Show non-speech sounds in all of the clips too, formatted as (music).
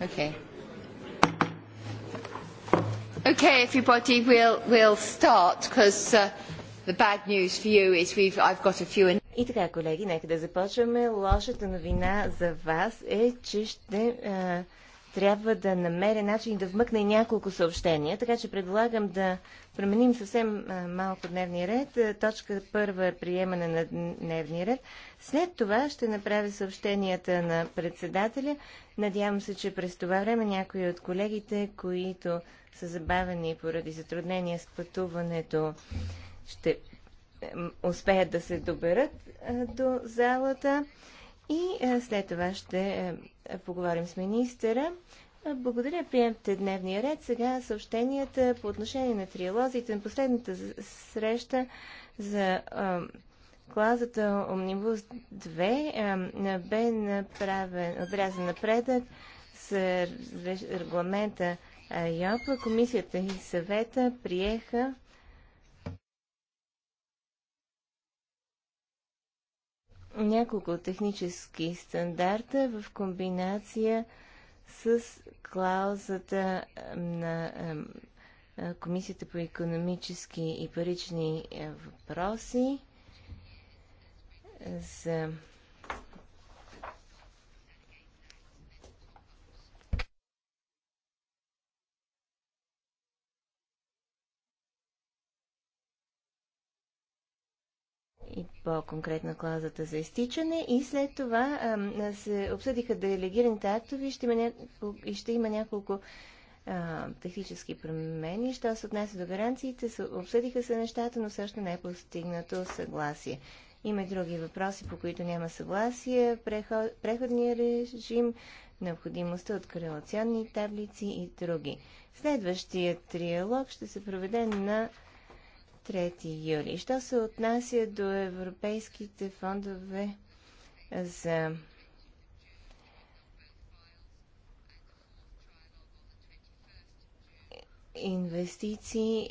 Okay. Okay, everybody, we'll, we'll start, because uh, the bad news for you is we've, I've got a few... И така, колеги, нека да започваме. Лошата новина за вас е, че ще... Uh, трябва да намеря начин да вмъкна и няколко съобщения, така че предлагам да променим съвсем малко дневния ред. Точка първа е приемане на дневния ред. След това ще направя съобщенията на председателя. Надявам се, че през това време някои от колегите, които са забавени поради затруднения с пътуването, ще успеят да се доберат до залата. И е, след това ще е, поговорим с министъра. Е, благодаря, приемте дневния ред. Сега съобщенията по отношение на триалозите. На последната среща за клазата Омнибус 2 бе направен, отрязан напредък с регламента ЙОПА. Комисията и съвета приеха няколко технически стандарта в комбинация с клаузата на Комисията по економически и парични въпроси за и по-конкретно клаузата за изтичане. И след това а, се обсъдиха делегираните актови ще има няколко, и ще има няколко а, технически промени. Що се отнася до гаранциите, се, обсъдиха се нещата, но също не е постигнато съгласие. Има и други въпроси, по които няма съгласие. Преход, преходния режим, необходимостта от корелационни таблици и други. Следващия триалог ще се проведе на 3 юли. Що се отнася до европейските фондове за инвестиции,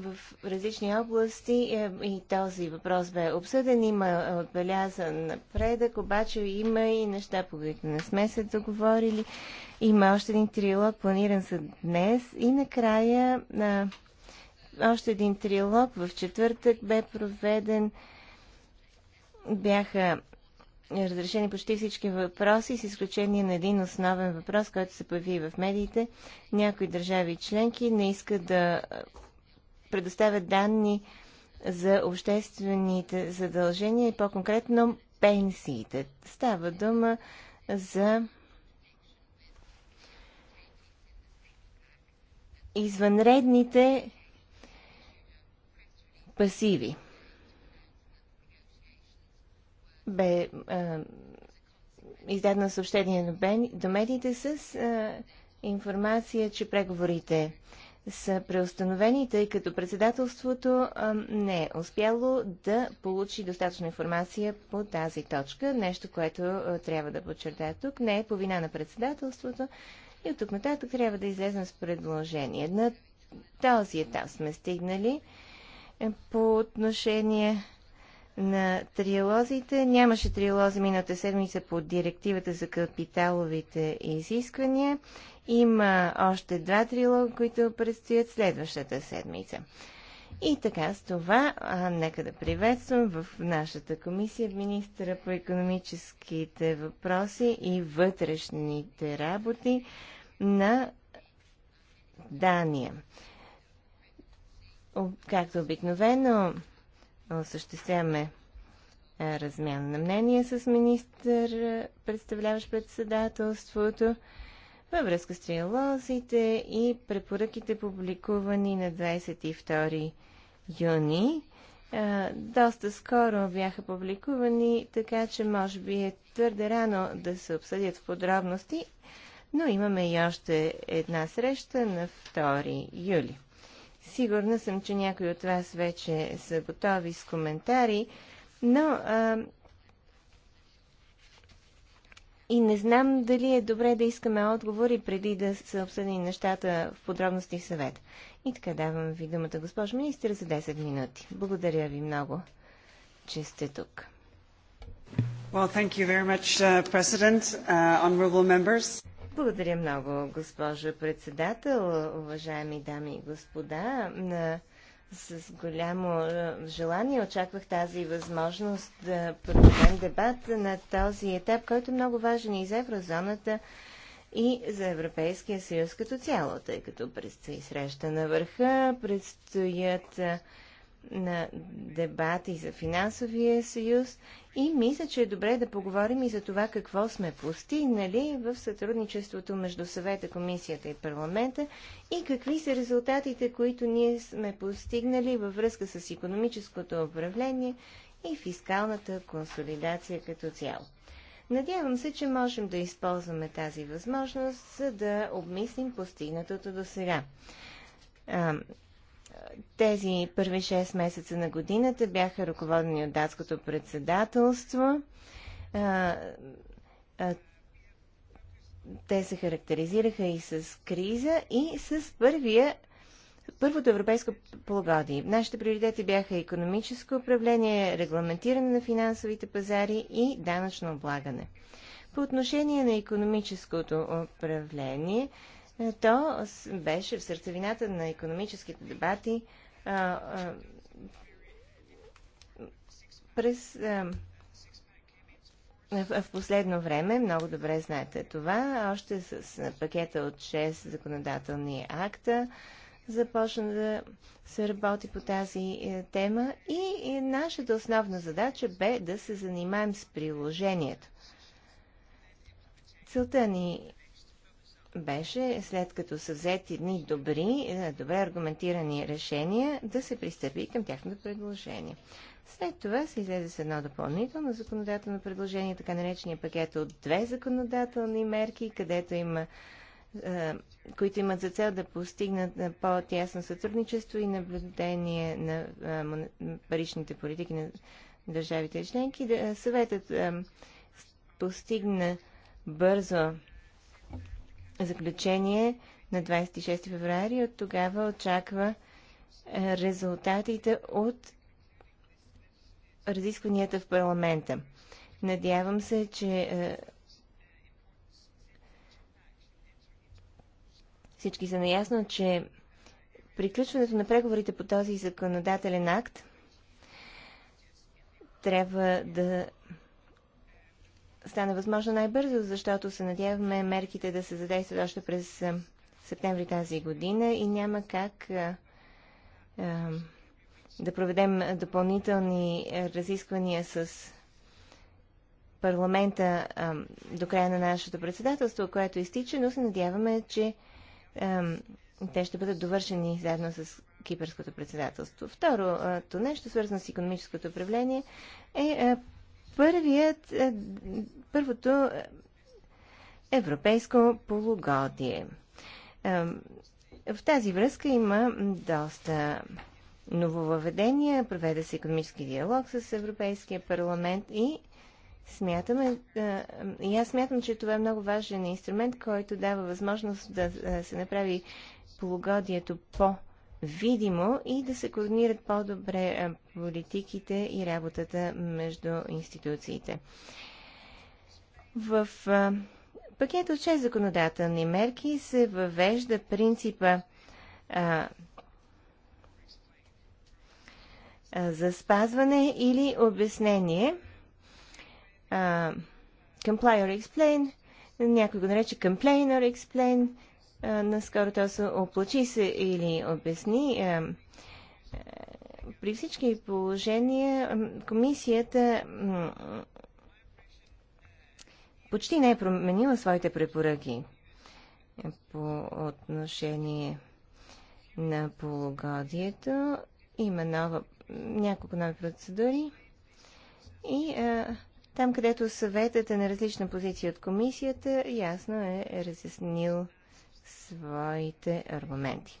в различни области е, и този въпрос бе обсъден. Има отбелязан напредък, обаче има и неща, по които не сме се договорили. Има още един трилог, планиран за днес. И накрая а, още един трилог в четвъртък бе проведен. Бяха разрешени почти всички въпроси, с изключение на един основен въпрос, който се появи в медиите. Някои държави членки не искат да предоставят данни за обществените задължения и по-конкретно пенсиите. Става дума за извънредните пасиви. Бе е, издадено съобщение до медиите с е, информация, че преговорите са преустановени, тъй като председателството а, не е успяло да получи достатъчно информация по тази точка. Нещо, което а, трябва да подчертая тук, не е по вина на председателството и от тук нататък трябва да излезем с предложение. На този етап сме стигнали е, по отношение на триалозите. Нямаше триалози миналата седмица по директивата за капиталовите изисквания. Има още два трилога, които предстоят следващата седмица. И така с това, а, нека да приветствам в нашата комисия министъра по економическите въпроси и вътрешните работи на Дания. Както обикновено, осъществяваме размяна на мнение с министър, представляващ председателството във връзка с триалозите и препоръките публикувани на 22 юни. А, доста скоро бяха публикувани, така че може би е твърде рано да се обсъдят в подробности, но имаме и още една среща на 2 юли. Сигурна съм, че някои от вас вече са готови с коментари, но а, и не знам дали е добре да искаме отговори преди да се обсъдим нещата в подробности в съвет. И така давам ви думата, госпожо министър, за 10 минути. Благодаря ви много, че сте тук. Well, thank you very much, uh, President, uh, honorable members. Благодаря много, госпожо председател, уважаеми дами и господа. На с голямо е, желание очаквах тази възможност да проведем дебат на този етап, който е много важен и за еврозоната, и за Европейския съюз като цяло, тъй като предстои среща на върха, предстоят е, на дебати за финансовия съюз и мисля, че е добре да поговорим и за това какво сме постигнали в сътрудничеството между съвета, комисията и парламента и какви са резултатите, които ние сме постигнали във връзка с економическото управление и фискалната консолидация като цяло. Надявам се, че можем да използваме тази възможност, за да обмислим постигнатото до сега тези първи 6 месеца на годината бяха ръководени от датското председателство. А, а, те се характеризираха и с криза, и с първия, първото европейско полугодие. Нашите приоритети бяха економическо управление, регламентиране на финансовите пазари и данъчно облагане. По отношение на економическото управление, то беше в сърцевината на економическите дебати а, а, през а, в, в последно време, много добре знаете това, още с, с пакета от 6 законодателни акта започна да се работи по тази е, тема и, и нашата основна задача бе да се занимаем с приложението. Целта ни беше, след като са взети едни добри, е, добре аргументирани решения, да се пристъпи към тяхното предложение. След това се излезе с едно допълнително законодателно предложение, така наречения пакет от две законодателни мерки, където има е, които имат за цел да постигнат е, по-тясно сътрудничество и наблюдение на паричните политики на държавите членки. Съветът постигна бързо заключение на 26 феврари. От тогава очаква е, резултатите от разискванията в парламента. Надявам се, че е, всички са наясно, че приключването на преговорите по този законодателен акт трябва да стане възможно най-бързо, защото се надяваме мерките да се задействат още през септември тази година и няма как а, а, да проведем допълнителни разисквания с парламента а, до края на нашето председателство, което изтича, но се надяваме, че те ще бъдат довършени заедно с кипърското председателство. Второто нещо, свързано с економическото управление, е първият, е, първото европейско полугодие. Е, в тази връзка има доста нововъведения, проведе се економически диалог с Европейския парламент и смятаме, е, и аз смятам, че това е много важен инструмент, който дава възможност да се направи полугодието по- видимо и да се координират по-добре политиките и работата между институциите. В пакет от 6 законодателни мерки се въвежда принципа а, а, за спазване или обяснение. А, comply or explain, някой го нарече complain or explain – Наскоро то се оплачи се или обясни. При всички положения комисията почти не е променила своите препоръки по отношение на полугодието. Има нова, няколко нови процедури. И а, там, където съветът е на различна позиция от комисията, ясно е разяснил своите аргументи.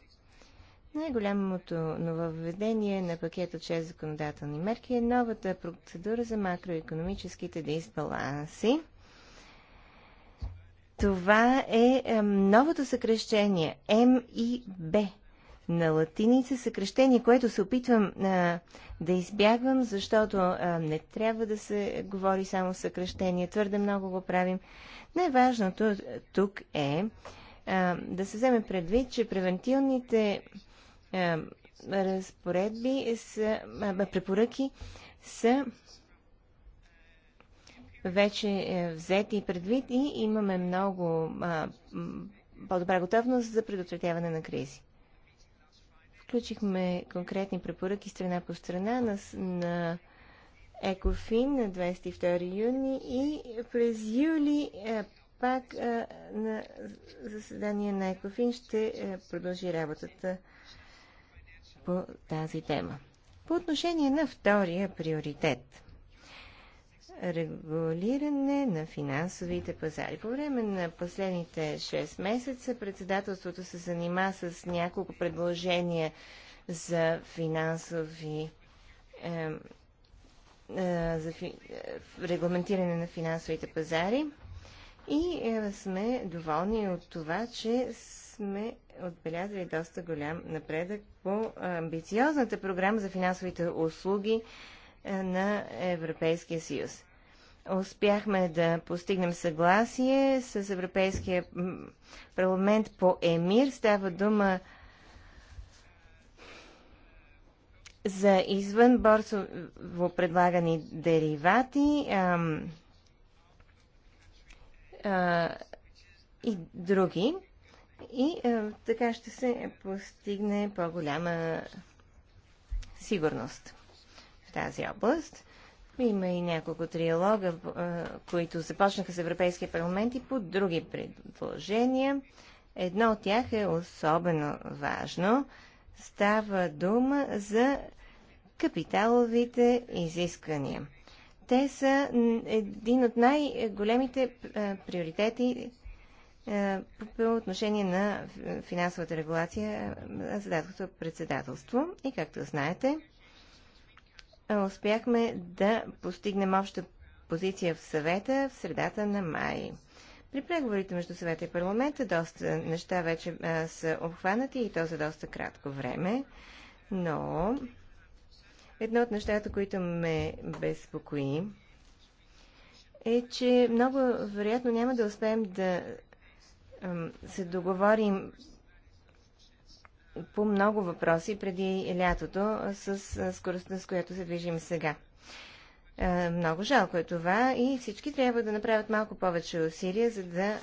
Най-голямото нововведение на пакет от 6 законодателни мерки е новата процедура за макроекономическите дисбаланси. Това е, е новото съкрещение М и Б на латиница съкрещение, което се опитвам а, е, да избягвам, защото а, е, не трябва да се говори само съкрещение. Твърде много го правим. Най-важното тук е, да се вземе предвид, че превентивните разпоредби са, препоръки са вече е, взети предвид и имаме много по-добра готовност за предотвратяване на кризи. Включихме конкретни препоръки страна по страна на, на ЕКОФИН на 22 юни и през юли е, пак а, на заседание на Екофин ще а, продължи работата по тази тема. По отношение на втория приоритет регулиране на финансовите пазари. По време на последните 6 месеца председателството се занима с няколко предложения за финансови е, е, за фи, е, регламентиране на финансовите пазари. И е, сме доволни от това, че сме отбелязали доста голям напредък по амбициозната програма за финансовите услуги е, на Европейския съюз. Успяхме да постигнем съгласие с Европейския парламент по ЕМИР. Става дума за извънборсово предлагани деривати а, и други. И а, така ще се постигне по-голяма сигурност в тази област. Има и няколко триалога, които започнаха с Европейския парламент и по други предложения. Едно от тях е особено важно. Става дума за капиталовите изисквания те са един от най-големите е, приоритети е, по отношение на е, финансовата регулация за датското председателство. И както знаете, успяхме да постигнем обща позиция в съвета в средата на май. При преговорите между съвета и парламента доста неща вече са обхванати и то за доста кратко време, но Едно от нещата, които ме безпокои, е, че много вероятно няма да успеем да се договорим по много въпроси преди лятото с скоростта, с която се движим сега. Много жалко е това и всички трябва да направят малко повече усилия, за да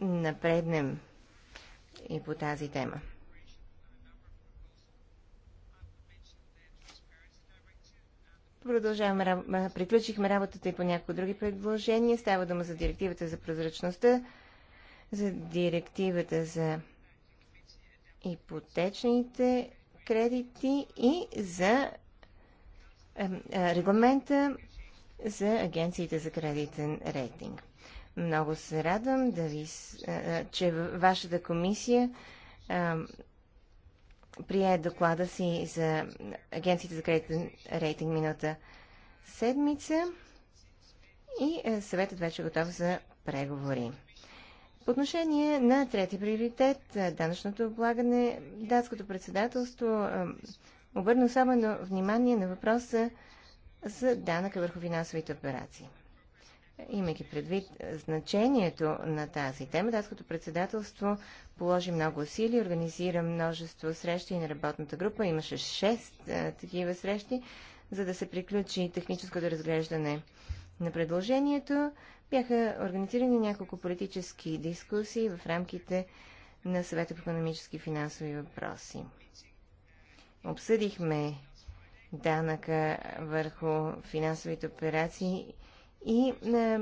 напреднем и по тази тема. Продължаваме, приключихме работата и по някои други предложения. Става дума за директивата за прозрачността, за директивата за ипотечните кредити и за регламента за агенциите за кредитен рейтинг. Много се радвам да ви, че вашата комисия прие доклада си за Агенцията за кредитен рейтинг миналата седмица и е, съветът вече е готов за преговори. По отношение на третия приоритет, е, данъчното облагане, датското председателство обърна особено внимание на въпроса за данъка върху финансовите операции. Имайки предвид значението на тази тема, датското председателство положи много усилия, организира множество срещи на работната група. Имаше 6 такива срещи, за да се приключи техническото разглеждане на предложението. Бяха организирани няколко политически дискусии в рамките на съвета по економически и финансови въпроси. Обсъдихме данъка върху финансовите операции и на е,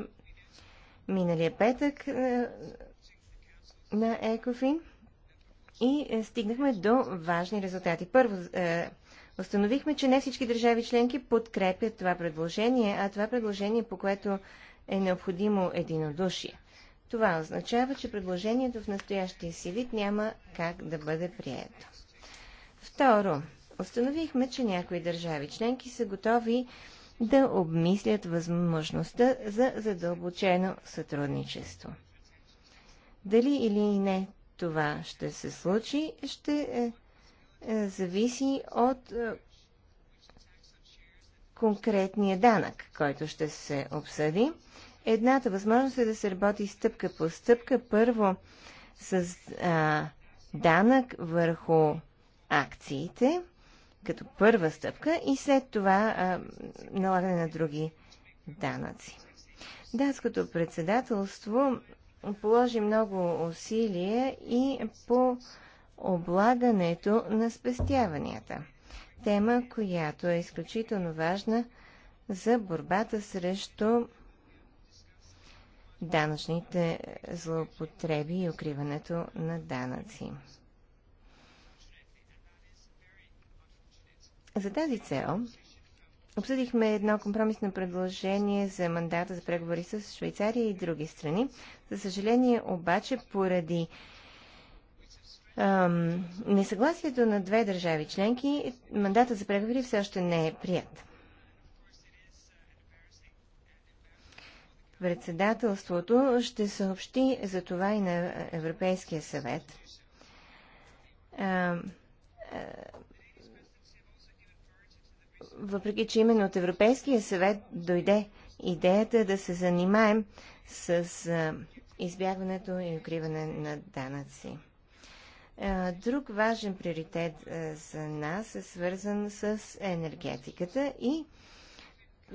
миналия петък е, на Екофин и е, стигнахме до важни резултати. Първо, установихме, че не всички държави членки подкрепят това предложение, а това предложение, по което е необходимо единодушие. Това означава, че предложението в настоящия си вид няма как да бъде прието. Второ, установихме, че някои държави членки са готови да обмислят възможността за задълбочено сътрудничество. Дали или не това ще се случи, ще е, е, зависи от е, конкретния данък, който ще се обсъди. Едната възможност е да се работи стъпка по стъпка. Първо с а, данък върху акциите, като първа стъпка и след това а, налагане на други данъци. Датското председателство положи много усилия и по облагането на спестяванията. Тема, която е изключително важна за борбата срещу данъчните злоупотреби и укриването на данъци. За тази цел обсъдихме едно компромисно предложение за мандата за преговори с Швейцария и други страни. За съжаление обаче поради ам, несъгласието на две държави членки, мандата за преговори все още не е прият. Председателството ще съобщи за това и на Европейския съвет въпреки че именно от Европейския съвет дойде идеята да се занимаем с избягването и укриване на данъци. Друг важен приоритет за нас е свързан с енергетиката и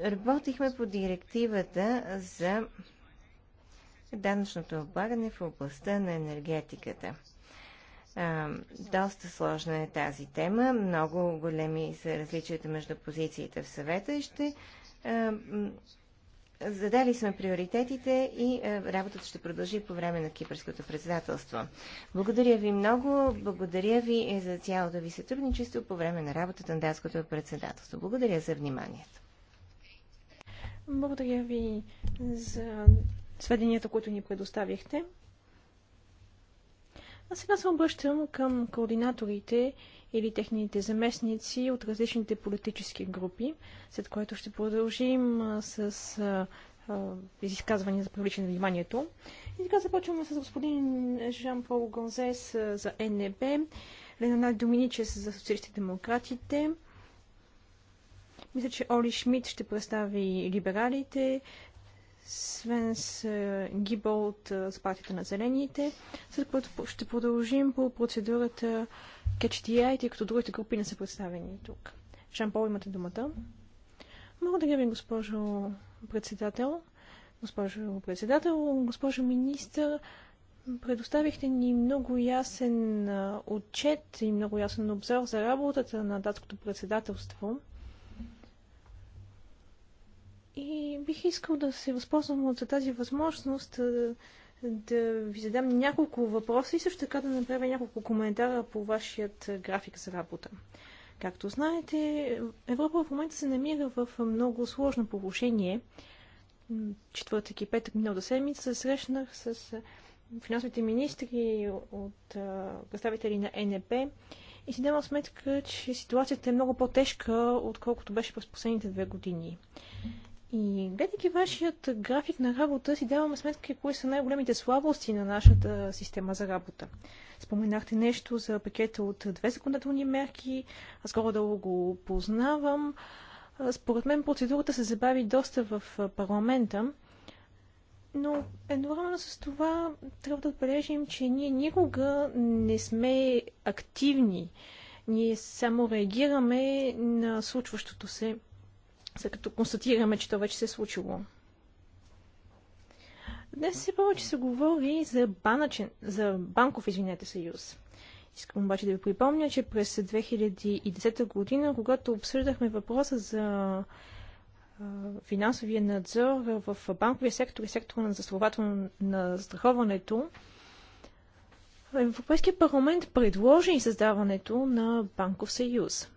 работихме по директивата за данъчното облагане в областта на енергетиката доста сложна е тази тема. Много големи са различията между позициите в съвета и ще Задали сме приоритетите и работата ще продължи по време на кипърското председателство. Благодаря ви много, благодаря ви е, за цялото ви сътрудничество по време на работата на датското председателство. Благодаря за вниманието. Благодаря ви за сведенията, които ни предоставихте. А сега се обръщам към координаторите или техните заместници от различните политически групи, след което ще продължим с изказвания за привличане на вниманието. И така започваме с господин Жан-Пол Гонзес за НЕБ, Ленана Доминичес за социалистите демократите. Мисля, че Оли Шмидт ще представи либералите, Свенс е, Гибъл от е, партията на Зелените, след което ще продължим по процедурата CatchDI, тъй като другите групи не са представени тук. Жан Пол, имате думата. Благодаря ви, госпожо председател. Госпожо председател, госпожо министър, предоставихте ни много ясен е, отчет и много ясен обзор за работата на датското председателство – и бих искал да се възползвам от тази възможност да, ви задам няколко въпроса и също така да направя няколко коментара по вашият график за работа. Както знаете, Европа в момента се намира в много сложно положение. Четвъртък и петък минал до седмица се срещнах с финансовите министри от представители на НП и си давам сметка, че ситуацията е много по-тежка, отколкото беше през последните две години. И гледайки вашият график на работа, си даваме сметка кои са най-големите слабости на нашата система за работа. Споменахте нещо за пакета от две законодателни мерки. Аз скоро дълго го познавам. Според мен процедурата се забави доста в парламента. Но едновременно с това трябва да отбележим, че ние никога не сме активни. Ние само реагираме на случващото се след като констатираме, че то вече се е случило. Днес все повече се говори за, баначен, за банков, извинете, съюз. Искам обаче да ви припомня, че през 2010 година, когато обсъждахме въпроса за финансовия надзор в банковия сектор и сектора на, заслователно на страховането, Европейския парламент предложи и създаването на банков съюз.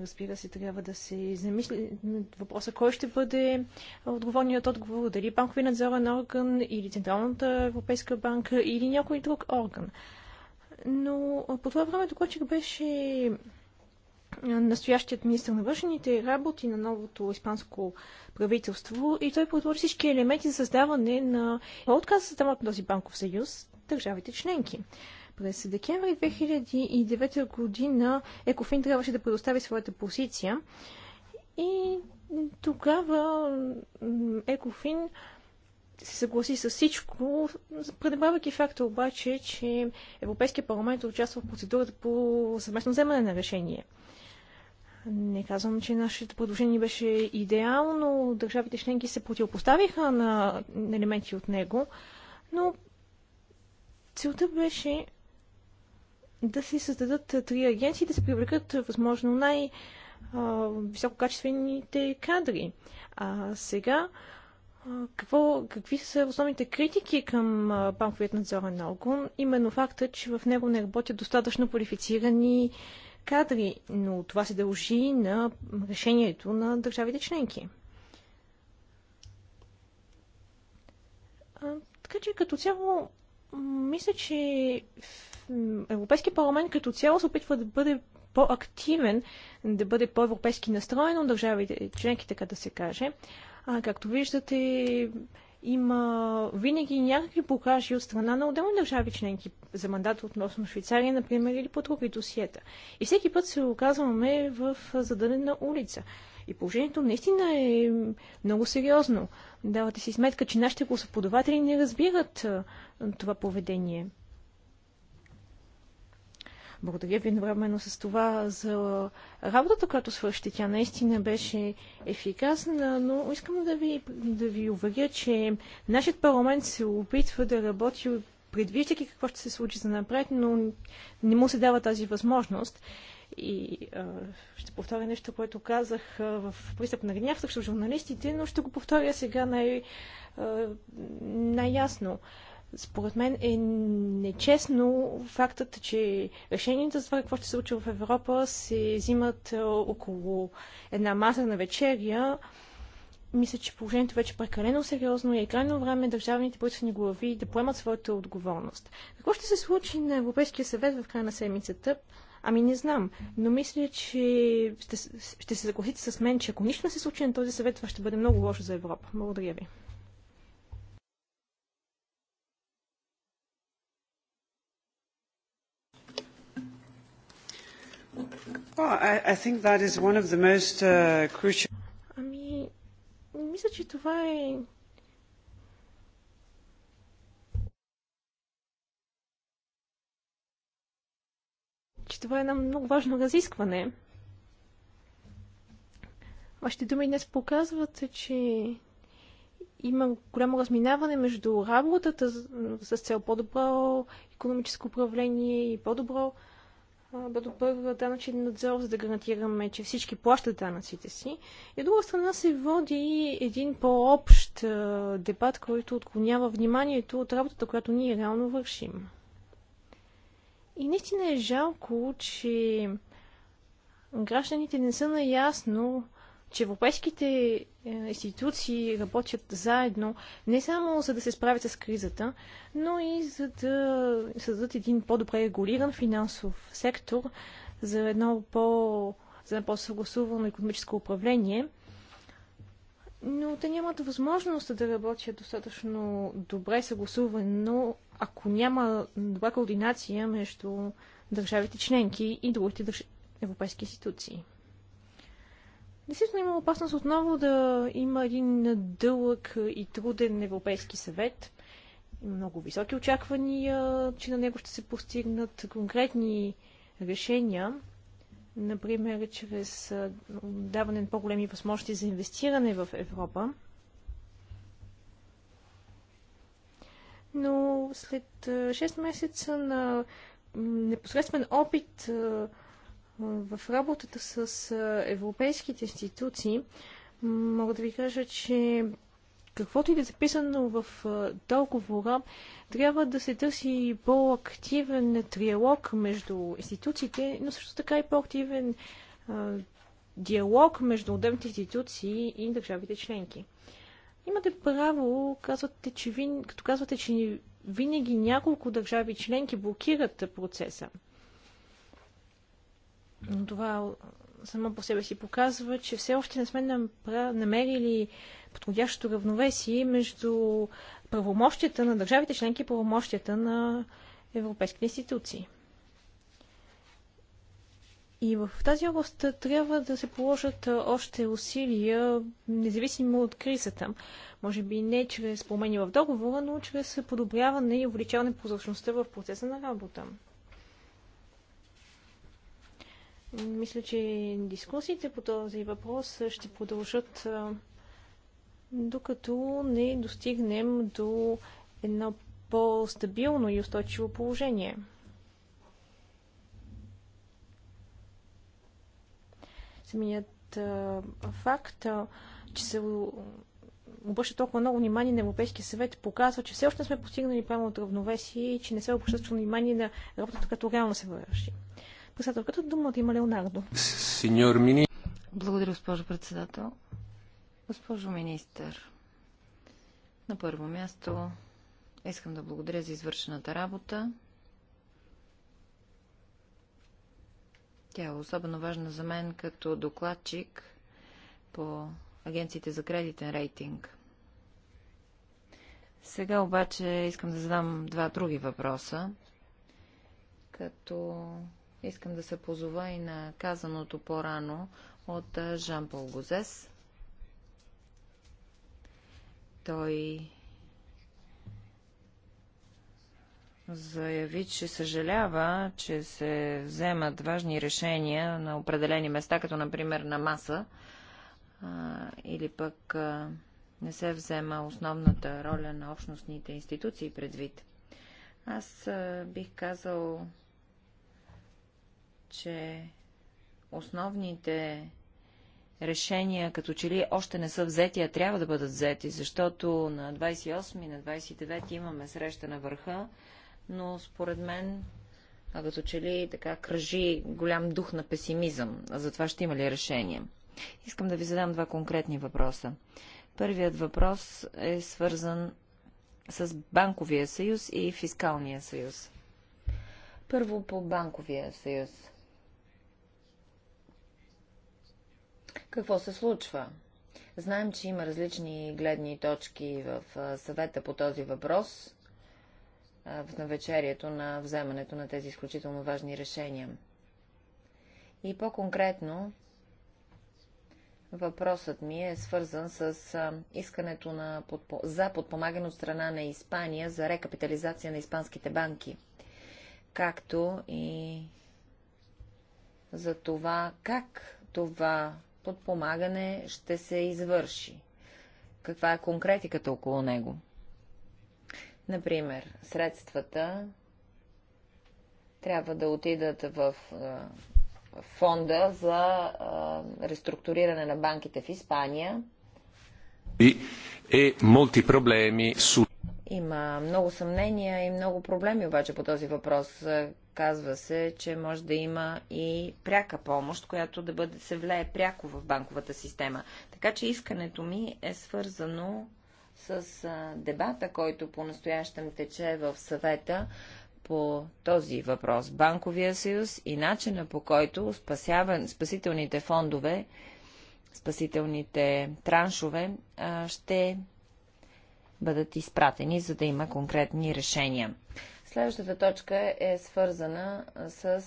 Разбира се, трябва да се замисли въпроса кой ще бъде отговорният отговор. Дали банкови надзорен орган или Централната европейска банка или някой друг орган. Но по това време докладчик беше настоящият министр на външните работи на новото испанско правителство и той предложи всички елементи за създаване на отказ за създаването на този банков съюз държавите членки. През декември 2009 година Екофин трябваше да предостави своята позиция и тогава Екофин се съгласи с всичко, пренебрегвайки факта обаче, че Европейския парламент участва в процедурата по съвместно вземане на решение. Не казвам, че нашето предложение беше идеално, държавите членки се противопоставиха на елементи от него, но целта беше да се създадат три агенции, да се привлекат възможно най- висококачествените кадри. А сега, какво, какви са основните критики към банковият надзорен орган? Именно факта, че в него не работят достатъчно квалифицирани кадри, но това се дължи на решението на държавите членки. А, така че като цяло мисля, че Европейския парламент като цяло се опитва да бъде по-активен, да бъде по-европейски настроен от държавите членки, така да се каже. А, както виждате, има винаги някакви покажи от страна на отделни държави членки за мандат относно Швейцария, например, или по други досиета. И всеки път се оказваме в зададена улица. И положението наистина е много сериозно. Давате си сметка, че нашите гласоподаватели не разбират това поведение. Благодаря ви едновременно с това за работата, която свършите. Тя наистина беше ефикасна, но искам да ви, да ви уверя, че нашият парламент се опитва да работи предвиждайки какво ще се случи за напред, но не му се дава тази възможност. И а, ще повторя нещо, което казах а, в пристъп на гняв срещу журналистите, но ще го повторя сега най, а, най-ясно. Според мен е нечестно фактът, че решенията за това какво ще се случи в Европа се взимат около една маса на вечеря. Мисля, че положението вече е прекалено сериозно и е крайно време държавните политични глави да поемат своята отговорност. Какво ще се случи на Европейския съвет в края на седмицата? Ами не знам, но мисля, че ще, ще се съгласите с мен, че ако нищо не се случи на този съвет, това ще бъде много лошо за Европа. Благодаря ви. Uh, ами, мисля, че това е че това е едно много важно разискване. Вашите думи днес показват, че има голямо разминаване между работата с цел по-добро економическо управление и по-добро по-добър данъчен надзор, за да гарантираме, че всички плащат данъците си. И от друга страна се води един по-общ дебат, който отклонява вниманието от работата, която ние реално вършим. И наистина е жалко, че гражданите не са наясно, че европейските е, институции работят заедно не само за да се справят с кризата, но и за да създадат един по-добре регулиран финансов сектор за едно по- по-съгласувано економическо управление – но те нямат възможност да работят достатъчно добре съгласувано, ако няма добра координация между държавите членки и другите държ... европейски институции. Действително има опасност отново да има един дълъг и труден Европейски съвет. Има Много високи очаквания, че на него ще се постигнат конкретни решения например, чрез даване на по-големи възможности за инвестиране в Европа. Но след 6 месеца на непосредствен опит в работата с европейските институции, мога да ви кажа, че каквото и да е записано в договора, трябва да се търси по-активен триалог между институциите, но също така и по-активен диалог между отделните институции и държавите членки. Имате право, казвате, че вин... като казвате, че винаги няколко държави членки блокират процеса. Но това само по себе си показва, че все още не сме намерили подходящо равновесие между правомощията на държавите членки и правомощията на европейските институции. И в тази област трябва да се положат още усилия, независимо от кризата. Може би не чрез промени в договора, но чрез подобряване и увеличаване прозрачността в процеса на работа. Мисля, че дискусиите по този въпрос ще продължат докато не достигнем до едно по-стабилно и устойчиво положение. Самият факт, че се обръща толкова много внимание на Европейския съвет, показва, че все още не сме постигнали правилното равновесие и че не се обръща внимание на работата, като реално се върши. Председателката думата има Леонардо. Сеньор Мини. Благодаря, госпожо председател. Госпожо министър, на първо място искам да благодаря за извършената работа. Тя е особено важна за мен като докладчик по агенциите за кредитен рейтинг. Сега обаче искам да задам два други въпроса, като искам да се позова и на казаното по-рано от Жан-Пол Гозес – той заяви, че съжалява, че се вземат важни решения на определени места, като например на маса, а, или пък а, не се взема основната роля на общностните институции предвид. Аз а, бих казал, че основните решения като че ли още не са взети, а трябва да бъдат взети, защото на 28 и на 29 имаме среща на върха, но според мен а като че ли така кръжи голям дух на песимизъм. А за това ще има ли решение? Искам да ви задам два конкретни въпроса. Първият въпрос е свързан с Банковия съюз и Фискалния съюз. Първо по Банковия съюз. Какво се случва? Знаем, че има различни гледни точки в съвета по този въпрос в навечерието на вземането на тези изключително важни решения. И по-конкретно въпросът ми е свързан с искането на подпо... за подпомагане от страна на Испания за рекапитализация на испанските банки, както и за това как това подпомагане ще се извърши? Каква е конкретиката около него? Например, средствата трябва да отидат в фонда за реструктуриране на банките в Испания. И, е, molti проблеми su има много съмнения и много проблеми обаче по този въпрос. Казва се, че може да има и пряка помощ, която да бъде, се влее пряко в банковата система. Така че искането ми е свързано с дебата, който по-настоящем тече в съвета по този въпрос. Банковия съюз и начина по който спасяван, спасителните фондове, спасителните траншове ще бъдат изпратени, за да има конкретни решения. Следващата точка е свързана с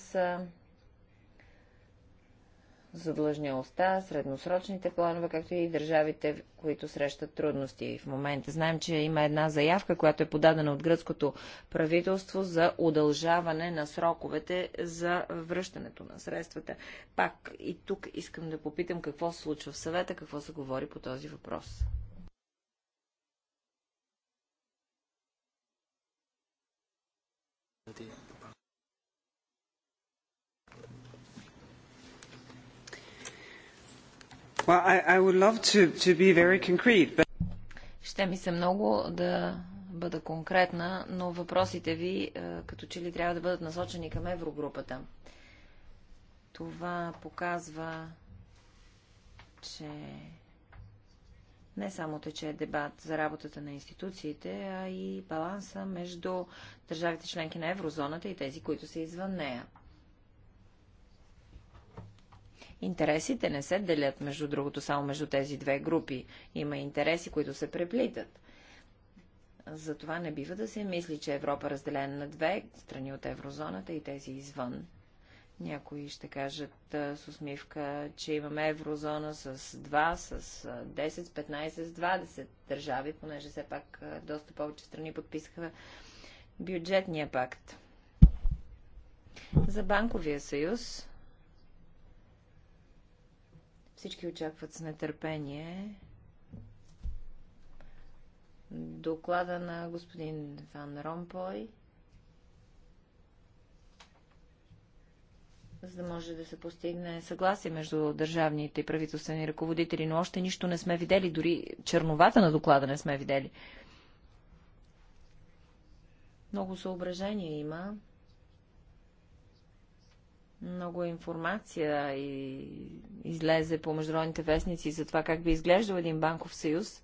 задлъжнялостта, средносрочните планове, както и държавите, които срещат трудности. В момента знаем, че има една заявка, която е подадена от гръцкото правителство за удължаване на сроковете за връщането на средствата. Пак и тук искам да попитам какво се случва в съвета, какво се говори по този въпрос. Ще ми се много да бъда конкретна, но въпросите ви е, като че ли трябва да бъдат насочени към еврогрупата. Това показва, че не само тече дебат за работата на институциите, а и баланса между държавите членки на еврозоната и тези, които са извън нея. Интересите не се делят, между другото, само между тези две групи. Има интереси, които се преплитат. Затова не бива да се мисли, че Европа е разделена на две страни от еврозоната и тези извън. Някои ще кажат а, с усмивка, че имаме еврозона с 2, с 10, с 15, с 20 държави, понеже все пак а, доста повече страни подписаха бюджетния пакт. За банковия съюз всички очакват с нетърпение доклада на господин Ван Ромпой, за да може да се постигне съгласие между държавните и правителствени ръководители, но още нищо не сме видели, дори черновата на доклада не сме видели. Много съображения има много информация и излезе по международните вестници за това как би изглеждал един банков съюз.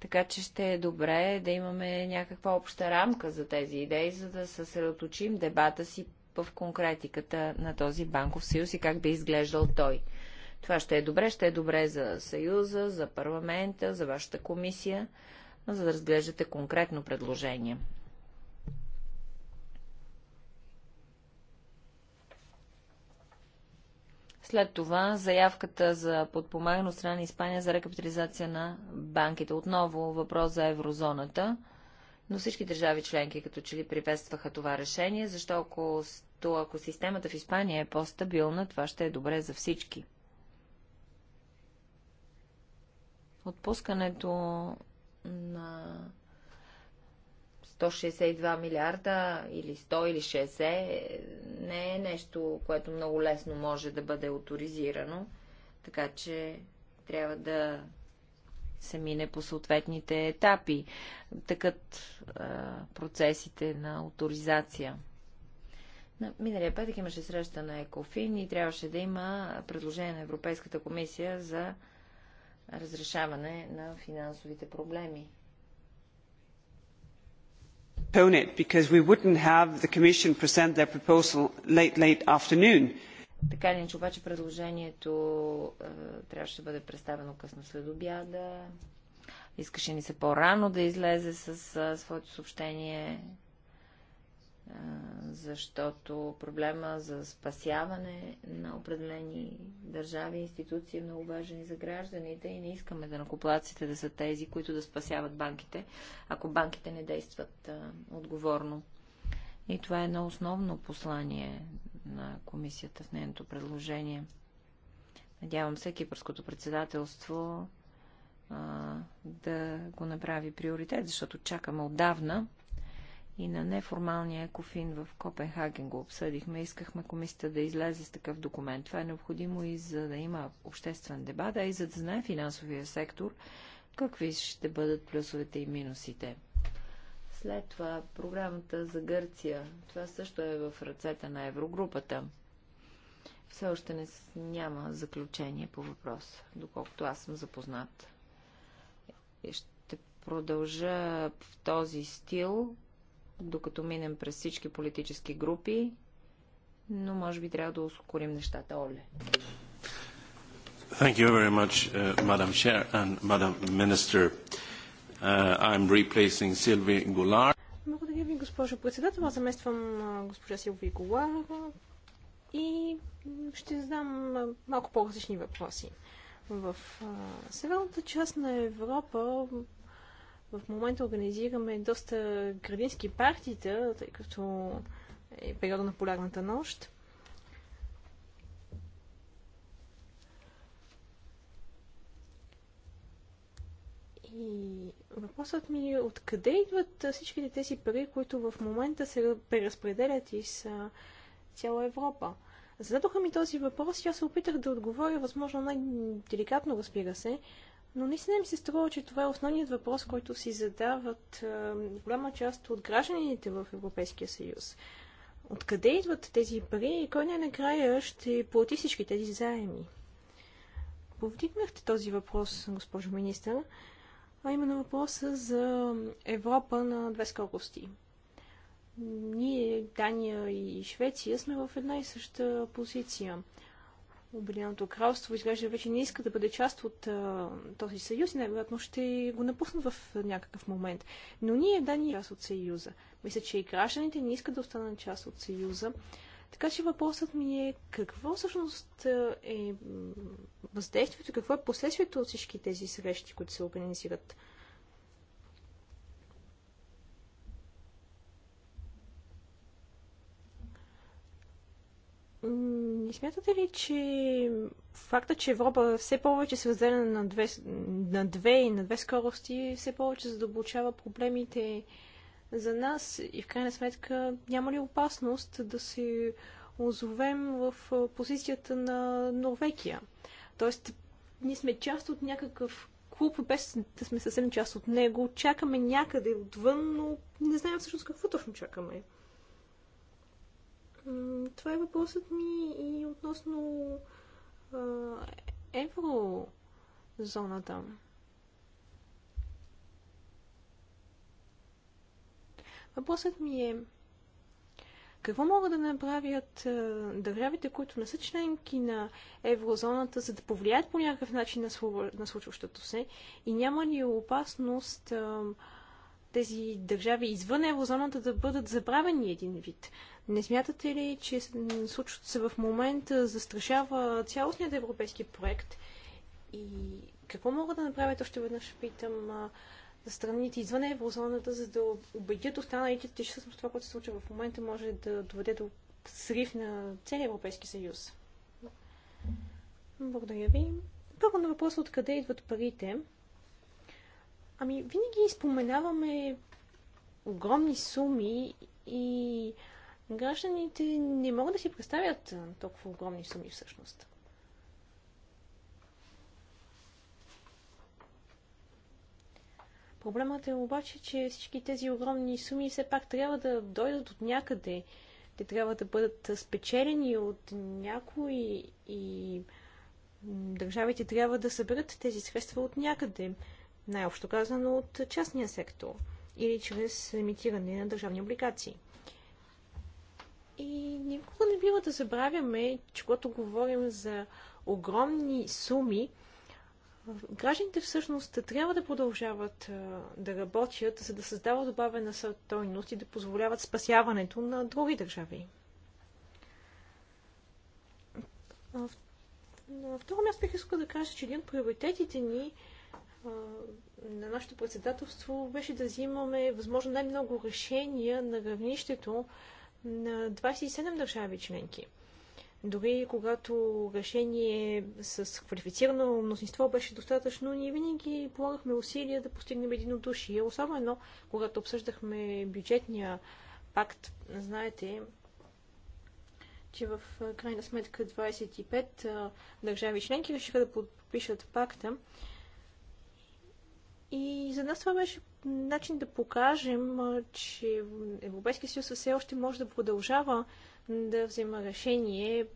Така че ще е добре да имаме някаква обща рамка за тези идеи, за да съсредоточим дебата си в конкретиката на този банков съюз и как би изглеждал той. Това ще е добре, ще е добре за Съюза, за парламента, за вашата комисия, за да разглеждате конкретно предложение. След това заявката за подпомагане от страна на Испания за рекапитализация на банките. Отново въпрос за еврозоната, но всички държави членки като че ли приветстваха това решение, защото ако, то, ако системата в Испания е по-стабилна, това ще е добре за всички. Отпускането на 162 милиарда или 100 или 60 не е нещо, което много лесно може да бъде авторизирано, така че трябва да се мине по съответните етапи, такът а, процесите на авторизация. На миналия петък имаше среща на Екофин и трябваше да има предложение на Европейската комисия за разрешаване на финансовите проблеми postpone it because we wouldn't have the Commission present their proposal late, late afternoon. Така ли, обаче предложението е, трябваше да бъде представено късно след обяда. Искаше ни се по-рано да излезе с е, своето съобщение защото проблема за спасяване на определени държави и институции е много важен и за гражданите и не искаме да накоплаците да са тези, които да спасяват банките, ако банките не действат а, отговорно. И това е едно основно послание на комисията в нейното предложение. Надявам се кипърското председателство а, да го направи приоритет, защото чакаме отдавна и на неформалния екофин в Копенхаген го обсъдихме. Искахме комисията да излезе с такъв документ. Това е необходимо и за да има обществен дебат, а и за да знае финансовия сектор какви ще бъдат плюсовете и минусите. След това програмата за Гърция. Това също е в ръцете на Еврогрупата. Все още не, няма заключение по въпрос, доколкото аз съм запознат. Ще продължа в този стил докато минем през всички политически групи, но може би трябва да ускорим нещата, Оле. Thank you very much, uh, Madam Chair and Madam Minister. Uh, I'm replacing Sylvie Goulart. Благодаря ви, госпожо председател. Аз замествам госпожа Силви Голар и ще задам малко по-различни въпроси. В северната част на Европа в момента организираме доста градински партита, тъй като е периода на полярната нощ. И въпросът ми е откъде идват всичките тези пари, които в момента се преразпределят и с цяла Европа. Зададоха ми този въпрос и аз се опитах да отговоря, възможно най-деликатно, разбира се, но наистина ми се струва, че това е основният въпрос, който си задават е, голяма част от гражданите в Европейския съюз. Откъде идват тези пари и кой не накрая ще плати всички тези заеми? Повдигнахте този въпрос, госпожо министър, а именно въпроса за Европа на две скорости. Ние, Дания и Швеция сме в една и съща позиция. Обединеното кралство изглежда вече не иска да бъде част от а, този съюз и най-вероятно ще го напуснат в някакъв момент. Но ние да ни е част от съюза. Мисля, че и гражданите не искат да останат част от съюза. Така че въпросът ми е какво всъщност е въздействието, какво е последствието от всички тези срещи, които се организират Не смятате ли, че факта, че Европа все повече се разделя на две, на две и на две скорости, все повече задълбочава проблемите за нас и в крайна сметка няма ли опасност да се озовем в позицията на Норвегия? Тоест, ние сме част от някакъв клуб, без да сме съвсем част от него, чакаме някъде отвън, но не знаем всъщност какво точно чакаме. Това е въпросът ми и относно еврозоната. Въпросът ми е какво могат да направят държавите, които не са членки на еврозоната, за да повлияят по някакъв начин на, случващото се? И няма ли опасност тези държави извън еврозоната да бъдат забравени един вид. Не смятате ли, че случващото се в момента застрашава цялостният европейски проект? И какво могат да направят, още веднъж питам, за страните извън еврозоната, за да убедят останалите, че всъщност това, което се случва в момента, може да доведе до срив на целия Европейски съюз? Благодаря ви. Първо на въпроса откъде идват парите. Ами, винаги споменаваме огромни суми и гражданите не могат да си представят толкова огромни суми всъщност. Проблемът е обаче, че всички тези огромни суми все пак трябва да дойдат от някъде. Те трябва да бъдат спечелени от някой и държавите трябва да съберат тези средства от някъде най-общо казано, от частния сектор или чрез емитиране на държавни облигации. И никога не бива да забравяме, че когато говорим за огромни суми, гражданите всъщност трябва да продължават да работят, за да създават добавена стойност и да позволяват спасяването на други държави. На второ място бих искал да кажа, че един от приоритетите ни на нашето председателство беше да взимаме възможно най-много решения на равнището на 27 държави членки. Дори когато решение с квалифицирано мнозинство беше достатъчно, ние винаги полагахме усилия да постигнем единодушие, особено когато обсъждахме бюджетния пакт. Знаете, че в крайна сметка 25 държави членки решиха да подпишат пакта и за нас това беше начин да покажем, че Европейския съюз все още може да продължава да взема решение.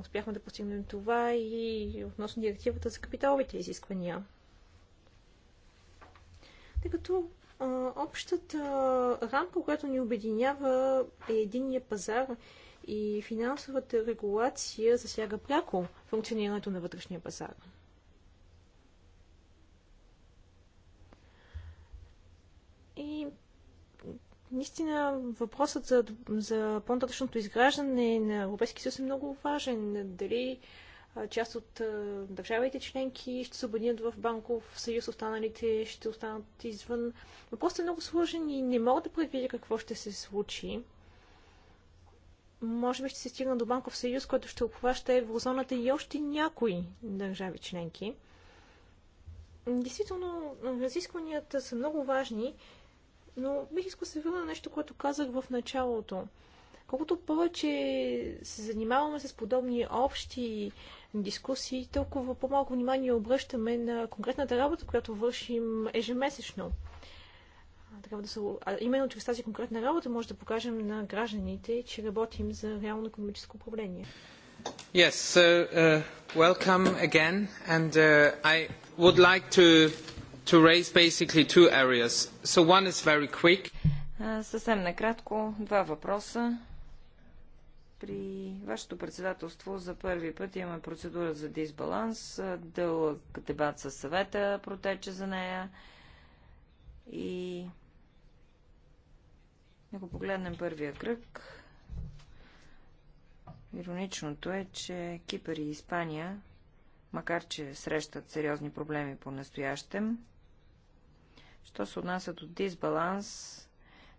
Успяхме да постигнем това и относно директивата за капиталовите изисквания. Тъй като общата рамка, която ни обединява е единния пазар и финансовата регулация засяга пряко функционирането на вътрешния пазар. Наистина въпросът за, за по-нататъчното изграждане на Европейския съюз е много важен. Дали част от държавите членки ще се объединят в банков съюз, останалите ще останат извън. Въпросът е много сложен и не мога да предвидя какво ще се случи. Може би ще се стигна до банков съюз, който ще обхваща еврозоната и още някои държави членки. Действително, разискванията са много важни но бих искал се върна на нещо, което казах в началото. Колкото повече се занимаваме с подобни общи дискусии, толкова по-малко внимание обръщаме на конкретната работа, която вършим ежемесечно. Трябва да са, а именно чрез тази конкретна работа може да покажем на гражданите, че работим за реално економическо управление. Yes, so, uh, welcome again and uh, I would like to to raise basically two areas. So one is very quick. Съвсем накратко, два въпроса. При вашето председателство за първи път имаме процедура за дисбаланс. Дълъг дебат със съвета протече за нея. И ако погледнем първия кръг, ироничното е, че Кипър и Испания, макар че срещат сериозни проблеми по настоящем, що се отнасят от дисбаланс,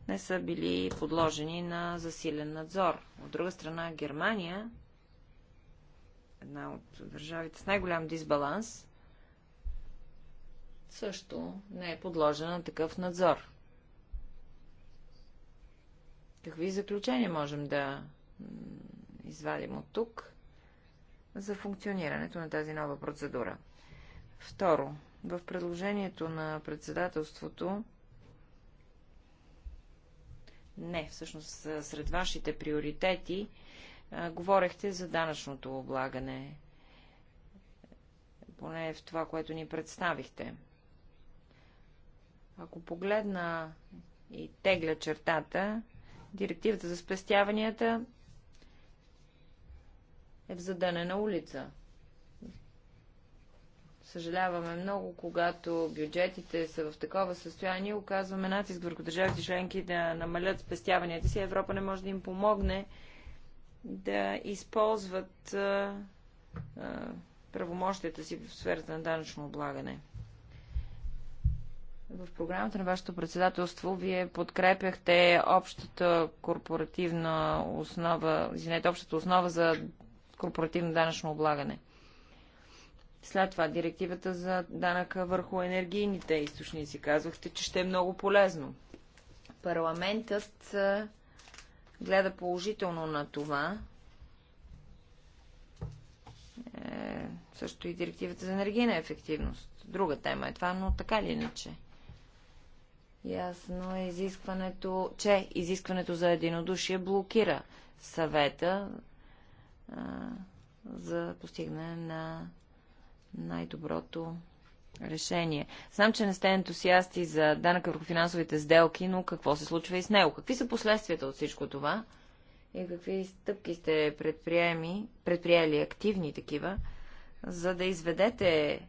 не са били подложени на засилен надзор. От друга страна, Германия, една от държавите с най-голям дисбаланс, също не е подложена на такъв надзор. Какви заключения можем да извадим от тук за функционирането на тази нова процедура? Второ, в предложението на председателството не, всъщност сред вашите приоритети а, говорехте за данъчното облагане. Поне в това, което ни представихте. Ако погледна и тегля чертата, директивата за спестяванията е в задънена улица. Съжаляваме много, когато бюджетите са в такова състояние, оказваме натиск върху държавите членки да намалят спестяванията си. Европа не може да им помогне да използват а, а, правомощията си в сферата на данъчно облагане. В програмата на вашето председателство вие подкрепяхте общата корпоративна основа, извинете, общата основа за корпоративно данъчно облагане. След това директивата за данъка върху енергийните източници. Казвахте, че ще е много полезно. Парламентът гледа положително на това. Е, също и директивата за енергийна ефективност. Друга тема е това, но така ли иначе? Ясно е изискването, че изискването за единодушие блокира съвета а, за постигане на най-доброто решение. Знам, че не сте ентусиасти за данък върху финансовите сделки, но какво се случва и с него? Какви са последствията от всичко това? И какви стъпки сте предприеми, предприели активни такива, за да изведете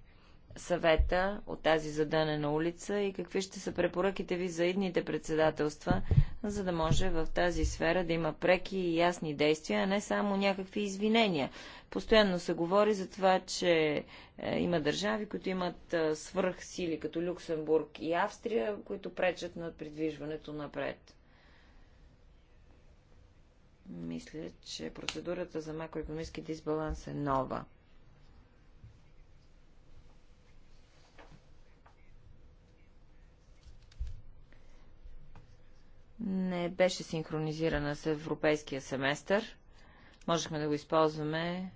съвета от тази задънена улица и какви ще са препоръките ви за идните председателства, за да може в тази сфера да има преки и ясни действия, а не само някакви извинения. Постоянно се говори за това, че е, има държави, които имат е, свръх сили като Люксембург и Австрия, които пречат на придвижването напред. Мисля, че процедурата за макроекономически дисбаланс е нова. не беше синхронизирана с европейския семестър. Можехме да го използваме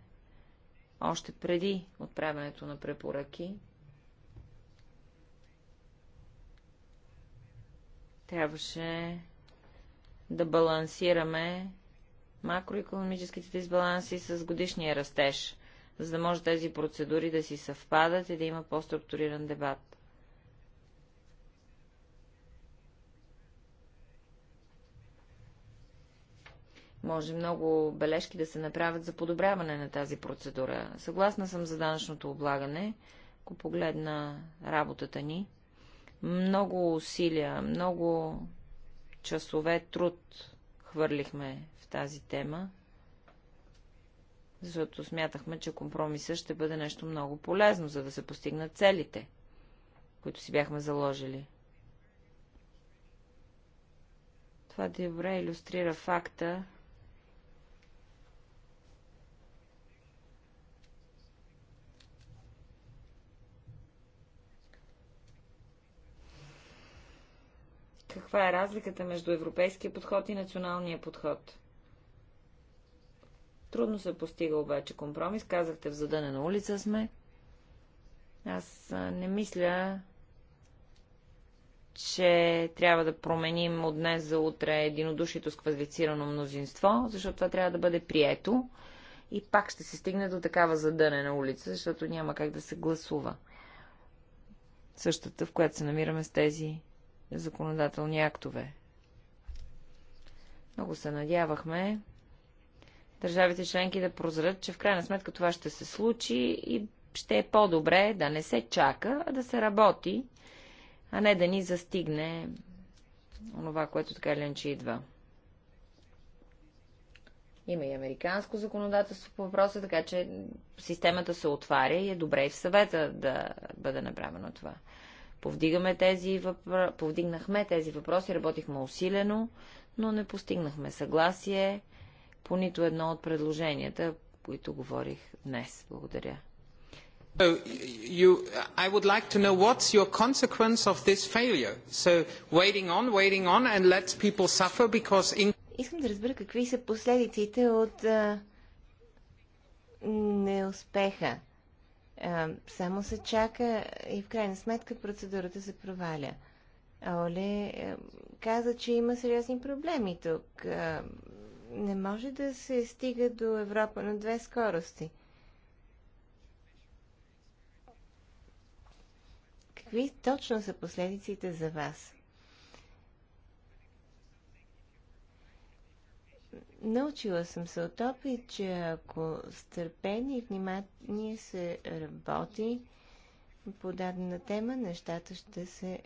още преди отправянето на препоръки. Трябваше да балансираме макроекономическите дисбаланси с годишния растеж, за да може тези процедури да си съвпадат и да има по-структуриран дебат. Може много бележки да се направят за подобряване на тази процедура. Съгласна съм за данъчното облагане. Ако погледна работата ни, много усилия, много часове труд хвърлихме в тази тема, защото смятахме, че компромиса ще бъде нещо много полезно, за да се постигнат целите, които си бяхме заложили. Това добре иллюстрира факта, каква е разликата между европейския подход и националния подход. Трудно се постига обаче компромис. Казахте, в задънена улица сме. Аз не мисля, че трябва да променим от днес за утре единодушието с квалифицирано мнозинство, защото това трябва да бъде прието и пак ще се стигне до такава задънена улица, защото няма как да се гласува. Същата, в която се намираме с тези законодателни актове. Много се надявахме държавите членки да прозрат, че в крайна сметка това ще се случи и ще е по-добре да не се чака, а да се работи, а не да ни застигне онова, което така или иначе идва. Има и американско законодателство по въпроса, така че системата се отваря и е добре и в съвета да бъде направено това. Повдигаме тези въпро... Повдигнахме тези въпроси, работихме усилено, но не постигнахме съгласие по нито едно от предложенията, които говорих днес. Благодаря. So, you, I would like to know what's your consequence of this failure. So waiting on, waiting on and let people suffer because... In... Искам да разбера какви са последиците от а, неуспеха. А, само се чака и в крайна сметка процедурата се проваля. Оле е, каза, че има сериозни проблеми тук. А, не може да се стига до Европа на две скорости. Какви точно са последиците за вас? Научила съм се от опит, че ако с търпение и внимание се работи по дадена тема, нещата ще се е,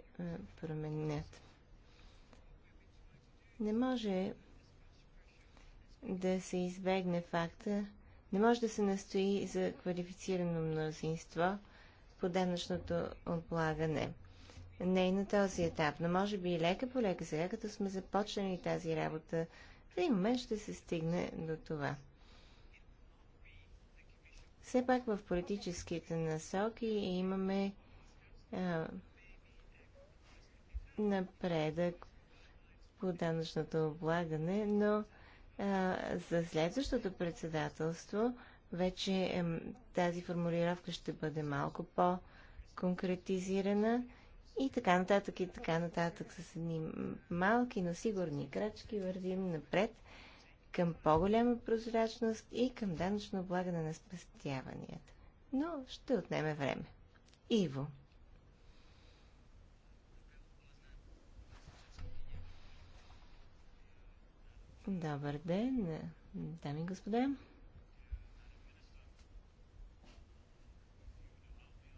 променят. Не може да се избегне факта, не може да се настои за квалифицирано мнозинство по данъчното облагане. Не и на този етап, но може би и лека по лека, сега като сме започнали тази работа в един момент ще се стигне до това. Все пак в политическите насоки имаме а, напредък по данъчното облагане, но а, за следващото председателство вече а, тази формулировка ще бъде малко по-конкретизирана. И така нататък, и така нататък. С едни малки, но сигурни крачки вървим напред към по-голяма прозрачност и към данъчно облагане на спестяванията. Но ще отнеме време. Иво. Добър ден, дами и господа.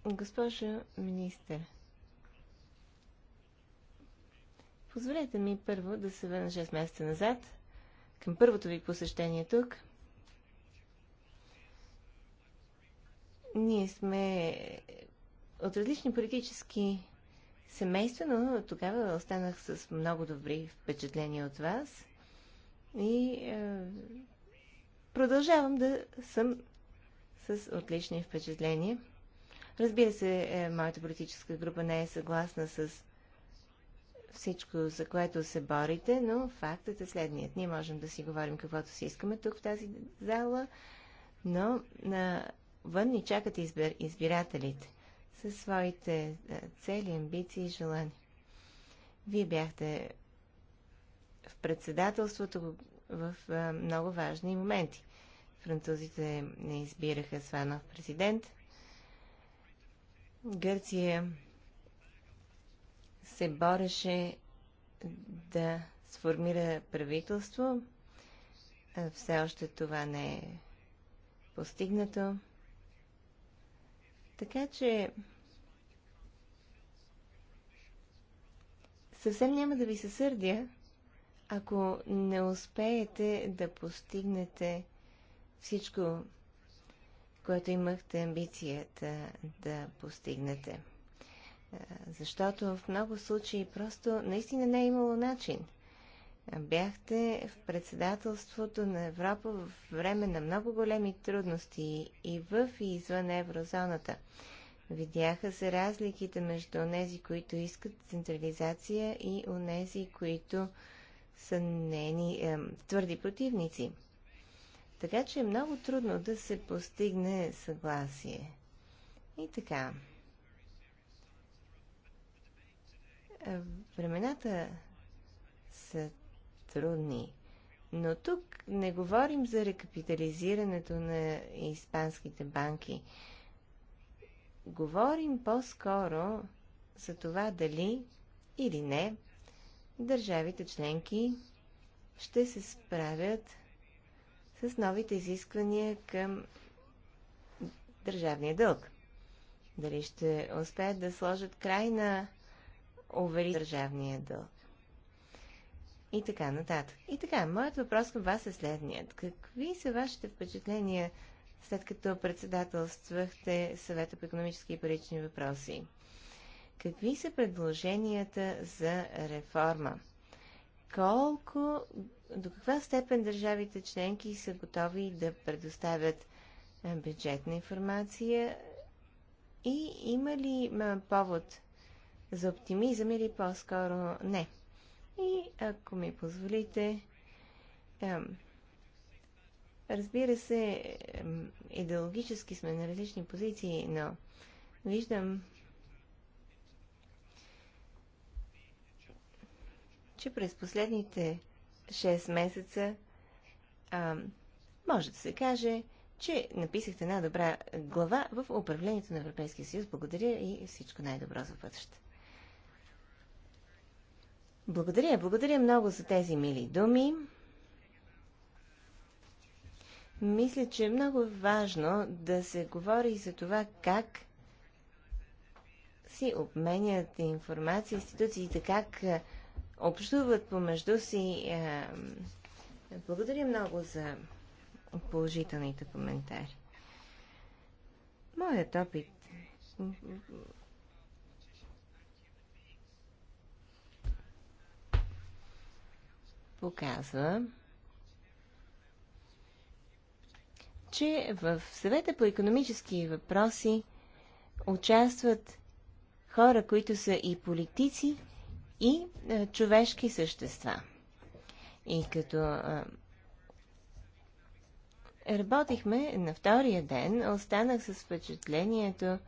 Госпожо министър, Позволете ми първо да се върна 6 месеца назад, към първото ви посещение тук. Ние сме от различни политически семейства, но тогава останах с много добри впечатления от вас и е, продължавам да съм с отлични впечатления. Разбира се, е, моята политическа група не е съгласна с всичко, за което се борите, но фактът е следният. Ние можем да си говорим каквото си искаме тук в тази зала, но вън ни чакат избир... избирателите със своите цели, амбиции и желания. Вие бяхте в председателството в много важни моменти. Французите не избираха Сванов президент. Гърция се бореше да сформира правителство. Все още това не е постигнато. Така че съвсем няма да ви се сърдя, ако не успеете да постигнете всичко, което имахте амбицията да постигнете. Е, защото в много случаи просто наистина не е имало начин. Е, бяхте в председателството на Европа в време на много големи трудности и в и извън еврозоната. Видяха се разликите между онези, които искат централизация и онези, които са нени е, твърди противници. Така че е много трудно да се постигне съгласие. И така. Е, времената са трудни. Но тук не говорим за рекапитализирането на испанските банки. Говорим по-скоро за това дали или не държавите членки ще се справят с новите изисквания към държавния дълг. Дали ще успеят да сложат край на увери държавния дълг. И така нататък. И така, моят въпрос към вас е следният. Какви са вашите впечатления след като председателствахте съвета по економически и парични въпроси? Какви са предложенията за реформа? Колко, до каква степен държавите членки са готови да предоставят бюджетна информация и има ли повод за оптимизъм или по-скоро не. И ако ми позволите, ем, разбира се, ем, идеологически сме на различни позиции, но виждам, че през последните 6 месеца ем, може да се каже, че написахте една добра глава в управлението на Европейския съюз. Благодаря и всичко най-добро за бъдеще. Благодаря, благодаря много за тези мили думи. Мисля, че е много важно да се говори за това как си обменят информация институциите, как е, общуват помежду си. Е, благодаря много за положителните коментари. Моят опит показва, че в съвета по економически въпроси участват хора, които са и политици, и човешки същества. И като работихме на втория ден, останах с впечатлението,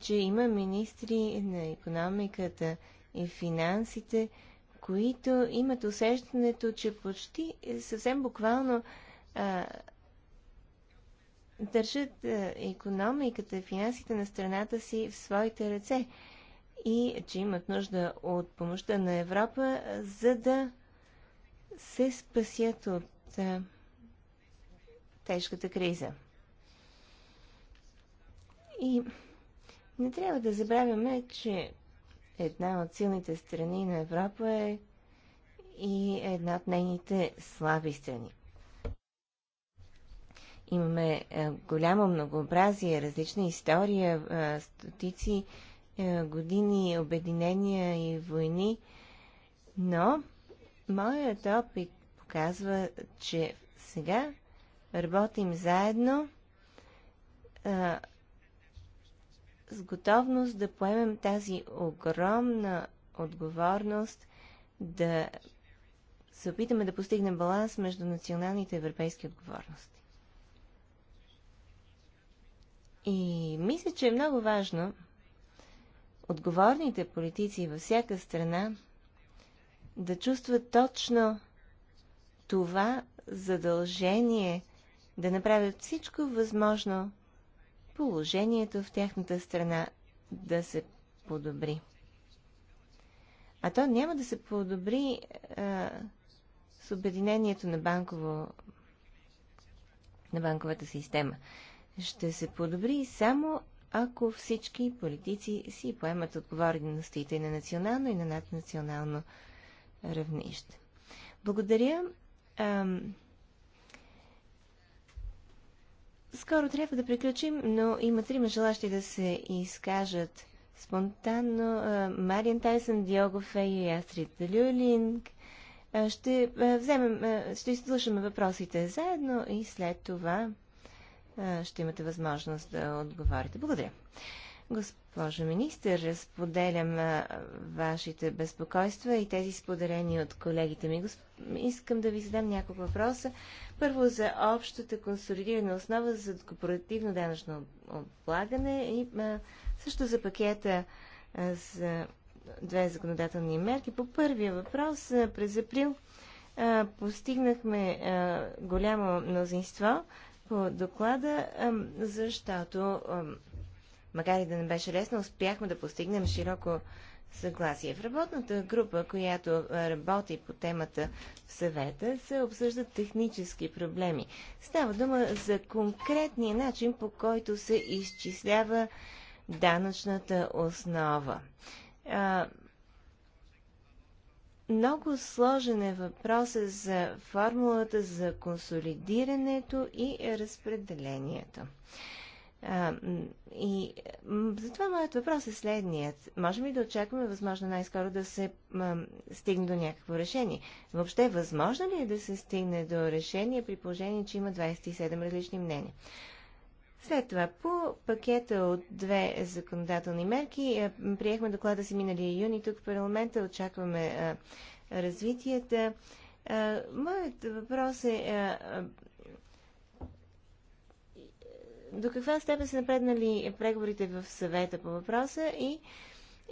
че има министри на економиката и финансите, които имат усещането, че почти е, съвсем буквално а, държат а, економиката, финансите на страната си в своите ръце и че имат нужда от помощта на Европа, за да се спасят от а, тежката криза. И не трябва да забравяме, че една от силните страни на Европа е и една от нейните слаби страни. Имаме е, голямо многообразие, различна история, е, стотици е, години обединения и войни, но моят опит показва, че сега работим заедно с готовност да поемем тази огромна отговорност да се опитаме да постигнем баланс между националните и европейски отговорности. И мисля, че е много важно отговорните политици във всяка страна да чувстват точно това задължение да направят всичко възможно положението в тяхната страна да се подобри. А то няма да се подобри а, с обединението на, банково, на банковата система. Ще се подобри само ако всички политици си поемат отговорностите и на национално, и на наднационално равнище. Благодаря. Ам, Скоро трябва да приключим, но има трима желащи да се изкажат спонтанно. Мариан Тайсън, Диого Фей и Астрид Люлинг. Ще вземем, ще изслушаме въпросите заедно и след това ще имате възможност да отговорите. Благодаря. Госпожо министър, разподелям вашите безпокойства и тези споделени от колегите ми. Госп... Искам да ви задам няколко въпроса. Първо за общата консолидирана основа за корпоративно денежно облагане и а, също за пакета а, за две законодателни мерки. По първия въпрос а, през април а, постигнахме а, голямо мнозинство по доклада, а, защото а, макар и да не беше лесно, успяхме да постигнем широко съгласие. В работната група, която работи по темата в съвета, се обсъждат технически проблеми. Става дума за конкретния начин, по който се изчислява данъчната основа. много сложен е въпросът за формулата за консолидирането и разпределението. А, и затова моят въпрос е следният. Можем ли да очакваме, възможно най-скоро, да се а, стигне до някакво решение? Въобще, възможно ли е да се стигне до решение при положение, че има 27 различни мнения? След това, по пакета от две законодателни мерки, е, приехме доклада си миналия юни тук в парламента, очакваме а, развитията. Моят въпрос е до каква степен са напреднали преговорите в съвета по въпроса и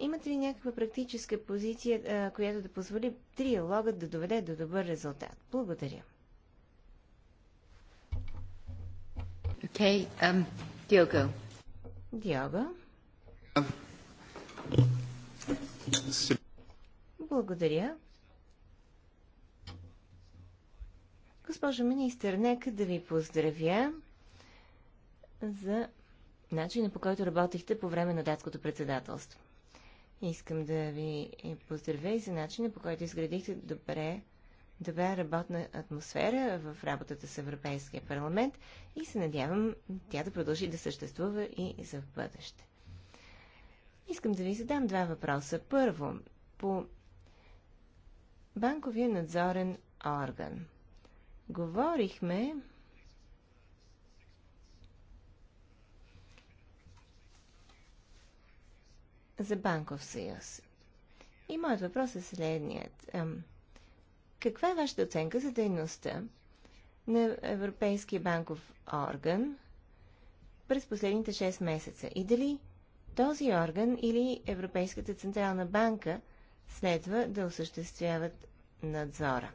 имате ли някаква практическа позиция, която да позволи триалогът да доведе до добър резултат? Благодаря. Okay, um, Diogo. Diogo. Благодаря. Госпожо министър, нека да ви поздравя за начина по който работихте по време на датското председателство. Искам да ви поздравя и за начина по който изградихте добре, добра работна атмосфера в работата с Европейския парламент и се надявам тя да продължи да съществува и за в бъдеще. Искам да ви задам два въпроса. Първо, по банковия надзорен орган. Говорихме за банков съюз. И моят въпрос е следният. Каква е вашата оценка за дейността на Европейския банков орган през последните 6 месеца? И дали този орган или Европейската централна банка следва да осъществяват надзора?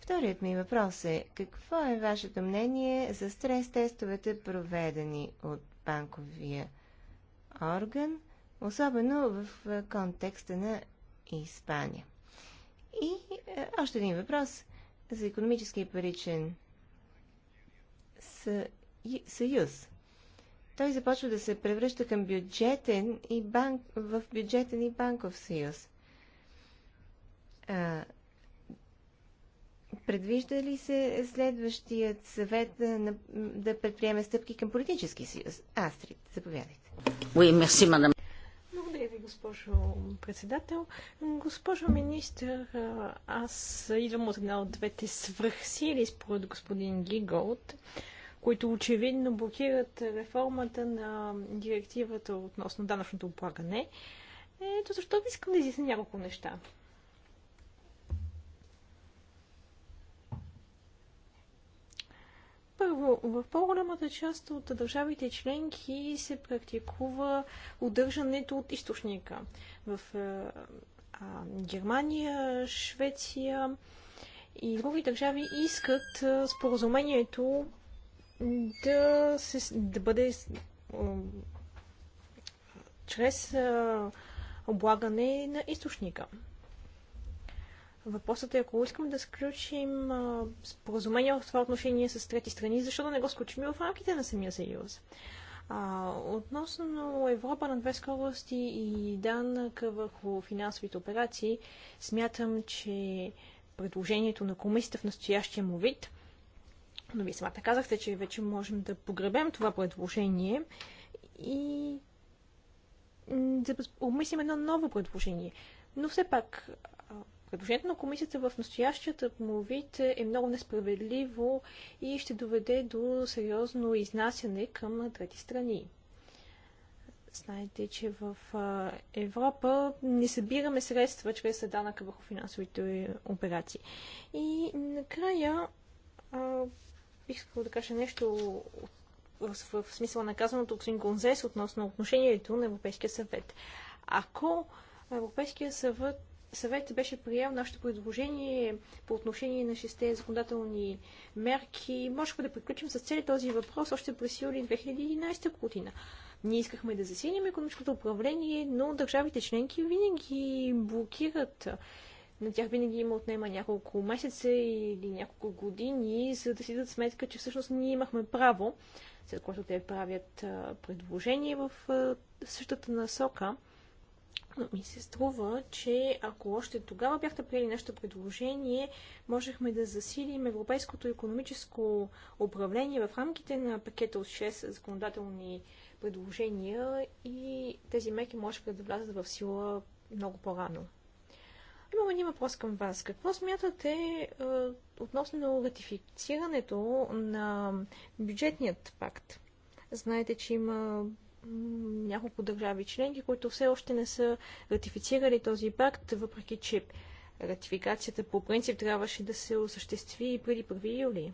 Вторият ми въпрос е, какво е вашето мнение за стрес-тестовете, проведени от банковия орган? орган, особено в е, контекста на Испания. И е, още един въпрос за економически паричен съюз. Той започва да се превръща към бюджетен и банк, в бюджетен и банков съюз. А, предвижда ли се следващият съвет да, да предприеме стъпки към политически съюз? Астрид, заповядайте. Oui, merci, madame. Благодаря ви, госпожо председател. Госпожо министър, аз идвам от една от двете свръхсили, според господин Гиголд, които очевидно блокират реформата на директивата относно данъчното облагане. Ето защо искам да изясня няколко неща. Първо, в по-голямата част от държавите членки се практикува удържането от източника. В е, а, Германия, Швеция и други държави искат е, споразумението да, се, да бъде е, чрез а, облагане на източника. Въпросът е, ако искаме да сключим споразумение в това отношение с трети страни, защо да не го сключим и в рамките на самия съюз? А, относно Европа на две скорости и данъка върху финансовите операции, смятам, че предложението на комисията в настоящия му вид, но вие самата казахте, че вече можем да погребем това предложение и да обмислим едно ново предложение. Но все пак, Предложението на комисията в настоящата му вид е много несправедливо и ще доведе до сериозно изнасяне към трети страни. Знаете, че в Европа не събираме средства чрез данъка върху финансовите операции. И накрая а, бих искал да кажа нещо в, в, смисъла на казаното от Гонзес относно отношението на Европейския съвет. Ако Европейския съвет съвет беше приел нашето предложение по отношение на шесте законодателни мерки. Можехме да приключим с цели този въпрос още през юли 2011 година. Ние искахме да засилим економическото управление, но държавите членки винаги блокират. На тях винаги има отнема няколко месеца или няколко години, за да си дадат сметка, че всъщност ние имахме право, след което те правят предложение в същата насока ми се струва, че ако още тогава бяхте приели нашето предложение, можехме да засилим европейското економическо управление в рамките на пакета от 6 законодателни предложения и тези меки можеха да влязат в сила много по-рано. Имам един въпрос към вас. Какво смятате е, относно ратифицирането на бюджетният пакт? Знаете, че има няколко държави членки, които все още не са ратифицирали този пакт, въпреки че ратификацията по принцип трябваше да се осъществи и преди 1 юли.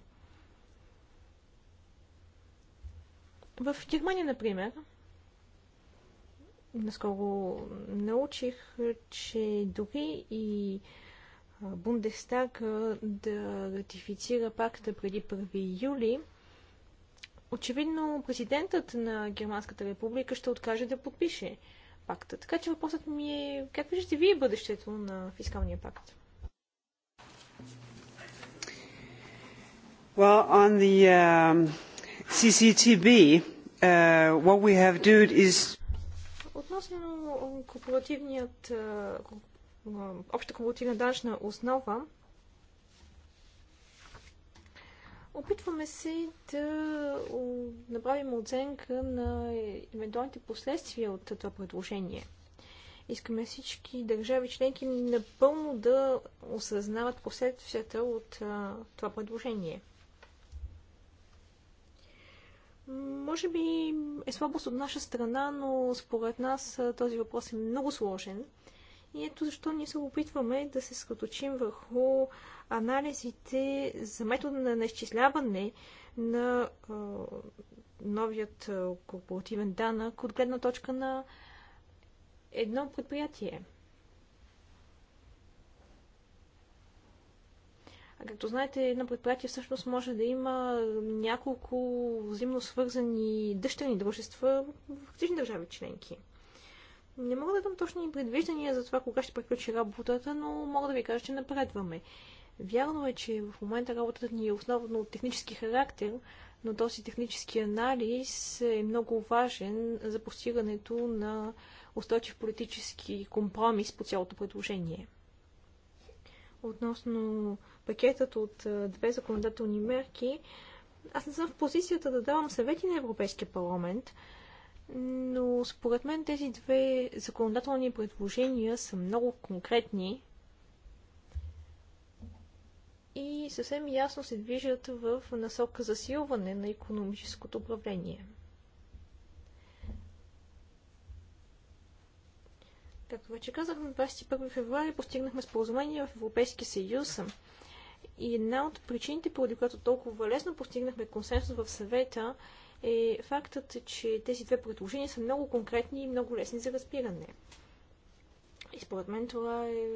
В Германия, например, наскоро научих, че дори и Бундестаг да ратифицира пакта преди 1 юли, очевидно президентът на Германската република ще откаже да подпише пакта. Така че въпросът ми е как виждате вие бъдещето на фискалния пакт? Well, on the um, CCTB, uh, what we have do is... Относно корпоративният, uh, обща корпоративна данъчна основа, Опитваме се да направим оценка на евентуалните последствия от това предложение. Искаме всички държави членки напълно да осъзнават последствията от това предложение. Може би е слабост от наша страна, но според нас този въпрос е много сложен – и ето защо ние се опитваме да се съсредоточим върху анализите за метода на изчисляване на а, новият корпоративен данък от гледна точка на едно предприятие. А както знаете, едно предприятие всъщност може да има няколко взаимно свързани дъщерни дружества в различни държави членки. Не мога да дам точни предвиждания за това кога ще приключи работата, но мога да ви кажа, че напредваме. Вярно е, че в момента работата ни е основно от технически характер, но този технически анализ е много важен за постигането на устойчив политически компромис по цялото предложение. Относно пакетът от две законодателни мерки, аз не съм в позицията да давам съвети на Европейския парламент, но според мен тези две законодателни предложения са много конкретни и съвсем ясно се движат в насока засилване на економическото управление. Както вече казах, на 21 февруари постигнахме споразумение в Европейския съюз. И една от причините, поради която толкова лесно постигнахме консенсус в съвета, е фактът, че тези две предложения са много конкретни и много лесни за разбиране. И според мен това е,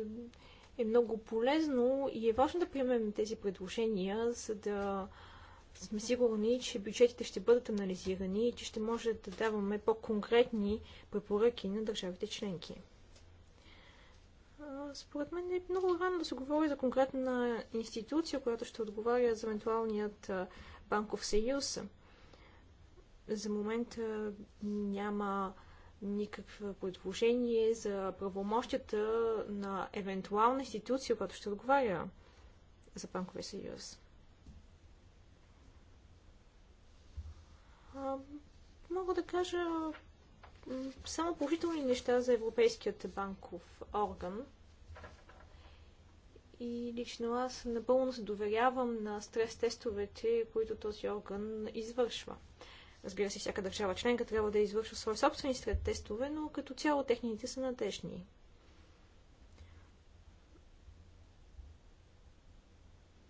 е много полезно и е важно да приемем тези предложения, за да сме сигурни, че бюджетите ще бъдат анализирани и че ще може да даваме по-конкретни препоръки на държавите членки. Според мен е много рано да се говори за конкретна институция, която ще отговаря за евентуалният банков съюз. За момента няма никакво предложение за правомощията на евентуална институция, която ще отговаря за Банковия съюз. мога да кажа само положителни неща за Европейският банков орган. И лично аз напълно се доверявам на стрес-тестовете, които този орган извършва. Разбира се, всяка държава членка трябва да извършва свои собствени сред тестове, но като цяло техните са надежни.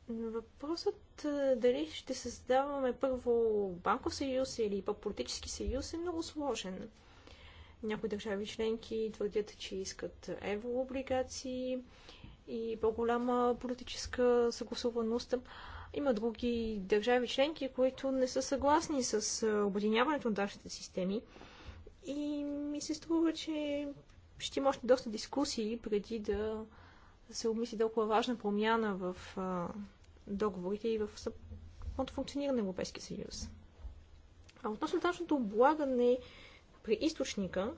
Въпросът е, дали ще създаваме първо банков съюз или пък политически съюз е много сложен. Някои държави членки твърдят, че искат еврооблигации и по-голяма политическа съгласуваност. Има други държави членки, които не са съгласни с обединяването на нашите системи. И ми се струва, че ще има още доста дискусии преди да се обмисли толкова важна промяна в договорите и в самото функциониране на Европейския съюз. А относно данъчното облагане при източника,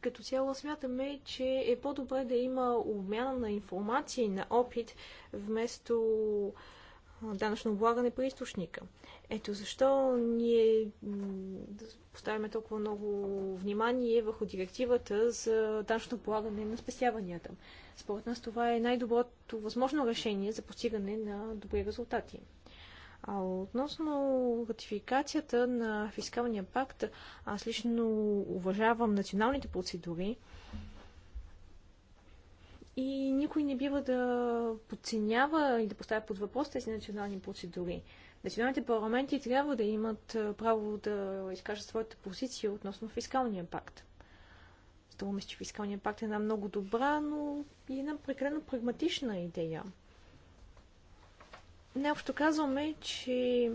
Като цяло смятаме, че е по-добре да има обмяна на информация и на опит, вместо данъчно облагане при източника. Ето защо ние поставяме толкова много внимание върху директивата за данъчно полагане на спестяванията. Според нас това е най-доброто възможно решение за постигане на добри резултати. А относно ратификацията на фискалния пакт, аз лично уважавам националните процедури и никой не бива да подценява и да поставя под въпрос тези национални процедури. Националните парламенти трябва да имат право да изкажат своята позиция относно фискалния пакт. Струва ми че фискалния пакт е една много добра, но и една прекалено прагматична идея. Необщо казваме, че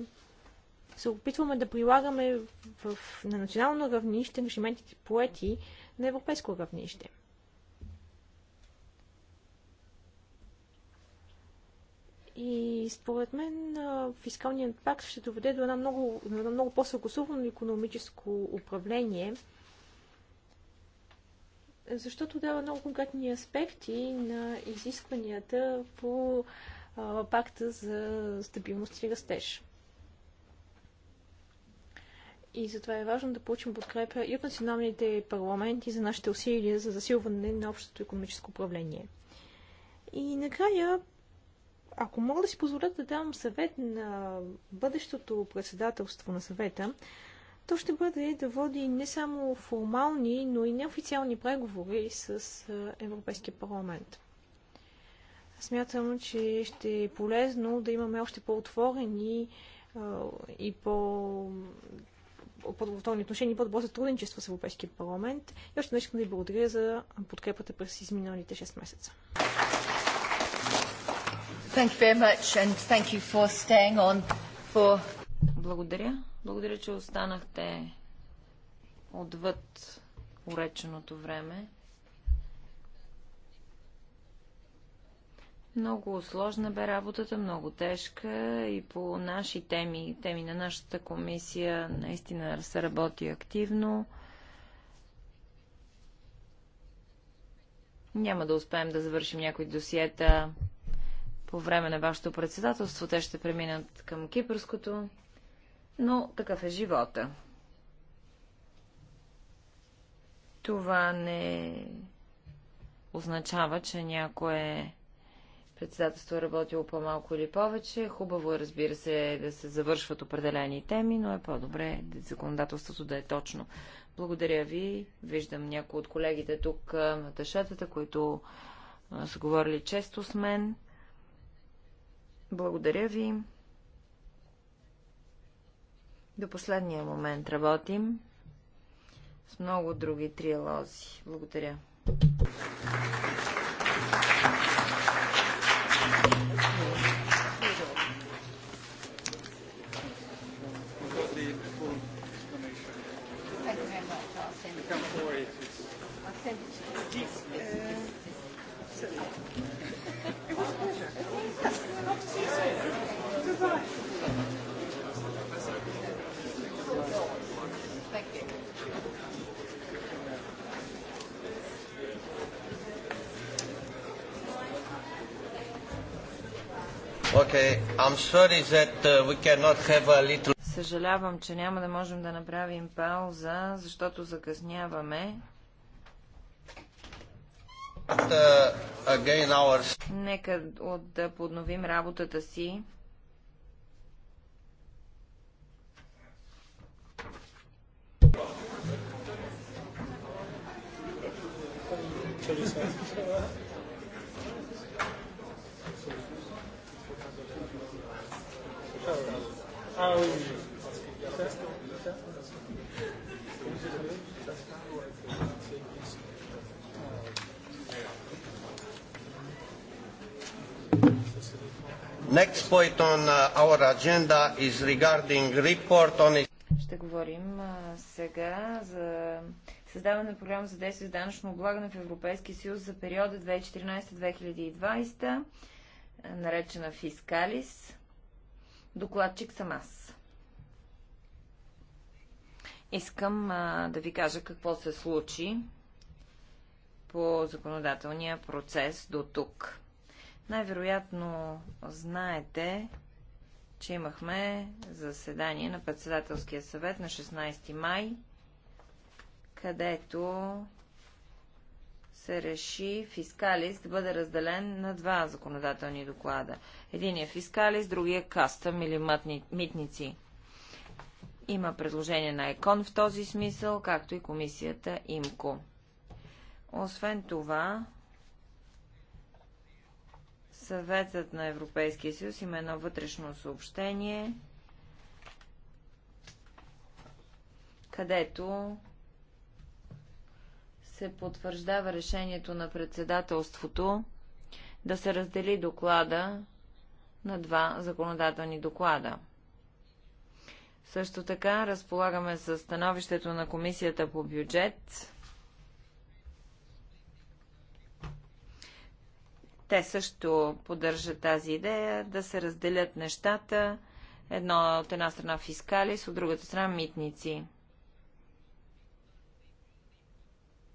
се опитваме да прилагаме в, на национално равнище ангажиментите поети на европейско равнище. И според мен фискалният пакт ще доведе до една много, едно много по-съгласувано економическо управление, защото дава много конкретни аспекти на изискванията по пакта за стабилност и растеж. И затова е важно да получим подкрепа и от националните парламенти за нашите усилия за засилване на общото економическо управление. И накрая, ако мога да си позволя да дам съвет на бъдещото председателство на съвета, то ще бъде да води не само формални, но и неофициални преговори с Европейския парламент. Смятам, че ще е полезно да имаме още по-отворени и по подготовни отношения и по-добро сътрудничество с Европейския парламент. И още нещо да ви благодаря за подкрепата през изминалите 6 месеца. For... Благодаря. Благодаря, че останахте отвъд уреченото време. Много сложна бе работата, много тежка и по наши теми, теми на нашата комисия, наистина се работи активно. Няма да успеем да завършим някои досиета по време на вашето председателство. Те ще преминат към кипърското, но такъв е живота. Това не означава, че някое председателство е работило по-малко или повече. Хубаво е, разбира се, да се завършват определени теми, но е по-добре законодателството да е точно. Благодаря ви. Виждам някои от колегите тук на тъшетата, които са говорили често с мен. Благодаря ви. До последния момент работим с много други триалози. Благодаря. Uh, Съжалявам, че няма да можем да направим пауза, защото закъсняваме. Нека да подновим работата си. Thank you. Ah oui. Next point on uh, our agenda is regarding report on Ще говорим сега за създаване на програма за действие за данъчно облагане в Европейския съюз за периода 2014-2020, наречена Фискалис. Докладчик съм аз. Искам а, да ви кажа какво се случи по законодателния процес до тук. Най-вероятно знаете, че имахме заседание на председателския съвет на 16 май, където се реши фискалис да бъде разделен на два законодателни доклада. Единият е фискалис, другия е кастъм или мътни, митници. Има предложение на ЕКОН в този смисъл, както и комисията ИМКО. Освен това, съветът на Европейския съюз има едно вътрешно съобщение, където се потвърждава решението на председателството да се раздели доклада на два законодателни доклада. Също така разполагаме с становището на Комисията по бюджет. Те също поддържат тази идея да се разделят нещата. Едно от една страна фискали, с от другата страна митници.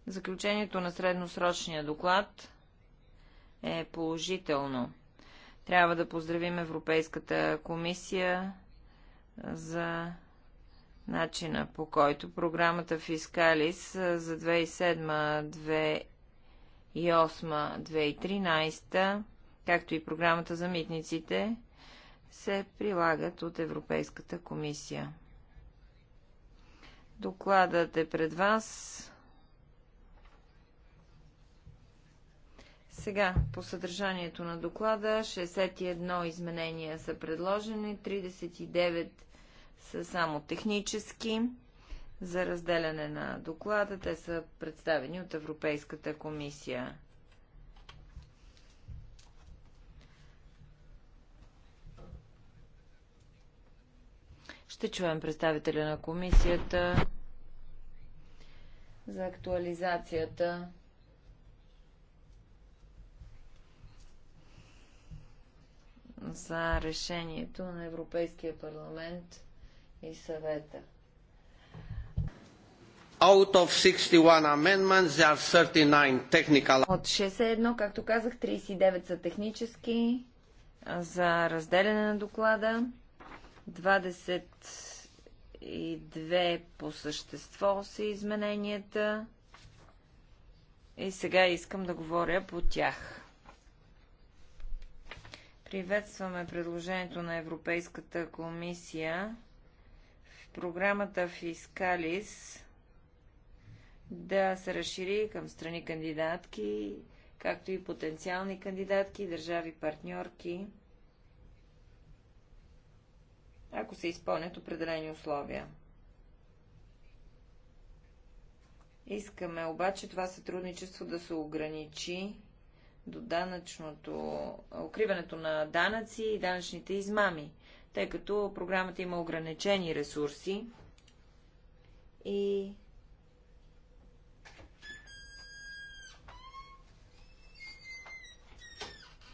Заключението на средносрочния доклад е положително. Трябва да поздравим Европейската комисия за начина по който програмата Фискалис за 2007-2008-2013, както и програмата за митниците, се прилагат от Европейската комисия. Докладът е пред вас. Сега, по съдържанието на доклада, 61 изменения са предложени, 39 са само технически за разделяне на доклада. Те са представени от Европейската комисия. Ще чуем представителя на комисията за актуализацията за решението на Европейския парламент и съвета. Out of 61 amendments, there are 39 technical. От 61, както казах, 39 са технически за разделяне на доклада, 22 по същество са измененията и сега искам да говоря по тях. Приветстваме предложението на Европейската комисия в програмата Фискалис да се разшири към страни кандидатки, както и потенциални кандидатки, държави партньорки, ако се изпълнят определени условия. Искаме обаче това сътрудничество да се ограничи до данъчното, укриването на данъци и данъчните измами, тъй като програмата има ограничени ресурси и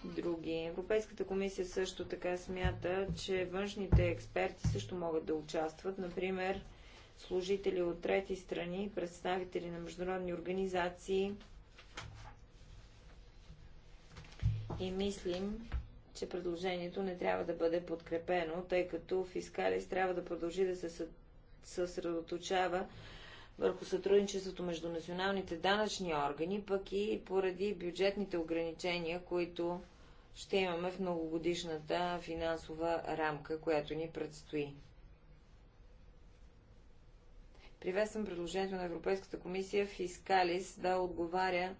други. Европейската комисия също така смята, че външните експерти също могат да участват. Например, служители от трети страни, представители на международни организации – и мислим, че предложението не трябва да бъде подкрепено, тъй като фискалис трябва да продължи да се съсредоточава върху сътрудничеството между националните данъчни органи, пък и поради бюджетните ограничения, които ще имаме в многогодишната финансова рамка, която ни предстои. Приветствам предложението на Европейската комисия Фискалис да отговаря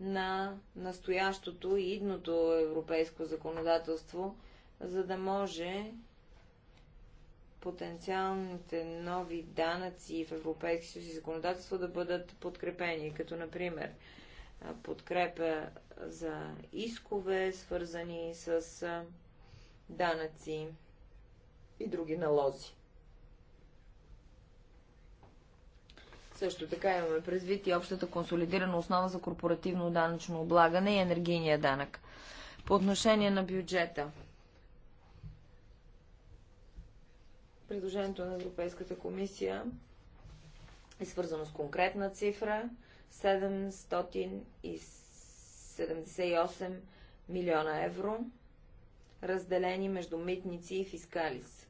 на настоящото и идното европейско законодателство, за да може потенциалните нови данъци в Европейския съюз и законодателство да бъдат подкрепени, като например подкрепа за искове, свързани с данъци и други налози. Също така имаме предвид и общата консолидирана основа за корпоративно данъчно облагане и енергийния данък. По отношение на бюджета. Предложението на Европейската комисия е свързано с конкретна цифра 778 милиона евро, разделени между митници и фискалис.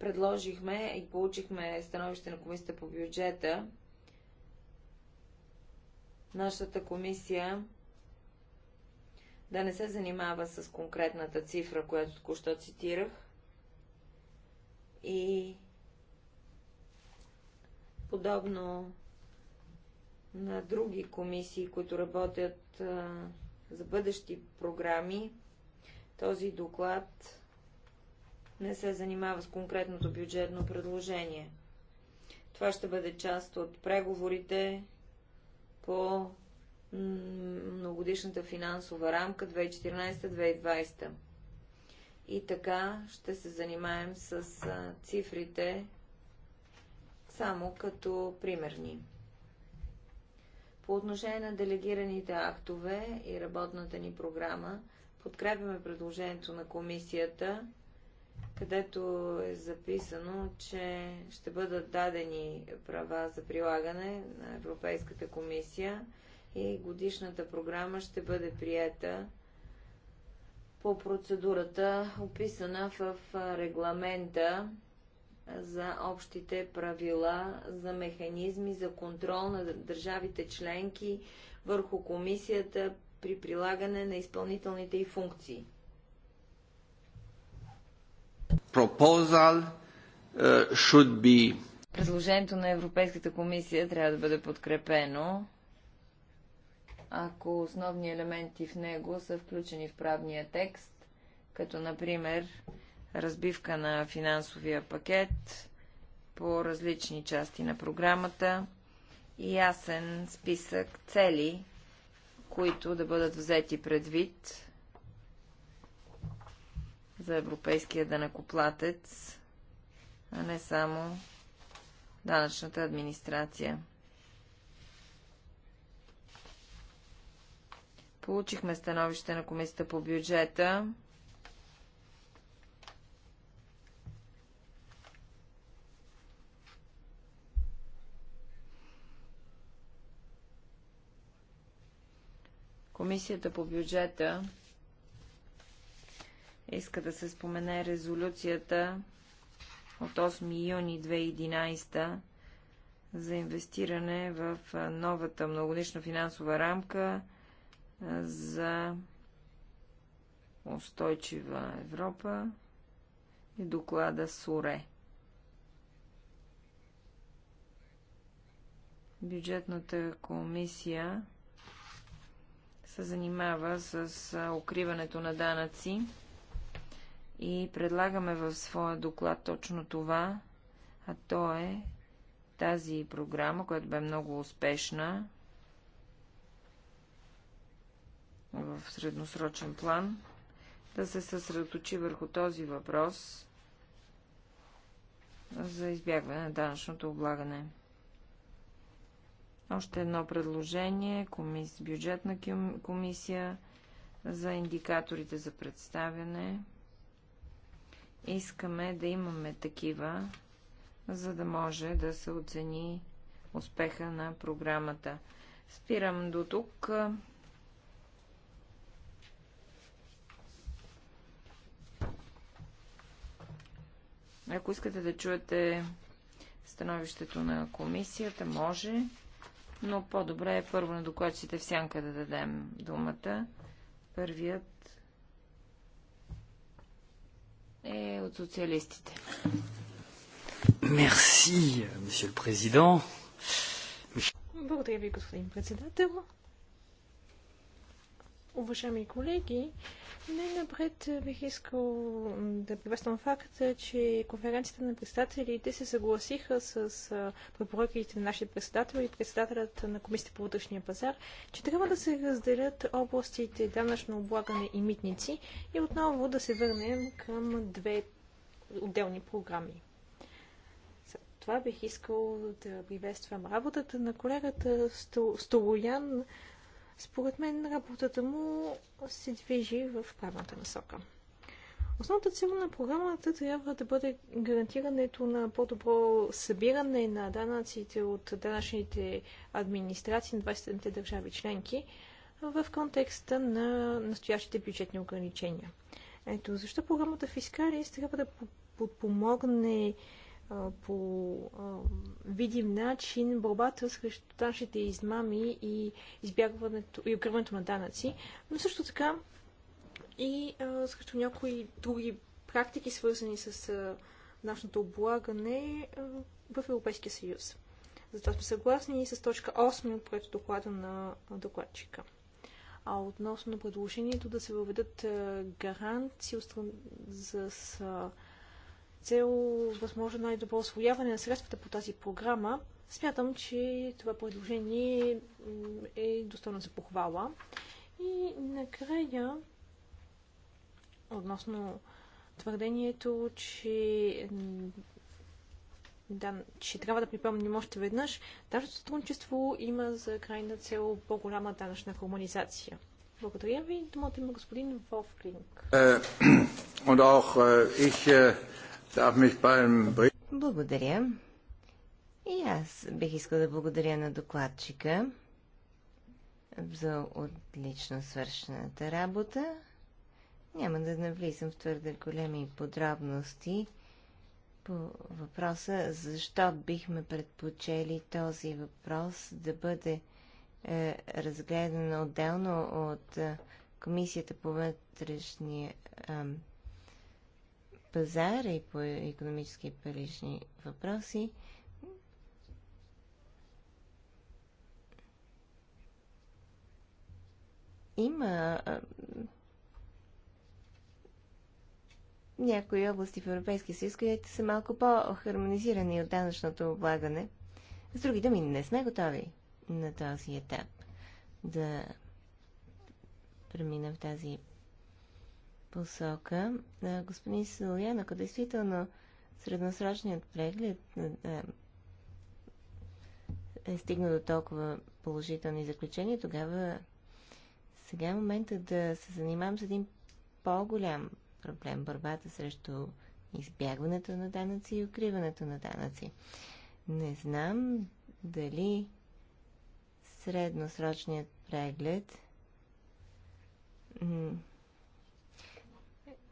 предложихме и получихме становище на комисията по бюджета. Нашата комисия да не се занимава с конкретната цифра, която току-що цитирах. И подобно на други комисии, които работят а, за бъдещи програми, този доклад не се занимава с конкретното бюджетно предложение. Това ще бъде част от преговорите по многодишната финансова рамка 2014-2020. И така ще се занимаем с цифрите само като примерни. По отношение на делегираните актове и работната ни програма, подкрепяме предложението на комисията където е записано, че ще бъдат дадени права за прилагане на Европейската комисия и годишната програма ще бъде приета по процедурата, описана в регламента за общите правила, за механизми за контрол на държавите членки върху комисията при прилагане на изпълнителните й функции proposal uh, should be Предложението на Европейската комисия трябва да бъде подкрепено, ако основни елементи в него са включени в правния текст, като например разбивка на финансовия пакет по различни части на програмата и ясен списък цели, които да бъдат взети предвид за европейския денекоплатец, а не само данъчната администрация. Получихме становище на комисията по бюджета. Комисията по бюджета иска да се спомене резолюцията от 8 юни 2011 за инвестиране в новата многодишна финансова рамка за устойчива Европа и доклада СУРЕ. Бюджетната комисия се занимава с укриването на данъци и предлагаме в своя доклад точно това, а то е тази програма, която бе много успешна в средносрочен план, да се съсредоточи върху този въпрос за избягване на данъчното облагане. Още едно предложение, комис... бюджетна комисия за индикаторите за представяне. Искаме да имаме такива, за да може да се оцени успеха на програмата. Спирам до тук. Ако искате да чуете становището на комисията, може, но по-добре е първо на докладчите в сянка да дадем думата. Първият е от социалистите. Мерси, месье президент. Благодаря ви, господин председател. Уважаеми колеги, най-напред бих искал да приветствам факта, че конференцията на председателите се съгласиха с препоръките на нашите председател и председателят на Комисията по вътрешния пазар, че трябва да се разделят областите данъчно облагане и митници и отново да се върнем към две отделни програми. За това бих искал да приветствам работата на колегата Столоян. Сто според мен работата му се движи в правилната насока. Основната цел на програмата трябва да бъде гарантирането на по-добро събиране на данъците от данъчните администрации на 27-те държави членки в контекста на настоящите бюджетни ограничения. Ето защо програмата фискалист трябва да подпомогне по видим начин борбата срещу нашите измами и избягването и укриването на данъци, но също така и срещу някои други практики, свързани с нашето облагане в Европейския съюз. Затова сме съгласни и с точка 8 от проекта доклада на докладчика. А относно предложението да се въведат гаранции за с, цел възможно най-добро освояване на средствата по тази програма, смятам, че това предложение е достойно за похвала. И накрая, относно твърдението, че да, че трябва да припомним още веднъж, даже сътрудничество има за крайна цел по-голяма данъчна хармонизация. Благодаря ви. Думата има господин Вовклинг. Е, (clears throat) Благодаря. И аз бих искал да благодаря на докладчика за отлично свършената работа. Няма да навлизам в твърде големи подробности по въпроса, защо бихме предпочели този въпрос да бъде е, разгледан отделно от е, Комисията по вътрешния е, пазара и по економически и парични въпроси. Има някои области в Европейския съюз, където са малко по-хармонизирани от данъчното облагане. С други думи, не сме готови на този етап да премина в тази посока. Господин Солоян, ако действително средносрочният преглед е стигнал до толкова положителни заключения, тогава сега е момента да се занимавам с един по-голям проблем – борбата срещу избягването на данъци и укриването на данъци. Не знам дали средносрочният преглед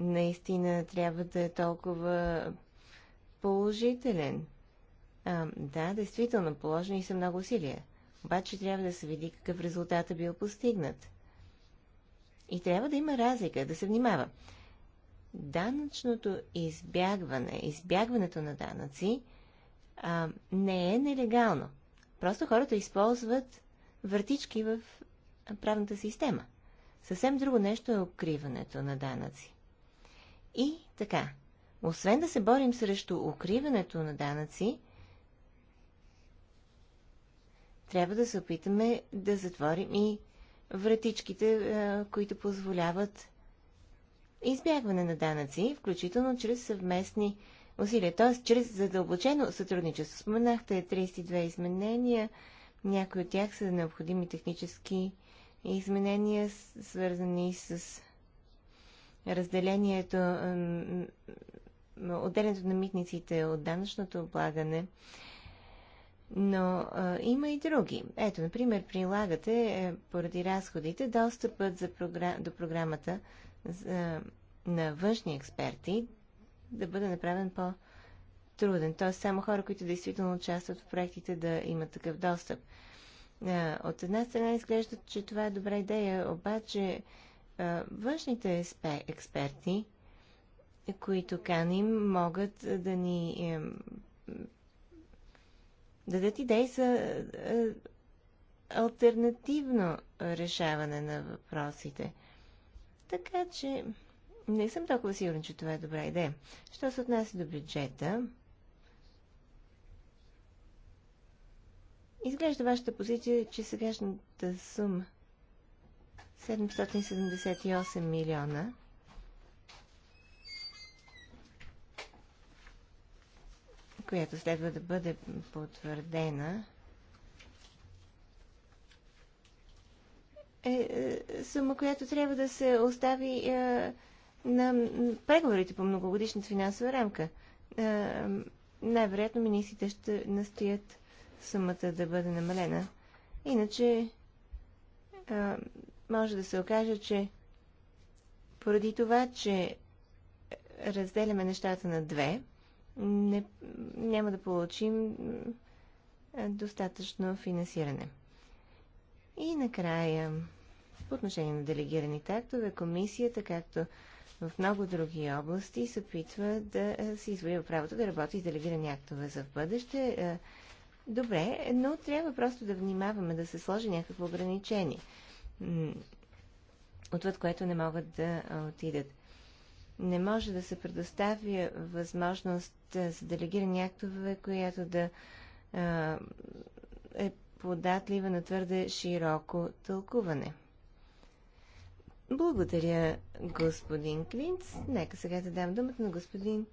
наистина трябва да е толкова положителен. А, да, действително, положени са много усилия. Обаче трябва да се види какъв резултат е бил постигнат. И трябва да има разлика, да се внимава. Данъчното избягване, избягването на данъци, а, не е нелегално. Просто хората използват въртички в правната система. Съвсем друго нещо е укриването на данъци. И така, освен да се борим срещу укриването на данъци, трябва да се опитаме да затворим и вратичките, е, които позволяват избягване на данъци, включително чрез съвместни усилия, т.е. чрез задълбочено сътрудничество. Споменахте 32 изменения, някои от тях са необходими технически изменения, свързани с разделението, отделянето на митниците от данъчното облагане, но а, е, има и други. Ето, например, прилагате е, поради разходите достъпът за програ... до програмата за... Е, на външни експерти да бъде направен по-труден. Т.е. само хора, които действително участват в проектите, да имат такъв достъп. от една страна изглежда, че това е добра идея, обаче външните експерти, които каним, могат да ни дадат идеи за е, альтернативно решаване на въпросите. Така че не съм толкова сигурен, че това е добра идея. Що се отнася до бюджета, изглежда вашата позиция, че сегашната сума 778 милиона. която следва да бъде потвърдена, е, е сума, която трябва да се остави е, на преговорите по многогодишната финансова рамка. Е, най-вероятно министрите ще настоят сумата да бъде намалена. Иначе е, може да се окаже, че поради това, че разделяме нещата на две, не, няма да получим достатъчно финансиране. И накрая, по отношение на делегираните актове, комисията, както в много други области, се опитва да се извоюва правото да работи с делегирани актове за в бъдеще. Добре, но трябва просто да внимаваме да се сложи някакво ограничение отвъд което не могат да отидат. Не може да се предоставя възможност е, за делегирани актове, която да а, е податлива на твърде широко тълкуване. Благодаря, господин Клинц. Нека сега да дам думата на господин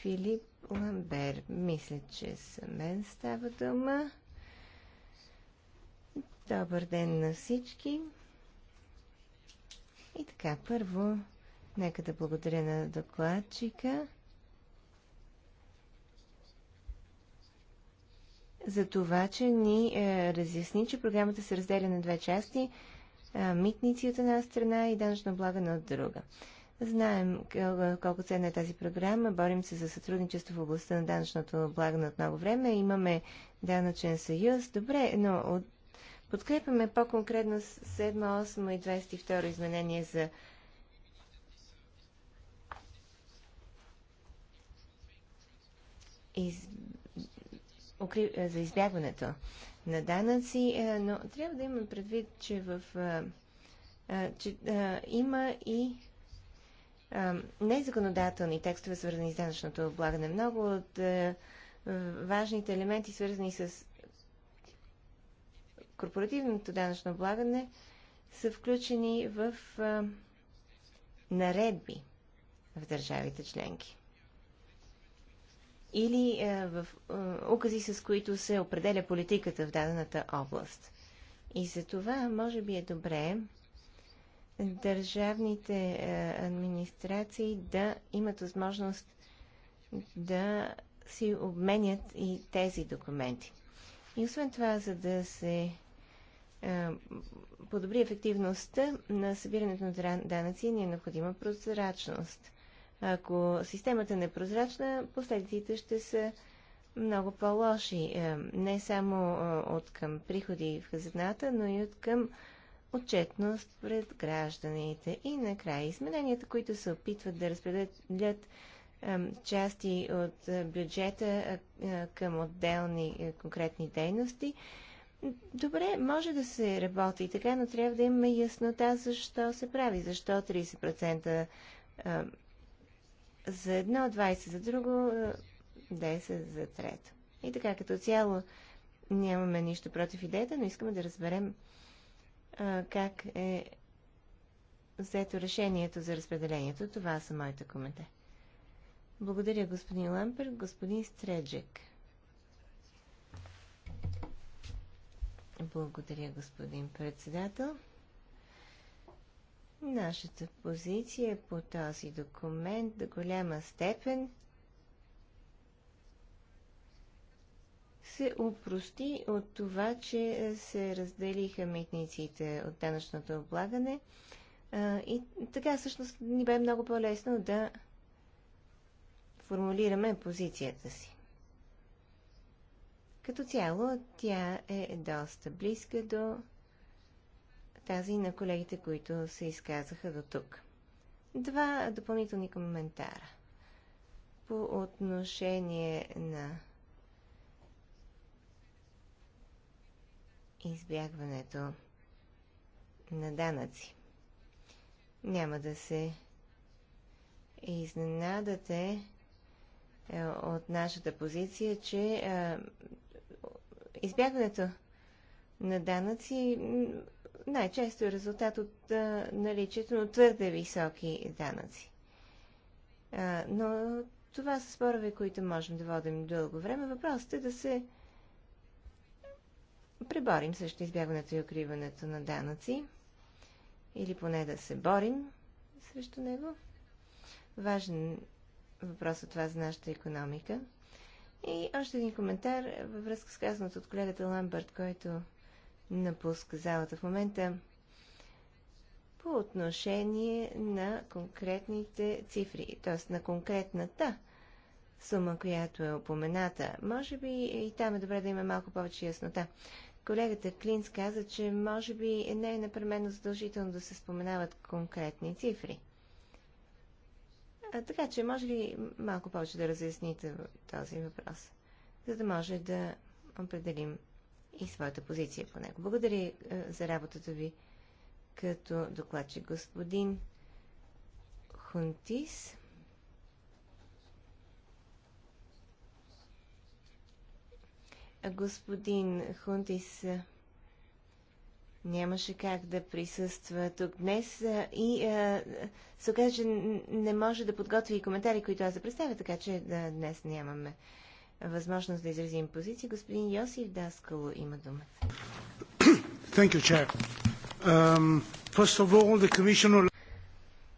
Филип Ламбер. Мисля, че за мен става дума. Добър ден на всички. И така, първо, нека да благодаря на докладчика за това, че ни е, разясни, че програмата се разделя на две части е, митници от една страна и данъчно блага от друга. Знаем е, колко ценна е тази програма. Борим се за сътрудничество в областта на данъчното облагане на много време. Имаме данъчен съюз. Добре, но от Подкрепяме по-конкретно 7, 8 и 22 изменение за из... укри... Е, за избягването на данъци, е, но трябва да имаме предвид, че в е, че, има и незаконодателни текстове, свързани с данъчното облагане. Много от важните елементи, свързани с корпоративното данъчно облагане са включени в а, наредби в държавите членки. Или а, в а, укази, с които се определя политиката в дадената област. И за това, може би е добре държавните а, администрации да имат възможност да си обменят и тези документи. И освен това, за да се е, подобри ефективността на събирането на данъци, ни е необходима прозрачност. Ако системата не е прозрачна, последиците ще са много по-лоши. Е, не само е, от към приходи в хазната, но и от към отчетност пред гражданите. И накрая измененията, които се опитват да разпределят части от бюджета към отделни конкретни дейности, Добре, може да се работи и така, но трябва да имаме яснота защо се прави. Защо 30% за едно, 20% за друго, 10% за трето. И така, като цяло нямаме нищо против идеята, но искаме да разберем а, как е взето решението за разпределението. Това са моите коментари. Благодаря, господин Лампер. Господин Стреджек. Благодаря, господин председател. Нашата позиция по този документ до голяма степен се упрости от това, че се разделиха митниците от данъчното облагане и така всъщност ни бе много по-лесно да формулираме позицията си. Като цяло тя е доста близка до тази на колегите, които се изказаха до тук. Два допълнителни коментара. По отношение на избягването на данъци. Няма да се изненадате е, от нашата позиция, че е, избягването на данъци най-често е резултат от наличието на твърде високи данъци. но това са спорове, които можем да водим дълго време. Въпросът е да се преборим срещу избягването и укриването на данъци или поне да се борим срещу него. Важен въпрос от това за нашата економика. И още един коментар във връзка с казаното от колегата Ламбърт, който напуска залата в момента по отношение на конкретните цифри, т.е. на конкретната сума, която е опомената. Може би и там е добре да има малко повече яснота. Колегата Клинс каза, че може би не е непременно задължително да се споменават конкретни цифри. А, така че, може ли малко повече да разясните този въпрос, за да може да определим и своята позиция по него. Благодаря за работата ви като докладчик господин Хунтис. Господин Хунтис нямаше как да присъства тук днес и а, се оказа, че не може да подготви и коментари, които аз да представя, така че да, днес нямаме възможност да изразим позиции. Господин Йосиф Даскало има думата. Thank you, Chair. Um, first of all, the commissioner...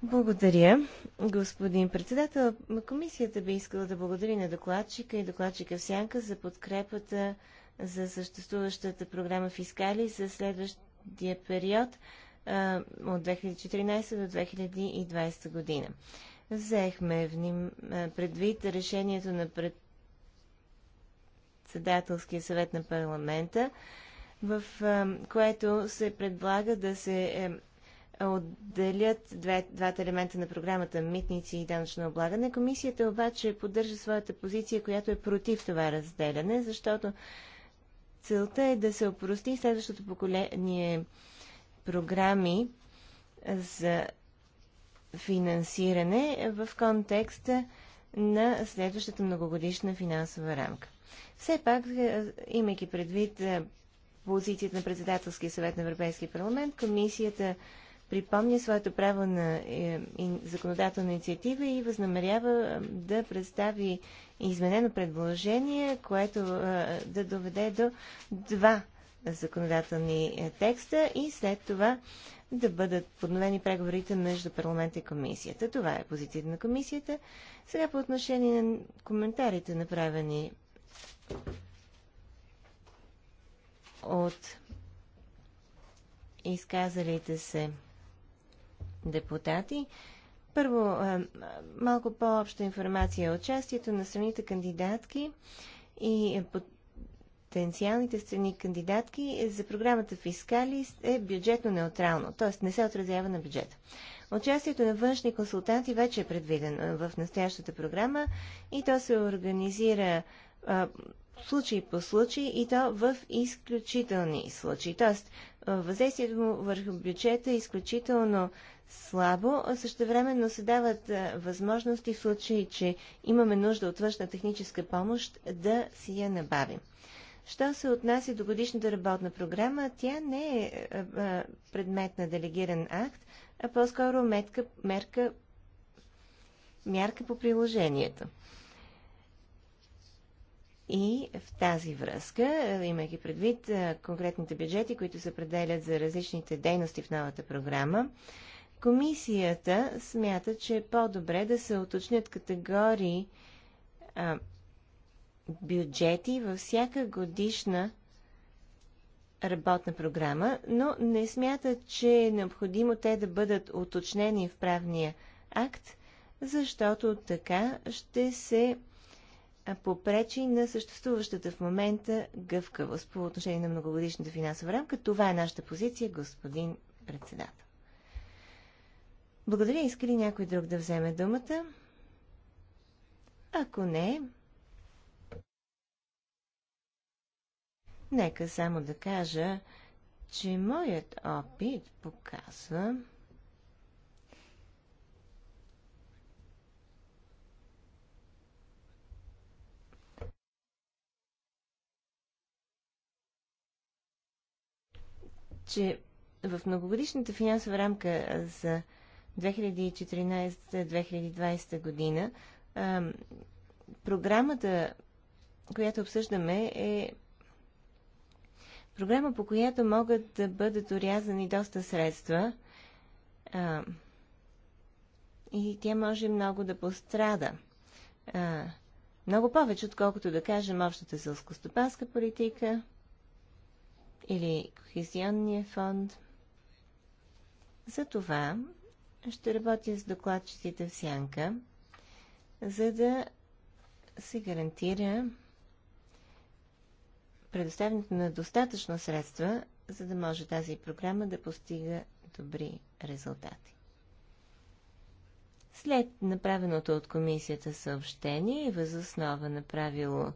Благодаря, господин председател. Комисията би искала да благодари на докладчика и докладчика в сянка за подкрепата за съществуващата програма Фискали за следващ следващия период от 2014 до 2020 година. Взехме вним... предвид решението на председателския съвет на парламента, в което се предлага да се е, отделят две, двата елемента на програмата Митници и данъчно облагане. Комисията обаче поддържа своята позиция, която е против това разделяне, защото Целта е да се опрости следващото поколение програми за финансиране в контекста на следващата многогодишна финансова рамка. Все пак, е, имайки предвид е, позицията на Председателския съвет на Европейския парламент, комисията припомня своето право на е, законодателна инициатива и възнамерява е, да представи изменено предложение, което е, да доведе до два законодателни текста и след това да бъдат подновени преговорите между парламента и комисията. Това е позицията на комисията. Сега по отношение на коментарите, направени от изказалите се депутати. Първо, е, малко по-обща информация. е Участието на страните кандидатки и потенциалните страни кандидатки за програмата фискали е бюджетно неутрално, т.е. не се отразява на бюджета. Участието на външни консултанти вече е предвидено в настоящата програма и то се организира е, случай по случай и то в изключителни случаи. Тоест, е, въздействието му върху бюджета е изключително слабо, а същевременно се дават възможности в случай, че имаме нужда от външна техническа помощ, да си я набавим. Що се отнася до годишната работна програма, тя не е предмет на делегиран акт, а по-скоро метка, мерка, мярка по приложението. И в тази връзка, имайки предвид конкретните бюджети, които се определят за различните дейности в новата програма, Комисията смята, че е по-добре да се уточнят категории а, бюджети във всяка годишна работна програма, но не смята, че е необходимо те да бъдат уточнени в правния акт, защото така ще се попречи на съществуващата в момента гъвкавост по отношение на многогодишната финансова рамка. Това е нашата позиция, господин председател. Благодаря. Иска ли някой друг да вземе думата? Ако не, нека само да кажа, че моят опит показва, че в многогодишната финансова рамка за 2014-2020 година. програмата, която обсъждаме, е програма, по която могат да бъдат урязани доста средства. и тя може много да пострада. много повече, отколкото да кажем общата сълскостопанска политика или кохезионния фонд. За това ще работя с докладчиците в сянка, за да се гарантира предоставянето на достатъчно средства, за да може тази програма да постига добри резултати. След направеното от комисията съобщение и възоснова на правило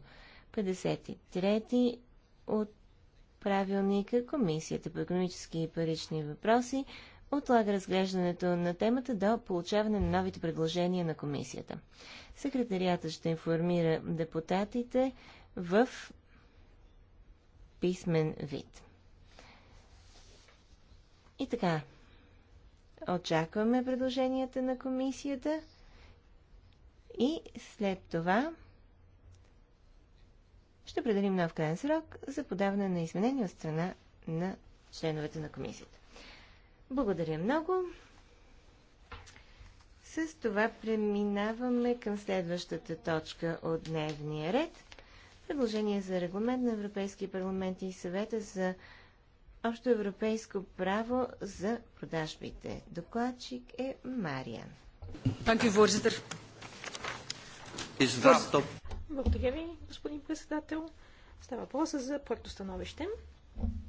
53 от правилника, комисията по економически и парични въпроси отлага разглеждането на темата до получаване на новите предложения на комисията. Секретарията ще информира депутатите в писмен вид. И така, очакваме предложенията на комисията и след това ще определим нов крайен срок за подаване на изменения от страна на членовете на комисията. Благодаря много. С това преминаваме към следващата точка от дневния ред. Предложение за регламент на Европейския парламент и съвета за общо европейско право за продажбите. Докладчик е Мариан. Благодаря ви, господин председател. Става въпроса за проектостановище. становище.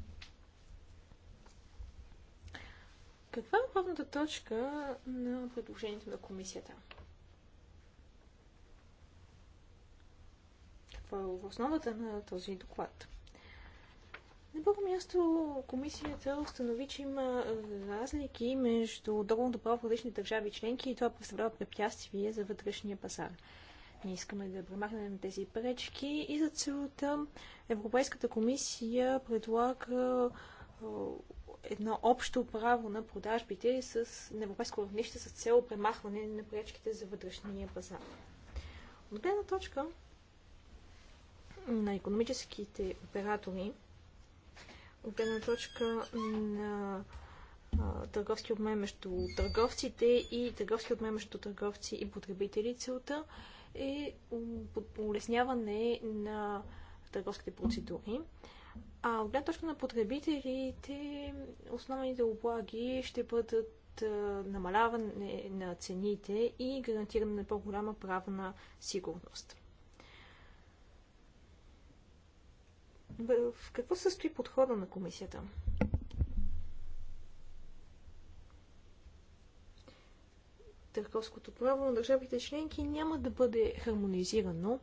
Каква е главната точка на предложението на комисията? Каква е основата на този доклад? На първо място комисията установи, че има разлики между договорното право в различни държави членки и това представлява препятствие за вътрешния пазар. Ние искаме да премахнем тези пречки и за целта Европейската комисия предлага едно общо право на продажбите с, европейско равнище с цел премахване на пречките за вътрешния пазар. От гледна точка на економическите оператори, от гледна точка на търговски обмен между търговците и търговски обмен между търговци и потребители, целта е улесняване на търговските процедури. А от гледна точка на потребителите, основните облаги ще бъдат намаляване на цените и гарантиране на по-голяма правна сигурност. В какво състои подхода на комисията? Търковското право на държавите членки няма да бъде хармонизирано,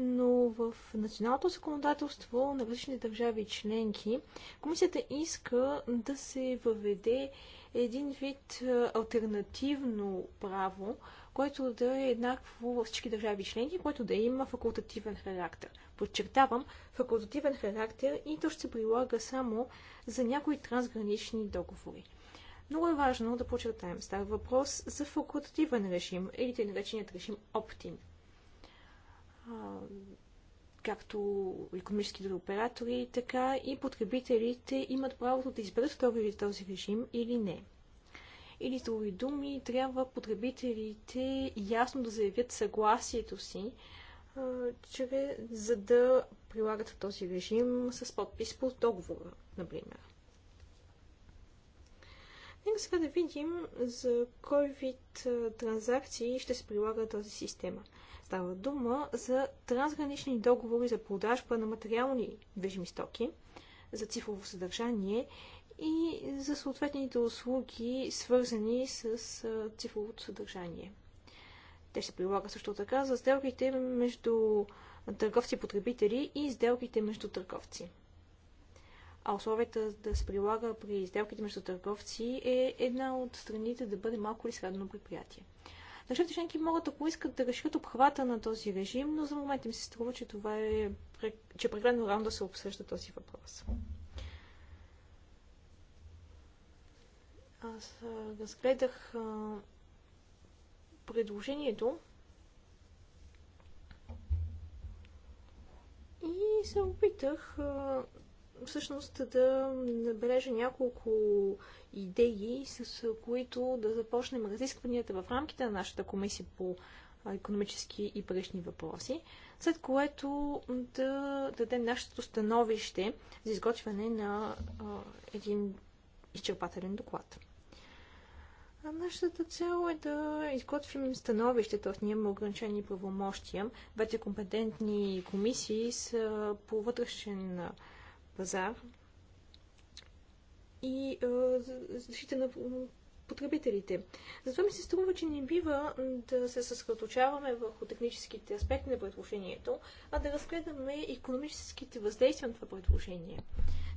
но в националното законодателство на различни държави и членки комисията иска да се въведе един вид альтернативно право, което да е еднакво във всички държави членки, което да има факултативен характер. Подчертавам, факултативен характер и то ще се прилага само за някои трансгранични договори. Много е важно да подчертаем. Става въпрос за факултативен режим или тъй наречения режим оптим както економическите оператори, така и потребителите имат правото да изберат втори ли този режим или не. Или с други думи, трябва потребителите ясно да заявят съгласието си, че, за да прилагат този режим с подпис по договора, например. Нека сега да видим за кой вид транзакции ще се прилага тази система. Става дума за трансгранични договори за продажба на материални движими стоки, за цифрово съдържание и за съответните услуги, свързани с цифровото съдържание. Те ще прилага също така за сделките между търговци и потребители и сделките между търговци. А условията да се прилага при сделките между търговци е една от страните да бъде малко или средно предприятие. Държавите членки могат, ако искат, да решат обхвата на този режим, но за момента ми се струва, че това е че е прекалено рано да се обсъжда този въпрос. Аз разгледах предложението и се опитах всъщност да набележа няколко идеи, с които да започнем разискванията в рамките на нашата комисия по економически и парични въпроси, след което да дадем нашето становище за изготвяне на един изчерпателен доклад. нашата цел е да изготвим становище, т.е. ние имаме ограничени правомощия. Вече компетентни комисии са по вътрешен пазар и защита на потребителите. Затова ми се струва, че не бива да се съсредоточаваме върху техническите аспекти на предложението, а да разгледаме економическите въздействия на това предложение.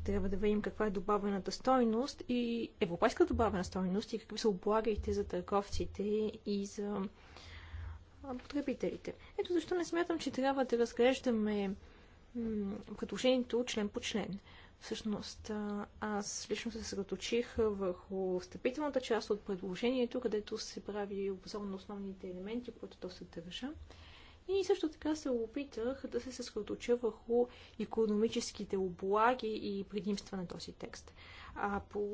Трябва да видим каква е добавената стойност и европейска добавена стойност и какви са облагаите за търговците и за потребителите. Ето защо не смятам, че трябва да разглеждаме предложението член по член. Всъщност, аз лично се съсредоточих върху встъпителната част от предложението, където се прави обзор на основните елементи, които то съдържа. И също така се опитах да се съсредоточа върху економическите облаги и предимства на този текст. А по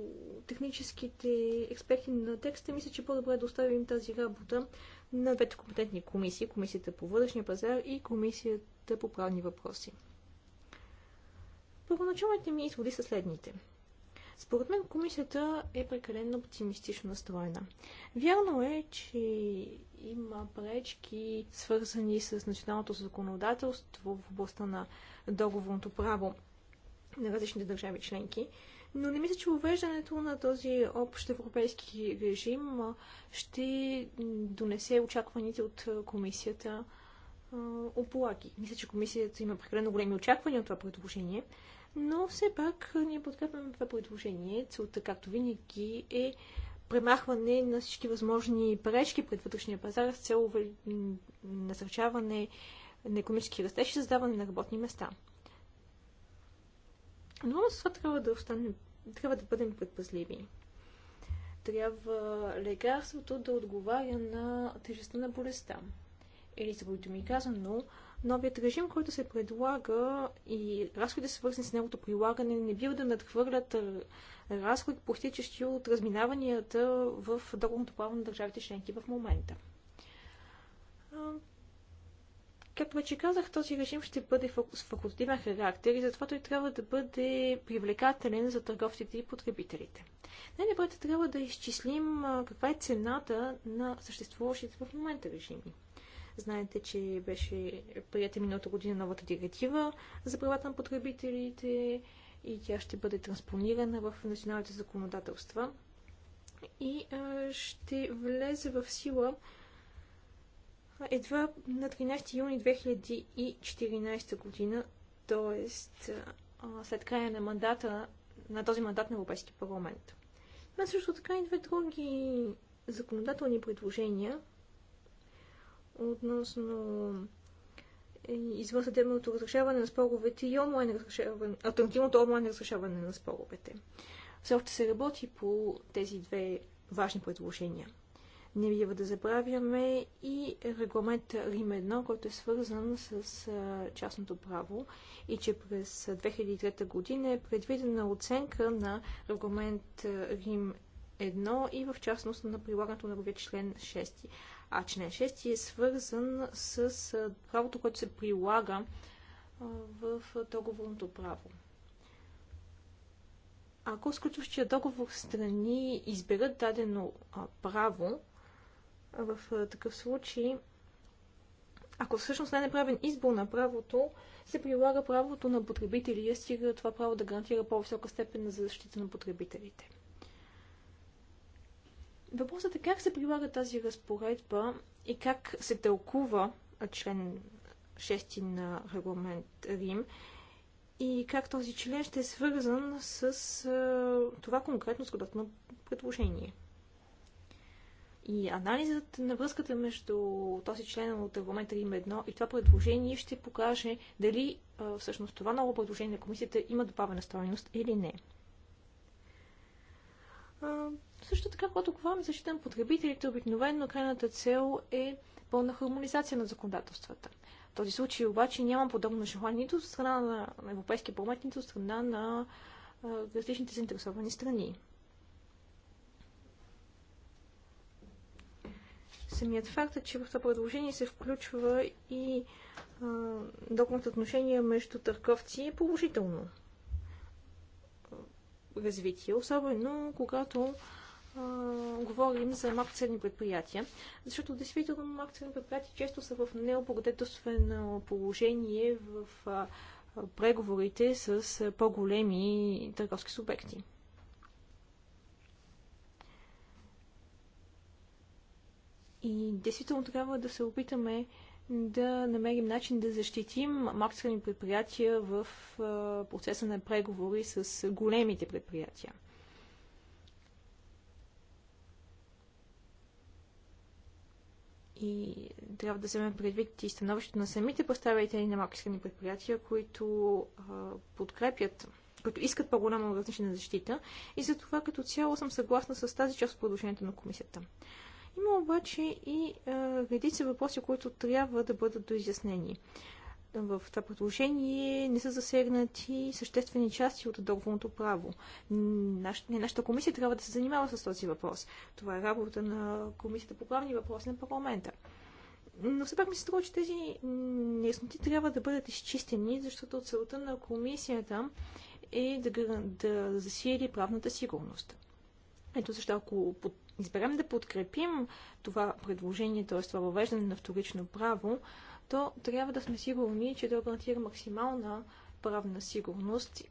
техническите експерти на текста, мисля, че по-добре е да оставим тази работа на двете компетентни комисии Комисията по вътрешния пазар и Комисията по правни въпроси. Първоначалните ми изводи са следните. Според мен комисията е прекалено оптимистично настроена. Вярно е, че има пречки, свързани с националното законодателство в областта на договорното право на различните държави членки, но не мисля, че увеждането на този общ европейски режим ще донесе очакваните от комисията оплаки. Мисля, че комисията има прекалено големи очаквания от това предложение, но все пак ние подкрепяме това предложение. Целта, както винаги, е премахване на всички възможни пречки пред вътрешния пазар с цел насърчаване на економически растеж и създаване на работни места. Но с това трябва да, останем, трябва да бъдем предпазливи. Трябва лекарството да отговаря на тежестта на болестта. Или, за които ми казано, но Новият режим, който се предлага и разходите свързани с неговото прилагане не бива да надхвърлят разходи, постичащи от разминаванията в договорното право на държавите членки в момента. Както вече казах, този режим ще бъде с факултативен характер и затова той трябва да бъде привлекателен за търговците и потребителите. Най-напред трябва да изчислим каква е цената на съществуващите в момента режими. Знаете, че беше прията миналата година новата директива за правата на потребителите и тя ще бъде транспонирана в националните законодателства и а, ще влезе в сила едва на 13 юни 2014 година, т.е. след края на мандата на този мандат на Европейския парламент. Но също така и две други законодателни предложения, относно е, извънсъдебното разрешаване на споровете и онлайн разрешаване, альтернативното онлайн разрешаване на споровете. Все още се работи по тези две важни предложения. Не бива да забравяме и регламент Рим 1, който е свързан с частното право и че през 2003 година е предвидена оценка на регламент Рим 1 и в частност на прилагането на член 6. А член 6 е свързан с правото, което се прилага в договорното право. Ако сключващия договор страни изберат дадено право, в такъв случай, ако всъщност не е направен избор на правото, се прилага правото на потребителя, е стига това право да гарантира по-висока степен на защита на потребителите. Въпросът е как се прилага тази разпоредба и как се тълкува член 6 на регламент Рим и как този член ще е свързан с а, това конкретно законодателно предложение. И анализът на връзката между този член от регламент Рим 1 и това предложение ще покаже дали а, всъщност това ново предложение на комисията има добавена стоеност или не. А, също така, когато говорим защита на потребителите, обикновено крайната цел е пълна хармонизация на законодателствата. В този случай обаче няма подобно желание нито от страна на Европейския парламент, нито от страна на а, различните заинтересовани страни. Самият факт е, че в това предложение се включва и договорното отношение между търговци е положително развитие, особено когато а, говорим за малки средни предприятия, защото действително малки средни предприятия често са в необлагодетелствено положение в а, преговорите с по-големи търговски субекти. И действително трябва да се опитаме да намерим начин да защитим малките предприятия в процеса на преговори с големите предприятия. И трябва да вземем предвид и становището на самите представители на малки предприятия, които а, подкрепят, които искат по-голяма различна защита. И за това като цяло съм съгласна с тази част от предложението на комисията. Има обаче и а, редица въпроси, които трябва да бъдат доизяснени. В това предложение не са засегнати съществени части от договорното право. Наш, нашата комисия трябва да се занимава с този въпрос. Това е работа на комисията по правни въпроси на парламента. Но все пак ми се струва, че тези неясноти трябва да бъдат изчистени, защото целта на комисията е да, да засили правната сигурност. Ето защо, ако под изберем да подкрепим това предложение, т.е. това въвеждане на вторично право, то трябва да сме сигурни, че да гарантира максимална правна сигурност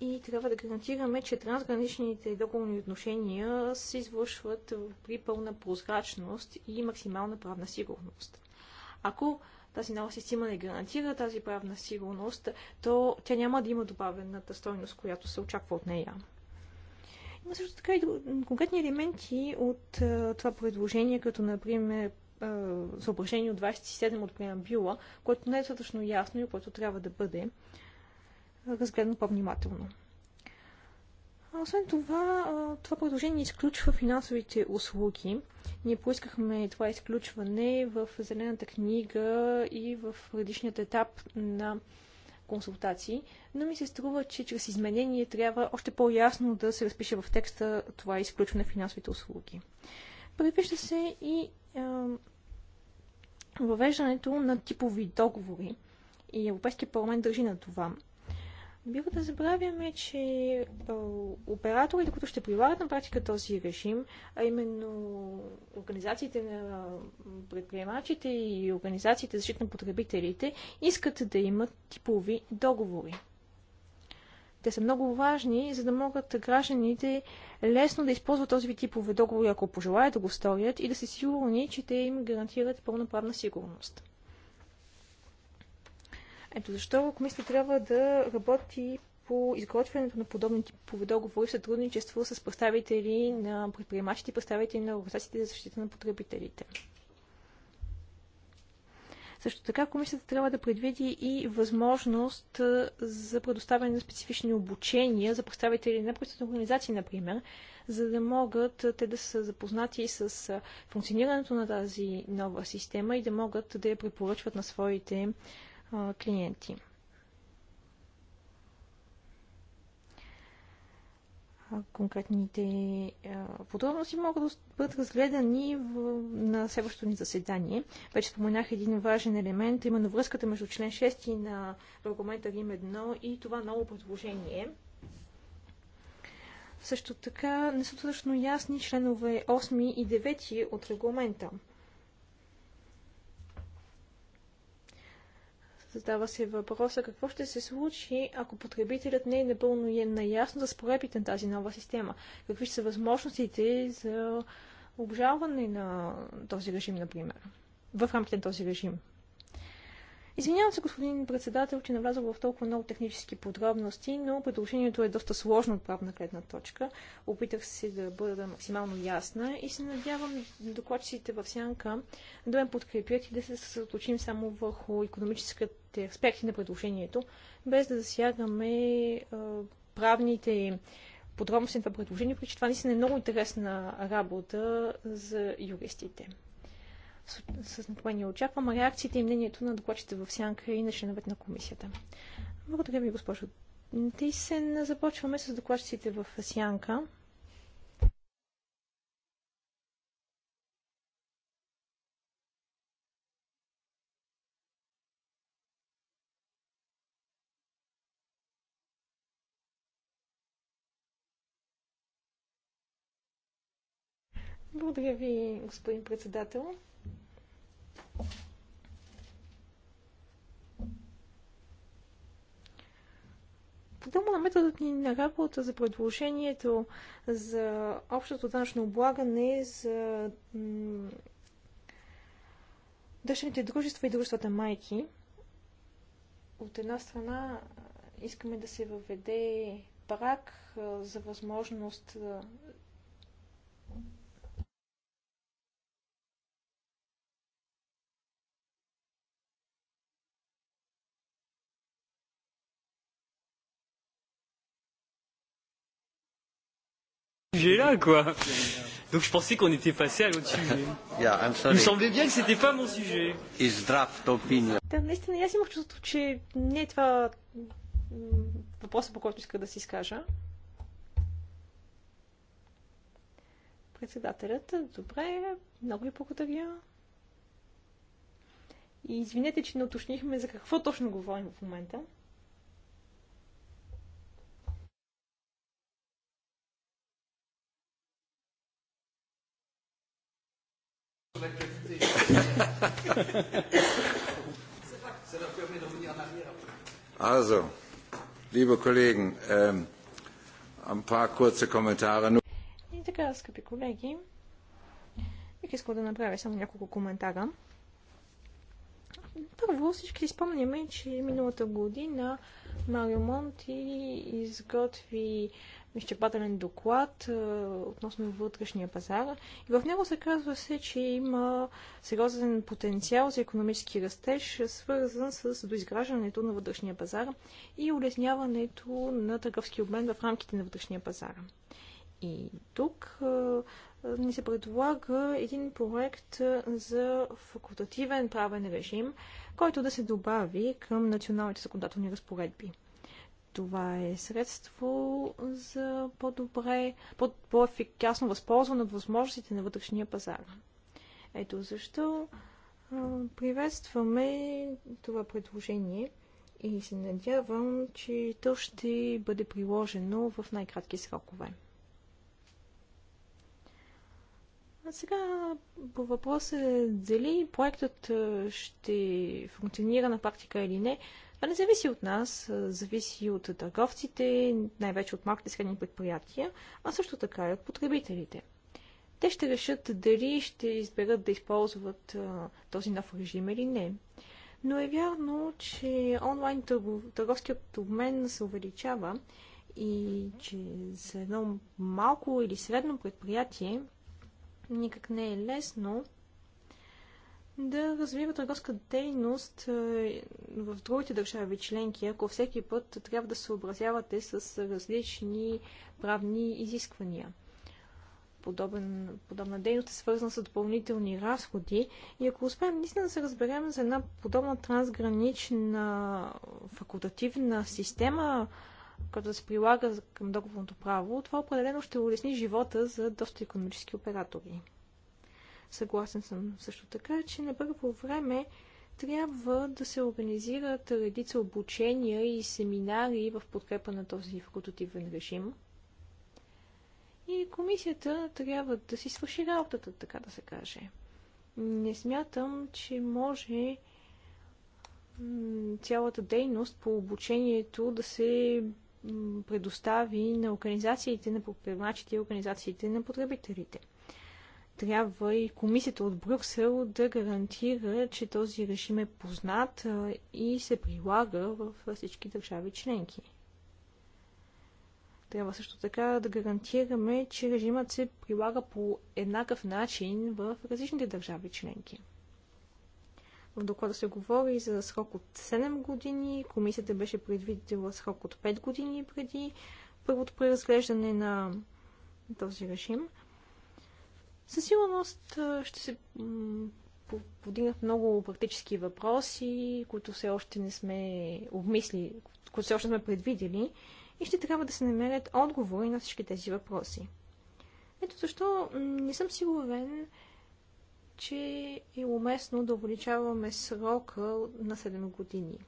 и трябва да гарантираме, че трансграничните договорни отношения се извършват при пълна прозрачност и максимална правна сигурност. Ако тази нова система не гарантира тази правна сигурност, то тя няма да има добавената стойност, която се очаква от нея също така и конкретни елементи от а, това предложение, като например съображение от 27 от преамбюла, което не е достатъчно ясно и което трябва да бъде разгледано по-внимателно. Освен това, това предложение изключва финансовите услуги. Ние поискахме това изключване в Зелената книга и в предишният етап на консултации, но ми се струва, че чрез изменение трябва още по-ясно да се разпише в текста това изключване на финансовите услуги. Предвижда се и е, въвеждането на типови договори и Европейския парламент държи на това бива да забравяме, че операторите, които ще прилагат на практика този режим, а именно организациите на предприемачите и организациите за защита на потребителите, искат да имат типови договори. Те са много важни, за да могат гражданите лесно да използват този вид типове договори, ако пожелаят да го сторят и да са сигурни, че те им гарантират пълноправна сигурност. Ето защо комисията трябва да работи по изготвянето на подобни типове договори в сътрудничество с представители на предприемачите и представители на организациите за защита на потребителите. Също така комисията трябва да предвиди и възможност за предоставяне на специфични обучения за представители на представителни организации, например, за да могат те да са запознати с функционирането на тази нова система и да могат да я препоръчват на своите клиенти. конкретните подробности могат да бъдат разгледани в, на следващото ни заседание. Вече споменах един важен елемент, именно връзката между член 6 на регламента Рим 1 и това ново предложение. Също така не са точно ясни членове 8 и 9 от регламента. Задава се въпроса какво ще се случи, ако потребителят не е напълно и е наясно на тази нова система. Какви ще са възможностите за обжалване на този режим, например, в рамките на този режим. Извинявам се, господин председател, че навлязох в толкова много технически подробности, но предложението е доста сложно от правна гледна точка. Опитах се да бъда максимално ясна и се надявам докладчиците в сянка да ме подкрепят и да се съсредоточим само върху економическите аспекти на предложението, без да засягаме правните подробности на това предложение, защото това наистина е много интересна работа за юристите с натвоение очаквам реакциите и мнението на докладчите в сянка и на членовете на комисията. Благодаря ви, госпожо Тисен. Започваме с докладчиците в сянка. Благодаря ви, господин председател. Подълно на методът ни на работа за предложението за общото данъчно облагане за дъщерните дружества и дружествата майки. От една страна искаме да се въведе брак за възможност sujet-là, quoi. Donc je pensais qu'on était passé à l'autre sujet. Yeah, I'm sorry. Il me semblait bien que c'était pas mon sujet. Is draft opinion. Да, наистина, аз имах чувството, че не е това въпросът, по който исках да си изкажа. Председателят, добре, много ви благодаря. И извинете, че не уточнихме за какво точно говорим в момента. Also, liebe Kollegen, ähm, ein paar kurze Kommentare. И така, скъпи колеги, бих искал да направя само няколко коментара. Първо, всички си спомняме, че миналата година Марио Монти изготви изчерпателен доклад относно вътрешния пазар. И в него се казва се, че има сериозен потенциал за економически растеж, свързан с доизграждането на вътрешния пазар и улесняването на търговски обмен в рамките на вътрешния пазар. И тук ни се предлага един проект за факултативен правен режим, който да се добави към националните законодателни разпоредби. Това е средство за по-добре, по-ефикасно възползване от възможностите на вътрешния пазар. Ето защо приветстваме това предложение и се надявам, че то ще бъде приложено в най-кратки срокове. А сега по въпроса дали проектът ще функционира на практика или не, това не зависи от нас, зависи от търговците, най-вече от малките средни предприятия, а също така и от потребителите. Те ще решат дали ще изберат да използват а, този нов режим или не. Но е вярно, че онлайн търговският обмен се увеличава и че за едно малко или средно предприятие никак не е лесно да развива търговска дейност е, в другите държави членки, ако всеки път трябва да съобразявате с различни правни изисквания. Подобен, подобна дейност е свързана с допълнителни разходи и ако успеем наистина да се разберем за една подобна трансгранична факултативна система, която да се прилага към договорното право, това определено ще улесни живота за доста економически оператори. Съгласен съм също така, че на първо време трябва да се организират редица обучения и семинари в подкрепа на този факултативен режим. И комисията трябва да си свърши работата, така да се каже. Не смятам, че може цялата дейност по обучението да се предостави на организациите на предприемачите и организациите на потребителите трябва и комисията от Брюксел да гарантира, че този режим е познат и се прилага в всички държави членки. Трябва също така да гарантираме, че режимът се прилага по еднакъв начин в различните държави членки. В доклада се говори за срок от 7 години. Комисията беше предвидила срок от 5 години преди първото преразглеждане на този режим. Със сигурност ще се подигнат много практически въпроси, които все още не сме обмисли, които все още сме предвидели и ще трябва да се намерят отговори на всички тези въпроси. Ето защо не съм сигурен, че е уместно да увеличаваме срока на 7 години.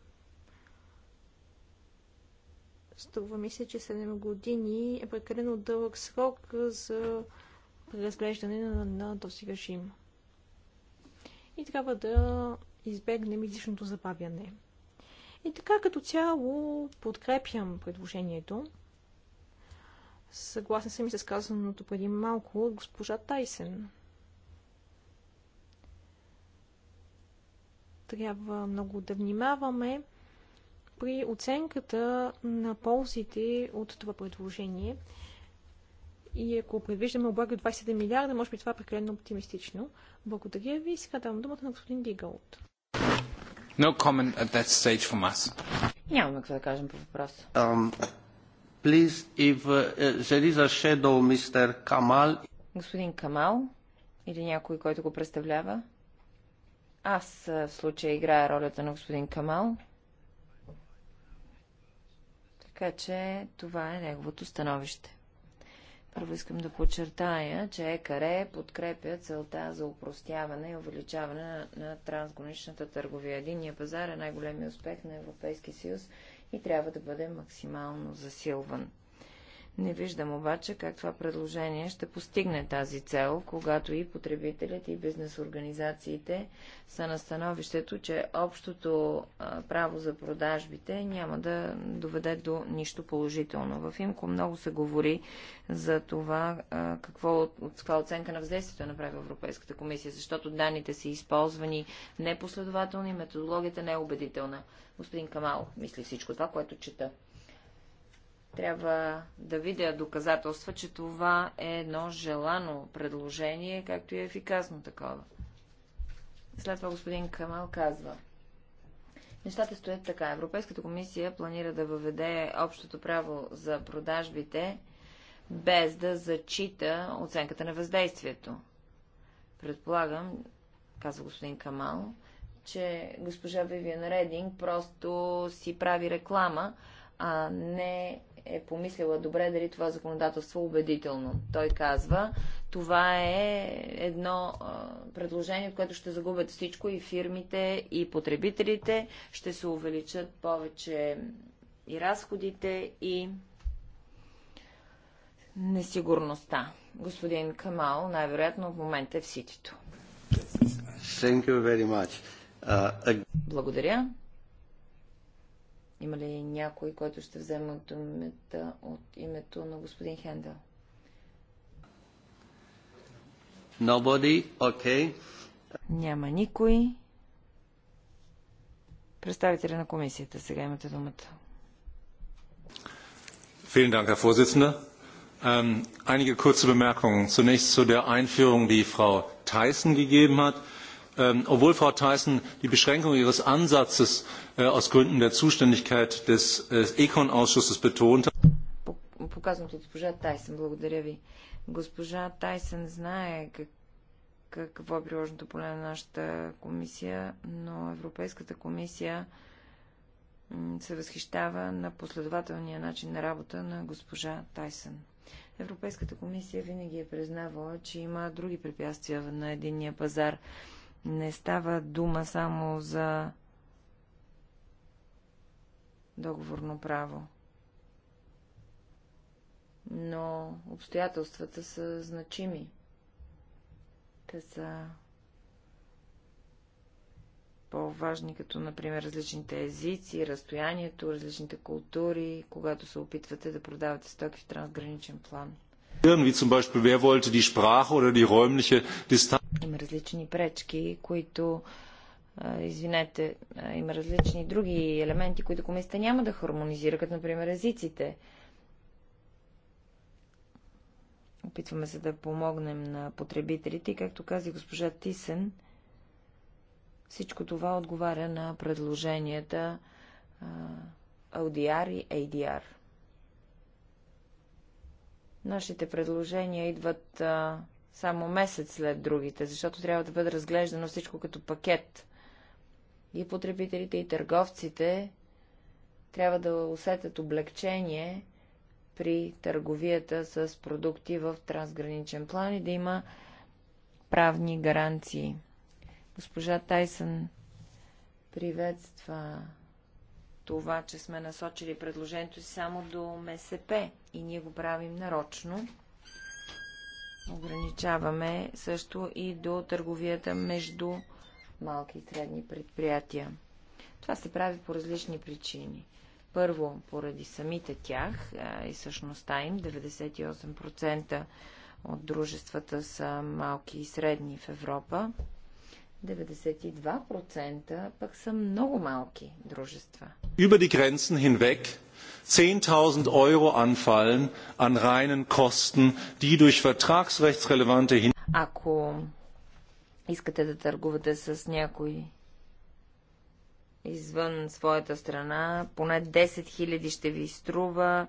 Струва ми се, че 7 години е прекалено дълъг срок за при разглеждане на, на този режим. И трябва да избегнем излишното забавяне. И така като цяло подкрепям предложението. Съгласен съм и с казаното преди малко от госпожа Тайсен. Трябва много да внимаваме при оценката на ползите от това предложение и ако предвиждаме облаги от 27 милиарда, може би това е прекалено оптимистично. Благодаря ви. Сега давам думата на господин Дигалт. No comment at that stage from us. Нямаме какво да кажем по въпроса. Um, please, if uh, there is a shadow, Mr. Kamal... Господин Камал или някой, който го представлява? Аз е, в случая играя ролята на господин Камал. Така че това е неговото становище. Първо искам да подчертая, че ЕКАРЕ подкрепя целта за упростяване и увеличаване на трансграничната търговия. Единния пазар е най-големият успех на Европейския съюз и трябва да бъде максимално засилван. Не виждам обаче как това предложение ще постигне тази цел, когато и потребителят, и бизнес организациите са на становището, че общото право за продажбите няма да доведе до нищо положително. В Имко много се говори за това какво, каква оценка на въздействието е Европейската комисия, защото данните са използвани непоследователно и методологията не е убедителна. Господин Камал мисли всичко това, което чета. Трябва да видя доказателства, че това е едно желано предложение, както и е ефикасно такова. След това господин Камал казва. Нещата стоят така. Европейската комисия планира да въведе общото право за продажбите, без да зачита оценката на въздействието. Предполагам, казва господин Камал, че госпожа Вивиан Рединг просто си прави реклама, а не е помислила добре дали това законодателство е убедително. Той казва, това е едно предложение, в което ще загубят всичко и фирмите, и потребителите, ще се увеличат повече и разходите, и несигурността. Господин Камал, най-вероятно в момента е в ситито. Благодаря. Има ли някой, който ще вземе думата от името на господин Хендел? Nobody, okay. Няма никой. Представители на комисията, сега имате думата. Vielen Dank, Herr Vorsitzender. Ähm, einige kurze Bemerkungen. Zunächst zu der Einführung, die Frau Tyson gegeben hat. Ähm, obwohl Frau Thyssen die Beschränkung ihres Ansatzes äh, aus Gründen der Zuständigkeit des äh, Econ-Ausschusses betont hat. госпожа Тайсън. Благодаря ви. какво е приложното поле на нашата комисия, но Европейската комисия се възхищава на последователния начин на работа на госпожа Тайсън. Европейската комисия винаги е признавала, че има други препятствия на единния пазар. Не става дума само за договорно право. Но обстоятелствата са значими. Те са по-важни, като например различните езици, разстоянието, различните култури, когато се опитвате да продавате стоки в трансграничен план wer wollte die Sprache oder die räumliche Distanz. Има различни пречки, които извинете, има различни други елементи, които комисията няма да хармонизира, като например езиците. Опитваме се да помогнем на потребителите и, както каза госпожа Тисен, всичко това отговаря на предложенията ADR и ADR. Нашите предложения идват а, само месец след другите, защото трябва да бъде разглеждано всичко като пакет. И потребителите, и търговците трябва да усетят облегчение при търговията с продукти в трансграничен план и да има правни гаранции. Госпожа Тайсън приветства това, че сме насочили предложението си само до МСП и ние го правим нарочно. Ограничаваме също и до търговията между малки и средни предприятия. Това се прави по различни причини. Първо, поради самите тях и същността им, 98% от дружествата са малки и средни в Европа, 92% пък са много малки дружества – über die Grenzen hinweg 10.000 Euro anfallen an reinen Kosten, die durch vertragsrechtsrelevante Hin Ако искате да търгувате с някой извън своята страна, поне 10 000 ще ви струва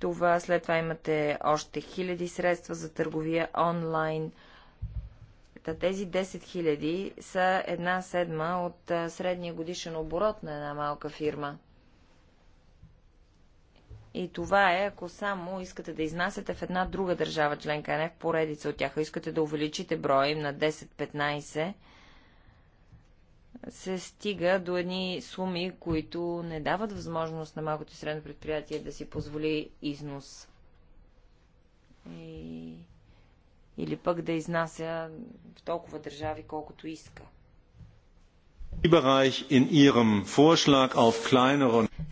това, след това имате още хиляди средства за търговия онлайн – Та тези 10 000 са една седма от средния годишен оборот на една малка фирма. И това е, ако само искате да изнасяте в една друга държава членка, а не в поредица от тях, искате да увеличите броя им на 10-15, се стига до едни суми, които не дават възможност на малкото и средно предприятие да си позволи износ. И или пък да изнася в толкова държави, колкото иска.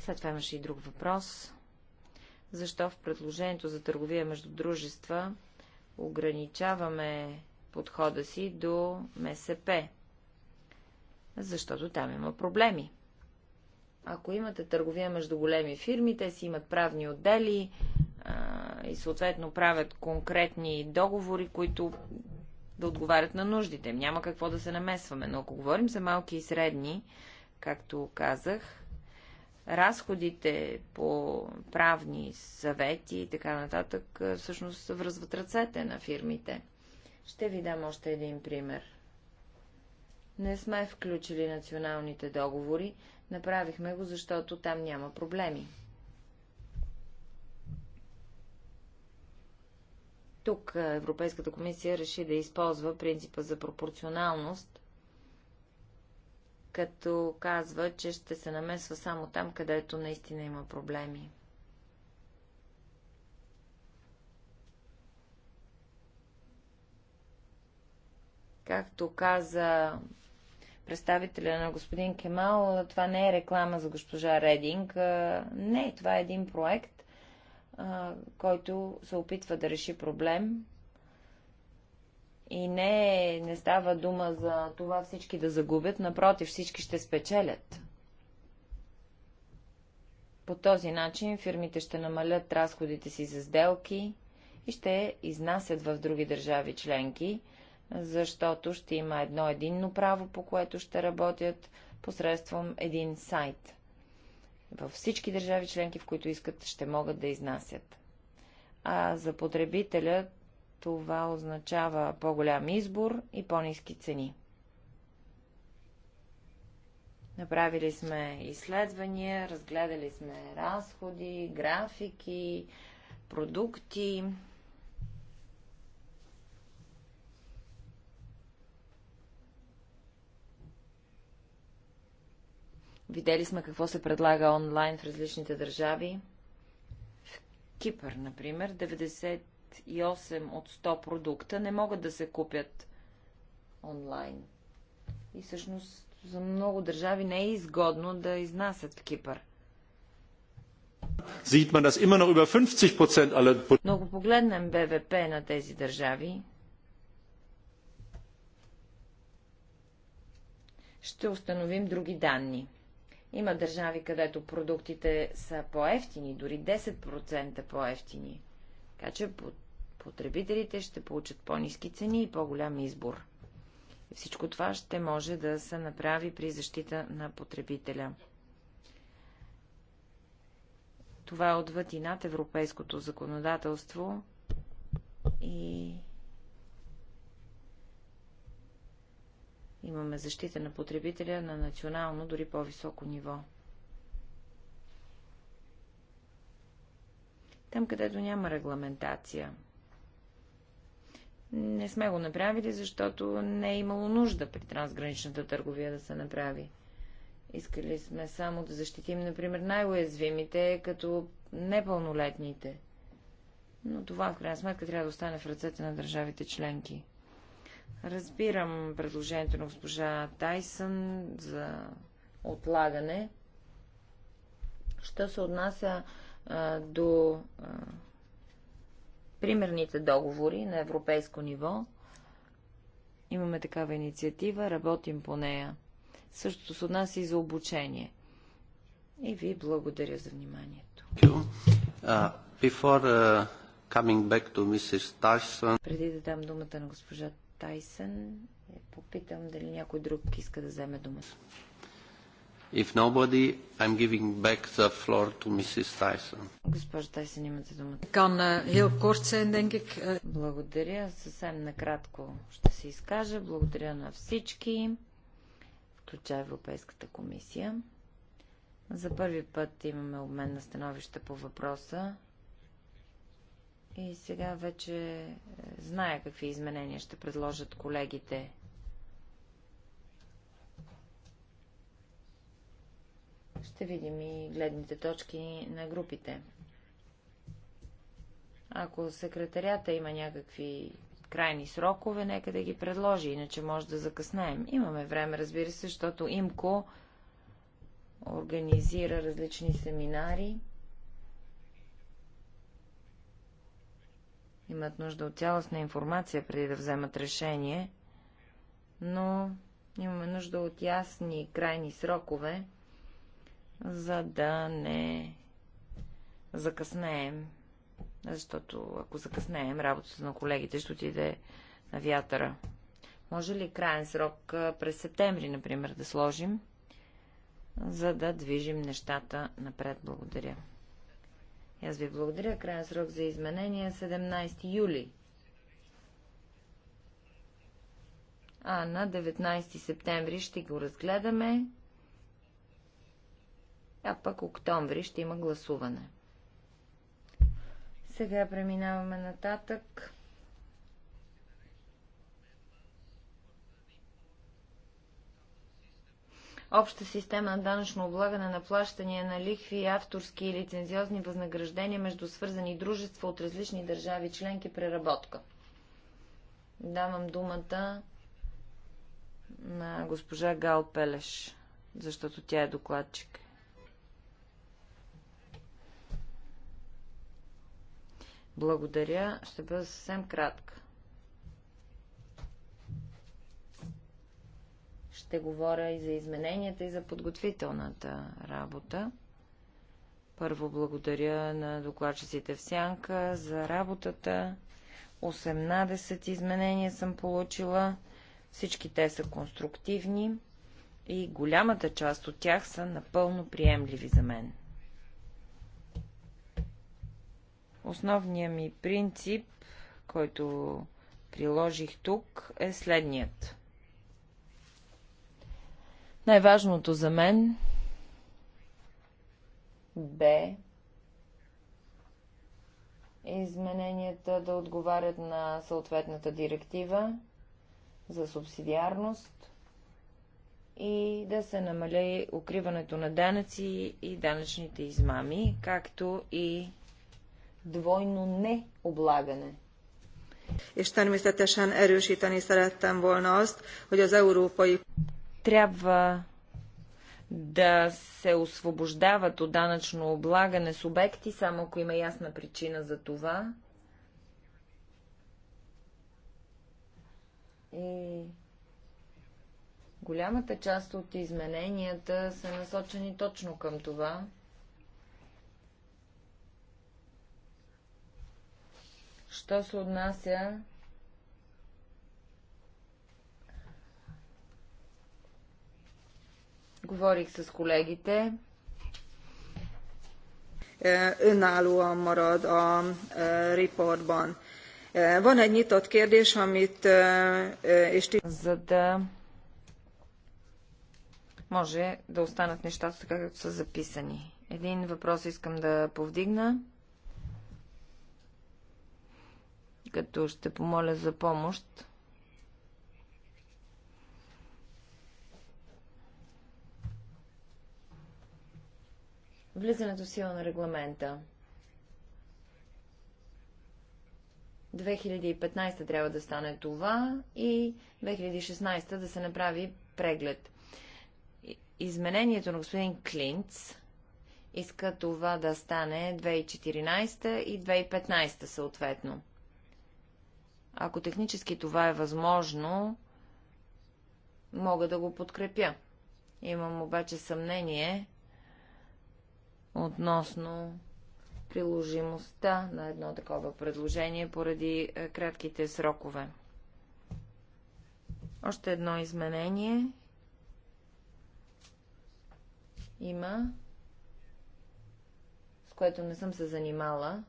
След това имаше и друг въпрос. Защо в предложението за търговия между дружества ограничаваме подхода си до МСП? Защото там има проблеми. Ако имате търговия между големи фирми, те си имат правни отдели, и съответно правят конкретни договори, които да отговарят на нуждите. Няма какво да се намесваме. Но ако говорим за малки и средни, както казах, разходите по правни съвети и така нататък всъщност връзват ръцете на фирмите. Ще ви дам още един пример. Не сме включили националните договори, направихме го, защото там няма проблеми. Тук Европейската комисия реши да използва принципа за пропорционалност, като казва, че ще се намесва само там, където наистина има проблеми. Както каза представителя на господин Кемал, това не е реклама за госпожа Рединг. Не, това е един проект, който се опитва да реши проблем. И не, не става дума за това всички да загубят, напротив, всички ще спечелят. По този начин фирмите ще намалят разходите си за сделки и ще изнасят в други държави членки, защото ще има едно единно право, по което ще работят посредством един сайт във всички държави членки, в които искат, ще могат да изнасят. А за потребителя това означава по-голям избор и по-низки цени. Направили сме изследвания, разгледали сме разходи, графики, продукти, Видели сме какво се предлага онлайн в различните държави. В Кипър, например, 98 от 100 продукта не могат да се купят онлайн. И всъщност за много държави не е изгодно да изнасят в Кипър. Но ако погледнем БВП на тези държави, ще установим други данни. Има държави, където продуктите са по-ефтини, дори 10% по-ефтини. Така че потребителите ще получат по-низки цени и по-голям избор. И всичко това ще може да се направи при защита на потребителя. Това е отвъд и над европейското законодателство и Имаме защита на потребителя на национално, дори по-високо ниво. Там, където няма регламентация. Не сме го направили, защото не е имало нужда при трансграничната търговия да се направи. Искали сме само да защитим, например, най-уязвимите, като непълнолетните. Но това, в крайна сметка, трябва да остане в ръцете на държавите членки. Разбирам предложението на госпожа Тайсън за отлагане. Що се отнася а, до а, примерните договори на европейско ниво, имаме такава инициатива, работим по нея. Същото се отнася и за обучение. И ви благодаря за вниманието. Uh, uh Tyson... Преди да дам думата на госпожа Тайсън. Е, попитам дали някой друг иска да вземе думата. If nobody, I'm giving back the floor to Mrs. Tyson. Госпожо Тайсън, имате думата. Кан е, heel kort denk ik. Е. Благодаря. Съвсем накратко ще се изкажа. Благодаря на всички, включая Европейската комисия. За първи път имаме обмен на становища по въпроса и сега вече е, зная какви изменения ще предложат колегите. Ще видим и гледните точки на групите. Ако секретарята има някакви крайни срокове, нека да ги предложи, иначе може да закъснеем. Имаме време, разбира се, защото ИМКО организира различни семинари. имат нужда от цялостна информация преди да вземат решение, но имаме нужда от ясни крайни срокове, за да не закъснеем, защото ако закъснеем, работата на колегите ще отиде на вятъра. Може ли крайен срок през септември, например, да сложим, за да движим нещата напред? Благодаря. Аз ви благодаря. Крайен срок за изменение 17 е юли. А на 19 септември ще го разгледаме, а пък октомври ще има гласуване. Сега преминаваме нататък. обща система на данъчно облагане на плащания на лихви, авторски и лицензиозни възнаграждения между свързани дружества от различни държави членки преработка. Давам думата на госпожа Гал Пелеш, защото тя е докладчик. Благодаря. Ще бъда съвсем кратка. Ще говоря и за измененията, и за подготвителната работа. Първо благодаря на докладчиците в Сянка за работата. 18 изменения съм получила. Всички те са конструктивни и голямата част от тях са напълно приемливи за мен. Основният ми принцип, който приложих тук, е следният. Най-важното за мен бе измененията да отговарят на съответната директива за субсидиарност и да се намали укриването на данъци и данъчните измами, както и двойно необлагане. És természetesen erősíteni szerettem volna azt, hogy az európai трябва да се освобождават от данъчно облагане субекти, само ако има ясна причина за това. И голямата част от измененията са насочени точно към това. Що се отнася Говорих с колегите. Е, önállóan marad a е, riportban. Е, van egy nyitott kérdés, amit e, és За да може да останат нещата така, както са записани. Един въпрос искам да повдигна. Като ще помоля за помощ влизането в сила на регламента. 2015 трябва да стане това и 2016 да се направи преглед. Изменението на господин Клинц иска това да стане 2014 и 2015 съответно. Ако технически това е възможно, мога да го подкрепя. Имам обаче съмнение, относно приложимостта на едно такова предложение поради е, кратките срокове. Още едно изменение има, с което не съм се занимала.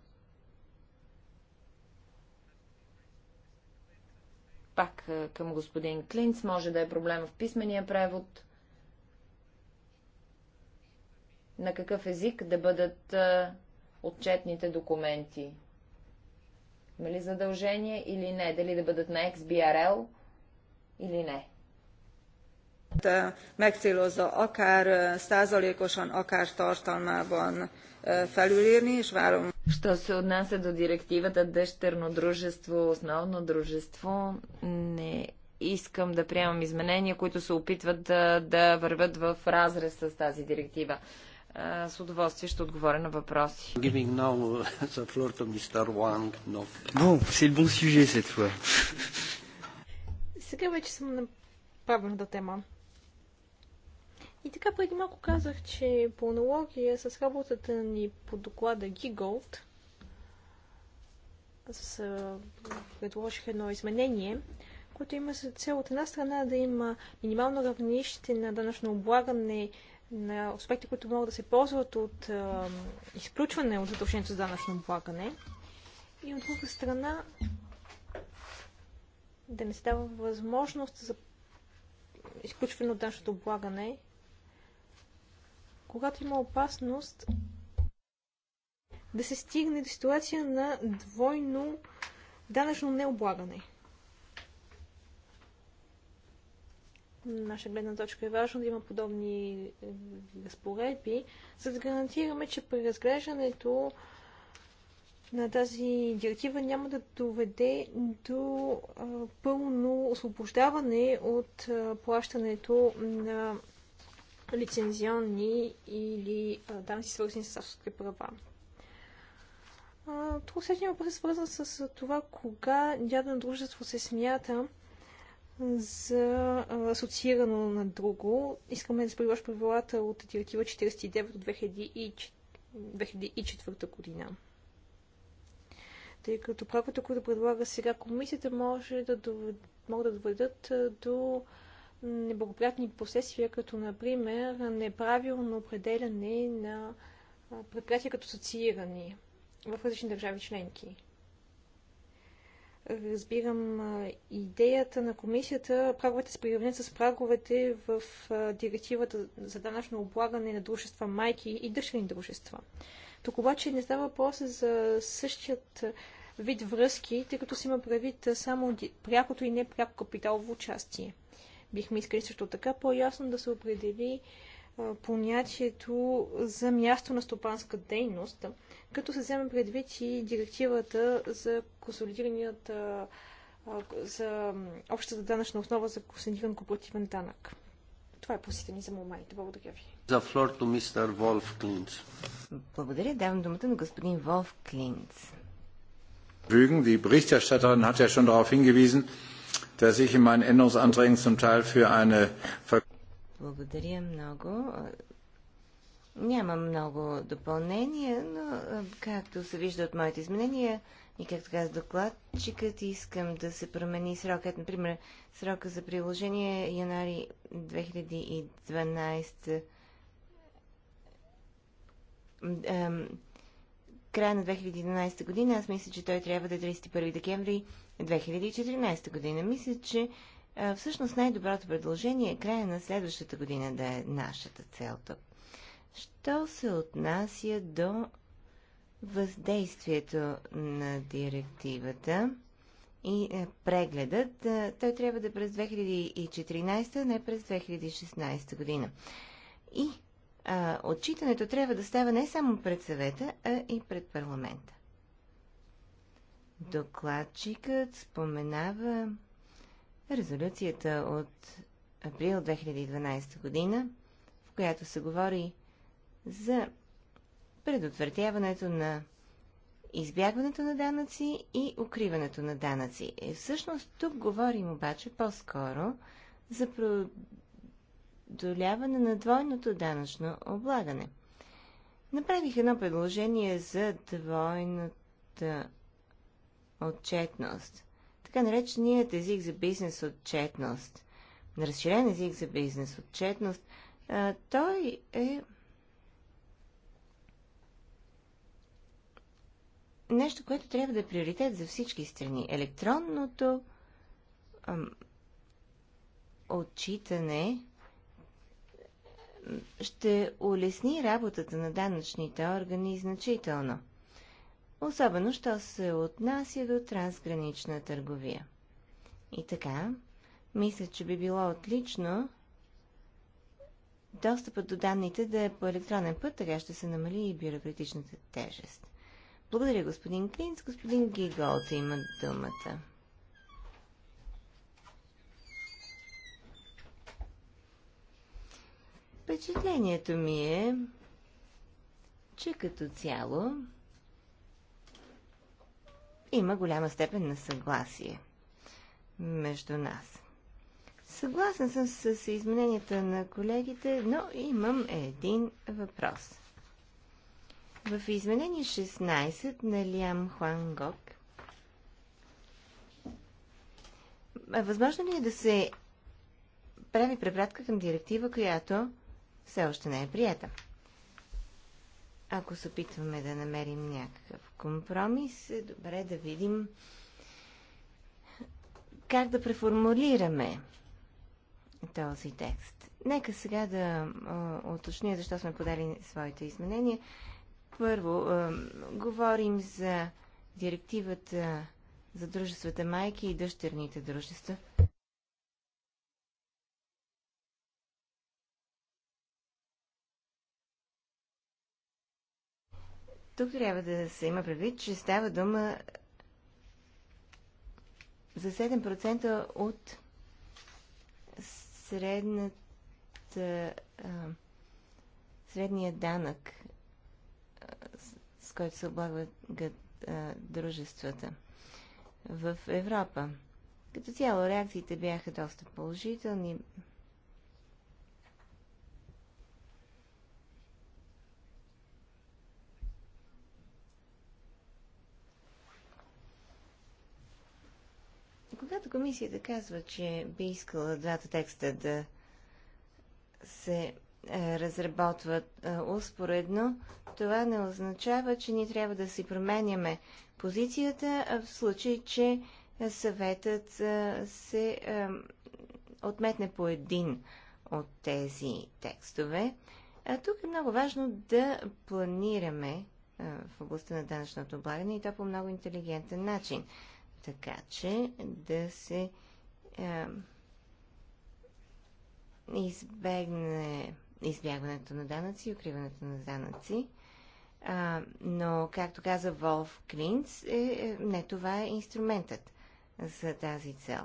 Пак е, към господин Клинц може да е проблема в писмения превод на какъв език да бъдат а, отчетните документи. Има ли задължение или не? Дали да бъдат на XBRL или не? megcélozza akár százalékosan, akár tartalmában felülírni, és várom. Що се отнася до директивата дъщерно дружество, основно дружество, не искам да приемам изменения, които се опитват да, да върват в разрез с тази директива с удоволствие ще отговоря на въпроси. Uh, Сега вече съм на правилната тема. И така преди малко казах, че по аналогия с работата ни по доклада Gigold, предложих едно изменение, което има за цел от една страна да има минимално равнище на данъчно облагане на аспекти, които могат да се ползват от а, изключване от задължението за данъчно облагане. И от друга страна, да не става възможност за изключване от данъчното облагане, когато има опасност да се стигне до ситуация на двойно данъчно необлагане. наша гледна точка е важно да има подобни е, разпоредби, за да гарантираме, че при разглеждането на тази директива няма да доведе до а, пълно освобождаване от а, плащането на лицензионни или данъци, свързани с авторски права. Тук следния въпрос е свързан с това, кога дядно дружество се смята за асоциирано на друго. Искаме да сприваш правилата от директива 49 от 2004 година. Тъй като правилата, които предлага сега комисията, може да доведат, могат да доведат до неблагоприятни последствия, като например неправилно определяне на предприятия като асоциирани в различни държави членки разбирам идеята на комисията, праговете се приравнят с праговете в директивата за данъчно облагане на дружества майки и дъщерни дружества. Тук обаче не става въпрос за същият вид връзки, тъй като си има правит само прякото и непряко капиталово участие. Бихме искали също така по-ясно да се определи понятието за място на стопанска дейност, като се вземе предвид и директивата за консолидираният за общата данъчна основа за консолидиран корпоративен данък. Това е посетите за момента. Благодаря ви. За флорто мистер Волф Клинц. Благодаря. Давам думата на господин Волф Клинц. Бюген, Die Berichterstatterin hat ja schon darauf hingewiesen, dass ich in meinen Änderungsanträgen съм тайл, фюр ане... Благодаря много. Няма много допълнения, но както се вижда от моите изменения и както каза докладчикът, искам да се промени срокът. Например, срока за приложение е януари 2012 края на 2011 година. Аз мисля, че той трябва да е 31 декември 2014 година. Мисля, че всъщност най-доброто предложение е края на следващата година да е нашата цел тук. Що се отнася до въздействието на директивата и е, прегледът, е, той трябва да е през 2014, не през 2016 година. И а, отчитането трябва да става не само пред съвета, а и пред парламента. Докладчикът споменава резолюцията от април 2012 година, в която се говори за предотвратяването на избягването на данъци и укриването на данъци. И е, всъщност тук говорим обаче по-скоро за продоляване на двойното данъчно облагане. Направих едно предложение за двойната отчетност. Така нареченият език за бизнес отчетност. Разширен език за бизнес отчетност. той е нещо, което трябва да е приоритет за всички страни. Електронното ам, отчитане ще улесни работата на данъчните органи значително, особено, що се отнася до трансгранична търговия. И така, мисля, че би било отлично достъпът до данните да е по електронен път, така ще се намали и бюрократичната тежест. Благодаря, господин Клинц. Господин Гиголт има думата. Впечатлението ми е, че като цяло има голяма степен на съгласие между нас. Съгласен съм с измененията на колегите, но имам един въпрос – в изменение 16 на Лиам Хуан Гок възможно ли е да се прави препратка към директива, която все още не е прията? Ако се опитваме да намерим някакъв компромис, е добре да видим как да преформулираме този текст. Нека сега да уточня защо сме подали своите изменения. Първо, говорим за директивата за дружествата майки и дъщерните дружества. Тук трябва да се има предвид, че става дума за 7% от средната, а, средния данък с който се облагат дружествата в Европа. Като цяло реакциите бяха доста положителни. Когато комисията казва, че би искала двата текста да се е, разработват е, успоредно, това не означава, че ние трябва да си променяме позицията в случай, че съветът е, се отметне по един от тези текстове. А тук е много важно да планираме в областта на данъчното облагане и то по много интелигентен начин. Така че да се избегне избягването на данъци и укриването на данъци. А, но, както каза Волф Клинц, е, е, не това е инструментът за тази цел.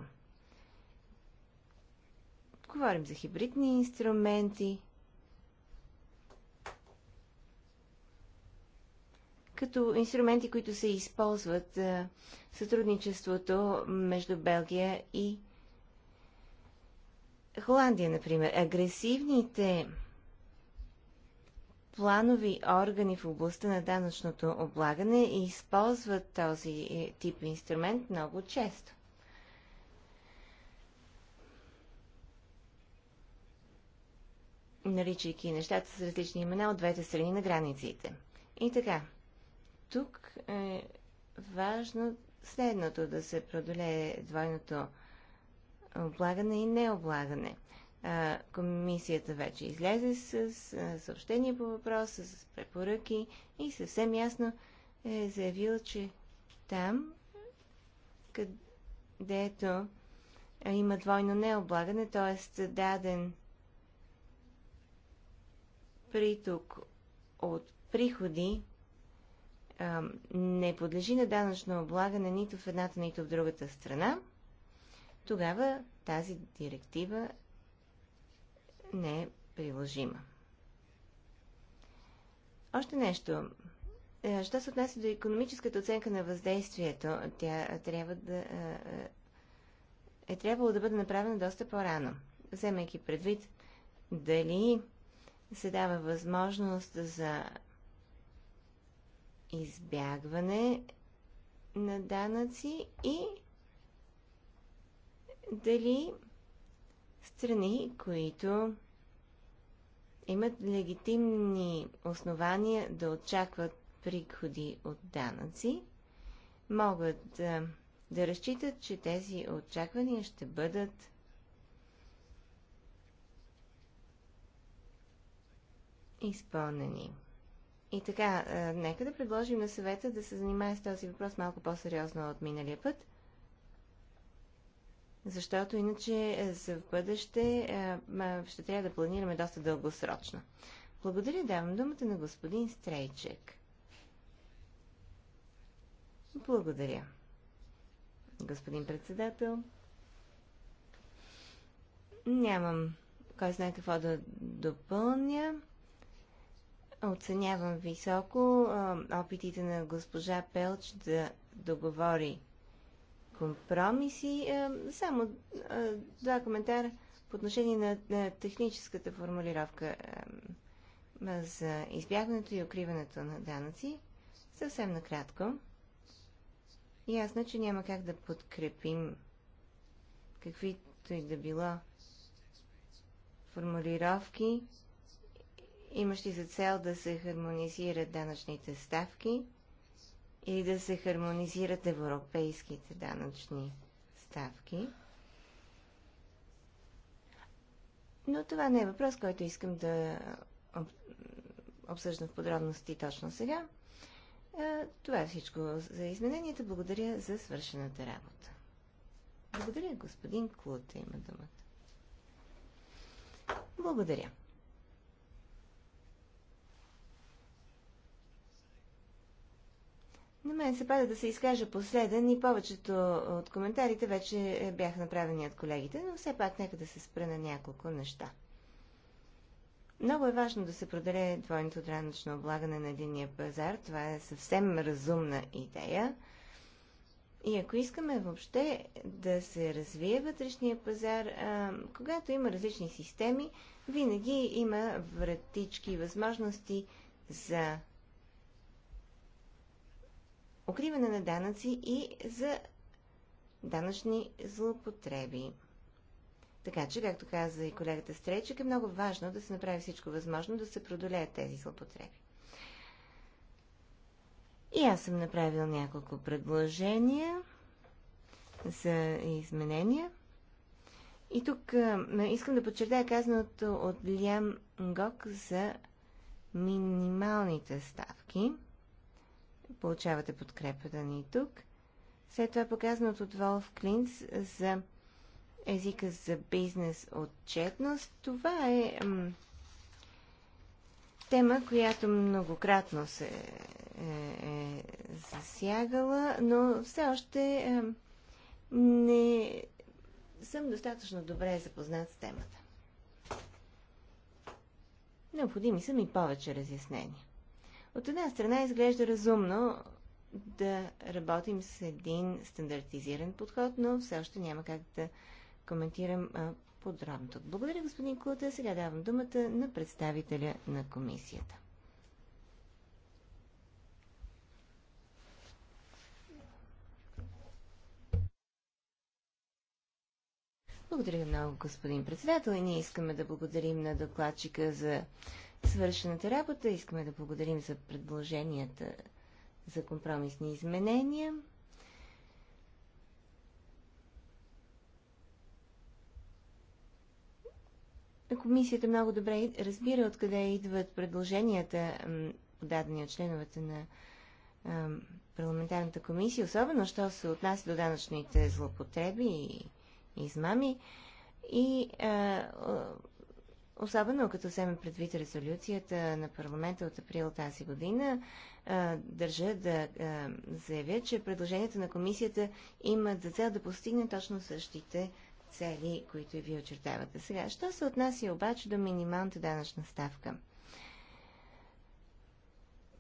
Говорим за хибридни инструменти, като инструменти, които се използват в сътрудничеството между Белгия и Холандия, например. Агресивните планови органи в областта на данъчното облагане и използват този е, тип инструмент много често. наричайки нещата с различни имена от двете страни на границите. И така, тук е важно следното да се продолее двойното облагане и необлагане – комисията вече излезе с, съобщение по въпроса, с препоръки и съвсем ясно е заявила, че там, където има двойно необлагане, т.е. даден приток от приходи не подлежи на данъчно облагане нито в едната, нито в другата страна, тогава тази директива не е приложима. Още нещо. Е, що се отнася до економическата оценка на въздействието, тя трябва да, е, е, е трябвало да бъде направена доста по-рано, вземайки предвид дали се дава възможност за избягване на данъци и дали страни, които имат легитимни основания да очакват приходи от данъци, могат да, да разчитат, че тези очаквания ще бъдат изпълнени. И така, нека да предложим на съвета да се занимае с този въпрос малко по-сериозно от миналия път – защото иначе е, за в бъдеще е, е, ще трябва да планираме доста дългосрочно. Благодаря, давам думата на господин Стрейчек. Благодаря. Господин председател, нямам кой знае какво да допълня. Оценявам високо опитите на госпожа Пелч да договори компромиси. Е, само е, два коментара по отношение на, техническата формулировка е, за избягването и укриването на данъци. Съвсем накратко. Ясно, че няма как да подкрепим каквито и да било формулировки, имащи за цел да се хармонизират данъчните ставки – и да се хармонизират европейските данъчни ставки. Но това не е въпрос, който искам да обсъждам в подробности точно сега. Е, това е всичко за измененията. Благодаря за свършената работа. Благодаря, господин Клута има думата. Благодаря. На мен се пада да се изкажа последен и повечето от коментарите вече бяха направени от колегите, но все пак нека да се спра на няколко неща. Много е важно да се продаде двойното данъчно облагане на единния пазар. Това е съвсем разумна идея. И ако искаме въобще да се развие вътрешния пазар, а, когато има различни системи, винаги има вратички, възможности за укриване на данъци и за данъчни злоупотреби. Така че, както каза и колегата Стрейчик, е много важно да се направи всичко възможно да се продолеят тези злоупотреби. И аз съм направил няколко предложения за изменения. И тук а, искам да подчертая казаното от Лиам Гок за минималните ставки – получавате подкрепата ни ни тук. След това показаното от Волф Клинц за езика за бизнес отчетност. Това е тема, която многократно се е, е засягала, но все още е, не съм достатъчно добре запознат с темата. Необходими са ми повече разяснения. От една страна изглежда разумно да работим с един стандартизиран подход, но все още няма как да коментирам подробното. Благодаря, господин Кута. Сега давам думата на представителя на комисията. Благодаря много, господин председател. И ние искаме да благодарим на докладчика за свършената работа. Искаме да благодарим за предложенията за компромисни изменения. Комисията много добре разбира откъде идват предложенията, подадени от членовете на парламентарната комисия, особено що се отнася до данъчните злопотреби и измами. И Особено като вземе предвид резолюцията на парламента от април тази година, държа да заявя, че предложението на комисията има за цел да постигне точно същите цели, които и ви очертавате. Сега, що се отнася обаче до минималната данъчна ставка?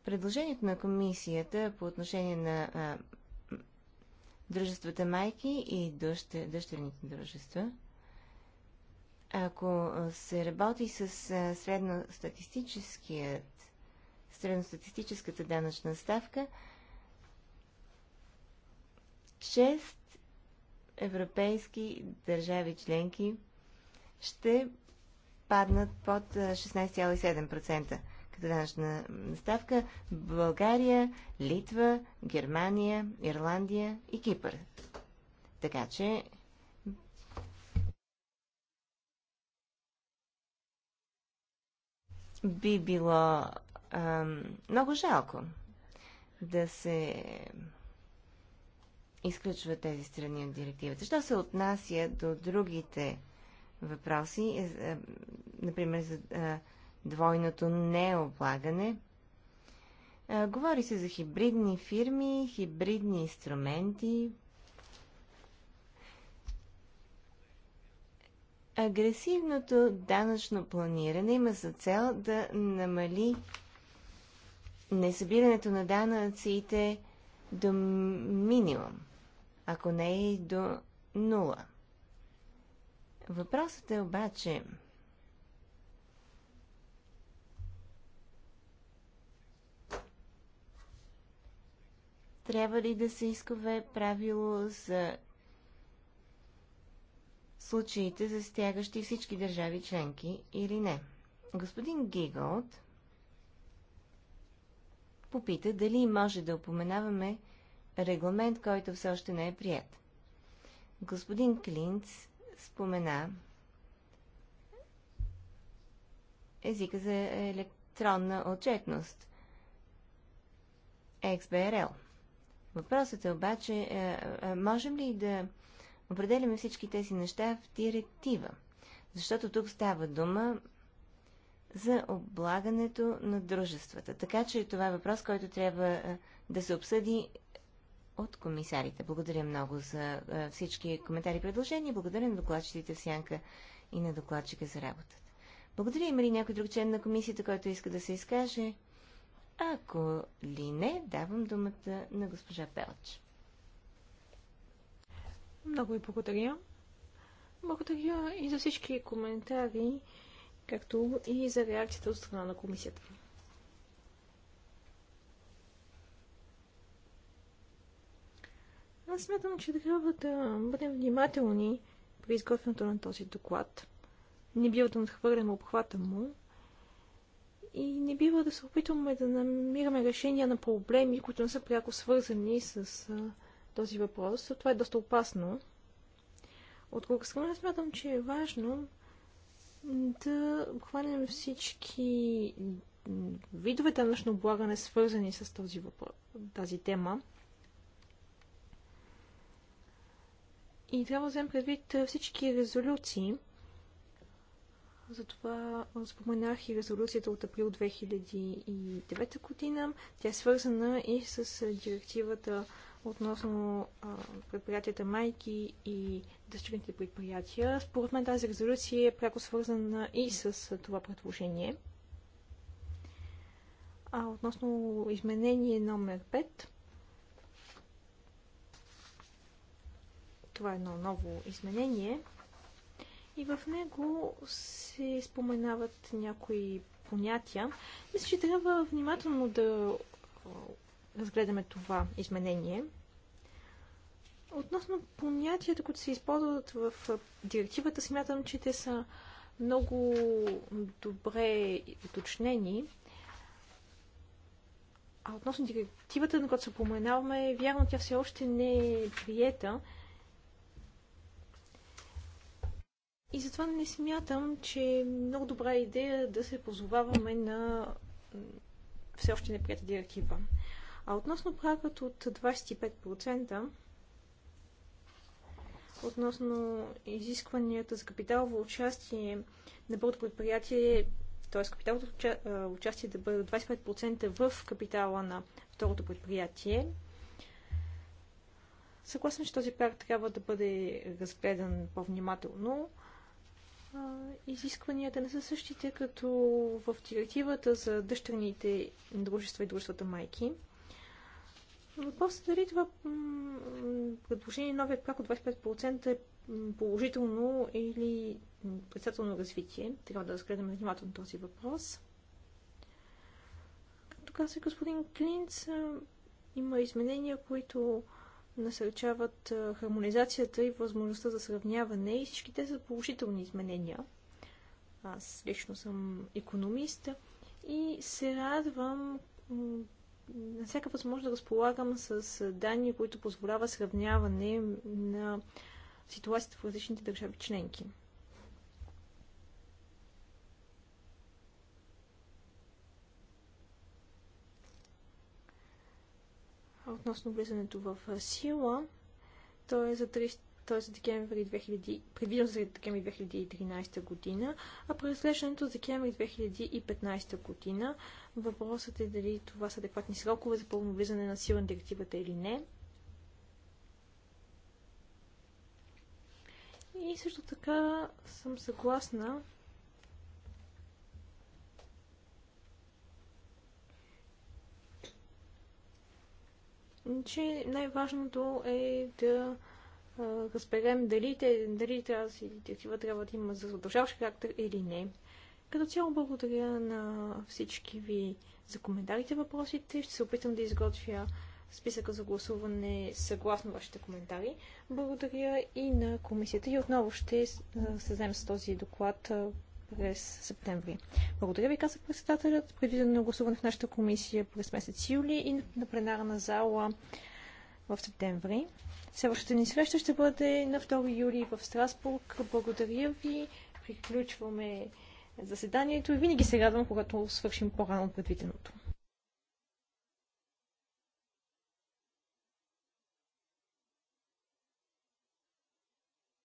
Предложението на комисията по отношение на а, дружествата майки и дъщерните дружества – ако се работи с средностатистическата данъчна ставка, 6 европейски държави членки ще паднат под 16,7% като данъчна ставка България, Литва, Германия, Ирландия и Кипър. Така че би било ам, много жалко да се изключват тези страни от директивата. Що се отнася до другите въпроси, а, е, е, например за а, е, двойното необлагане, а, говори се за хибридни фирми, хибридни инструменти, Агресивното данъчно планиране има за цел да намали несъбирането на данъците до минимум, ако не и до нула. Въпросът е обаче, трябва ли да се искове правило за случаите, застягащи всички държави членки или не. Господин Гиголд попита дали може да упоменаваме регламент, който все още не е прият. Господин Клинц спомена езика за електронна отчетност XBRL. Въпросът е обаче, е, е, можем ли да определяме всички тези неща в директива. Защото тук става дума за облагането на дружествата. Така че това е въпрос, който трябва е, да се обсъди от комисарите. Благодаря много за е, всички коментари и предложения. Благодаря на докладчиците в Сянка и на докладчика за работата. Благодаря. Има ли някой друг член на комисията, който иска да се изкаже? Ако ли не, давам думата на госпожа Пелч. Много ви благодаря. Благодаря и за всички коментари, както и за реакцията от страна на комисията. Аз смятам, че трябва да бъдем внимателни при изготвянето на този доклад. Не бива да надхвърляме обхвата му и не бива да се опитваме да намираме решения на проблеми, които не са пряко свързани с този въпрос. Това е доста опасно. От друга страна смятам, че е важно да обхванем всички видове данъчно облагане, свързани с този въпрос, тази тема. И трябва да вземем предвид всички резолюции. Затова споменах и резолюцията от април 2009 година. Тя е свързана и с директивата относно предприятията майки и дъщерните предприятия. Според мен тази резолюция е пряко свързана и с това предложение. А относно изменение номер 5, това е едно ново изменение. И в него се споменават някои понятия. Мисля, че трябва внимателно да разгледаме това изменение. Относно понятията, които се използват в директивата, смятам, че те са много добре уточнени. А относно директивата, на която се поменаваме, вярно, тя все още не е приета. И затова не смятам, че е много добра идея да се позоваваме на все още неприята директива. А относно прагът от 25%, относно изискванията за капиталово участие на бъдето предприятие, т.е. капиталото участие да бъде 25% в капитала на второто предприятие, Съгласен, че този прак трябва да бъде разгледан по-внимателно. Изискванията не са същите, като в директивата за дъщерните дружества и дружествата майки. Въпросът дали е, това предложение, новият прак от 25% е положително или отрицателно развитие. Трябва да разгледаме внимателно този въпрос. Както каза господин Клинц, е, има изменения, които насърчават е, хармонизацията и възможността за сравняване и всички те са положителни изменения. Аз лично съм економист и се радвам на всяка възможност да разполагам с данни, които позволява сравняване на ситуацията в различните държави членки. Относно влизането в сила, то е за т.е. декември 2000, предвидено за декември 2013 година, а преразглеждането за декември 2015 година. Въпросът е дали това са адекватни срокове за пълно влизане на сила на директивата или не. И също така съм съгласна че най-важното е да разберем дали, те, дали тази директива трябва да има задължаващ характер или не. Като цяло благодаря на всички ви за коментарите, въпросите. Ще се опитам да изготвя списъка за гласуване съгласно вашите коментари. Благодаря и на комисията и отново ще се вземем с този доклад през септември. Благодаря ви, каза председателят. Предвидено гласуване в нашата комисия през месец юли и на пленарна зала в септември. Следващата ни среща ще бъде на 2 юли в Страсбург. Благодаря ви. Приключваме заседанието и винаги се радвам, когато свършим по-рано предвиденото.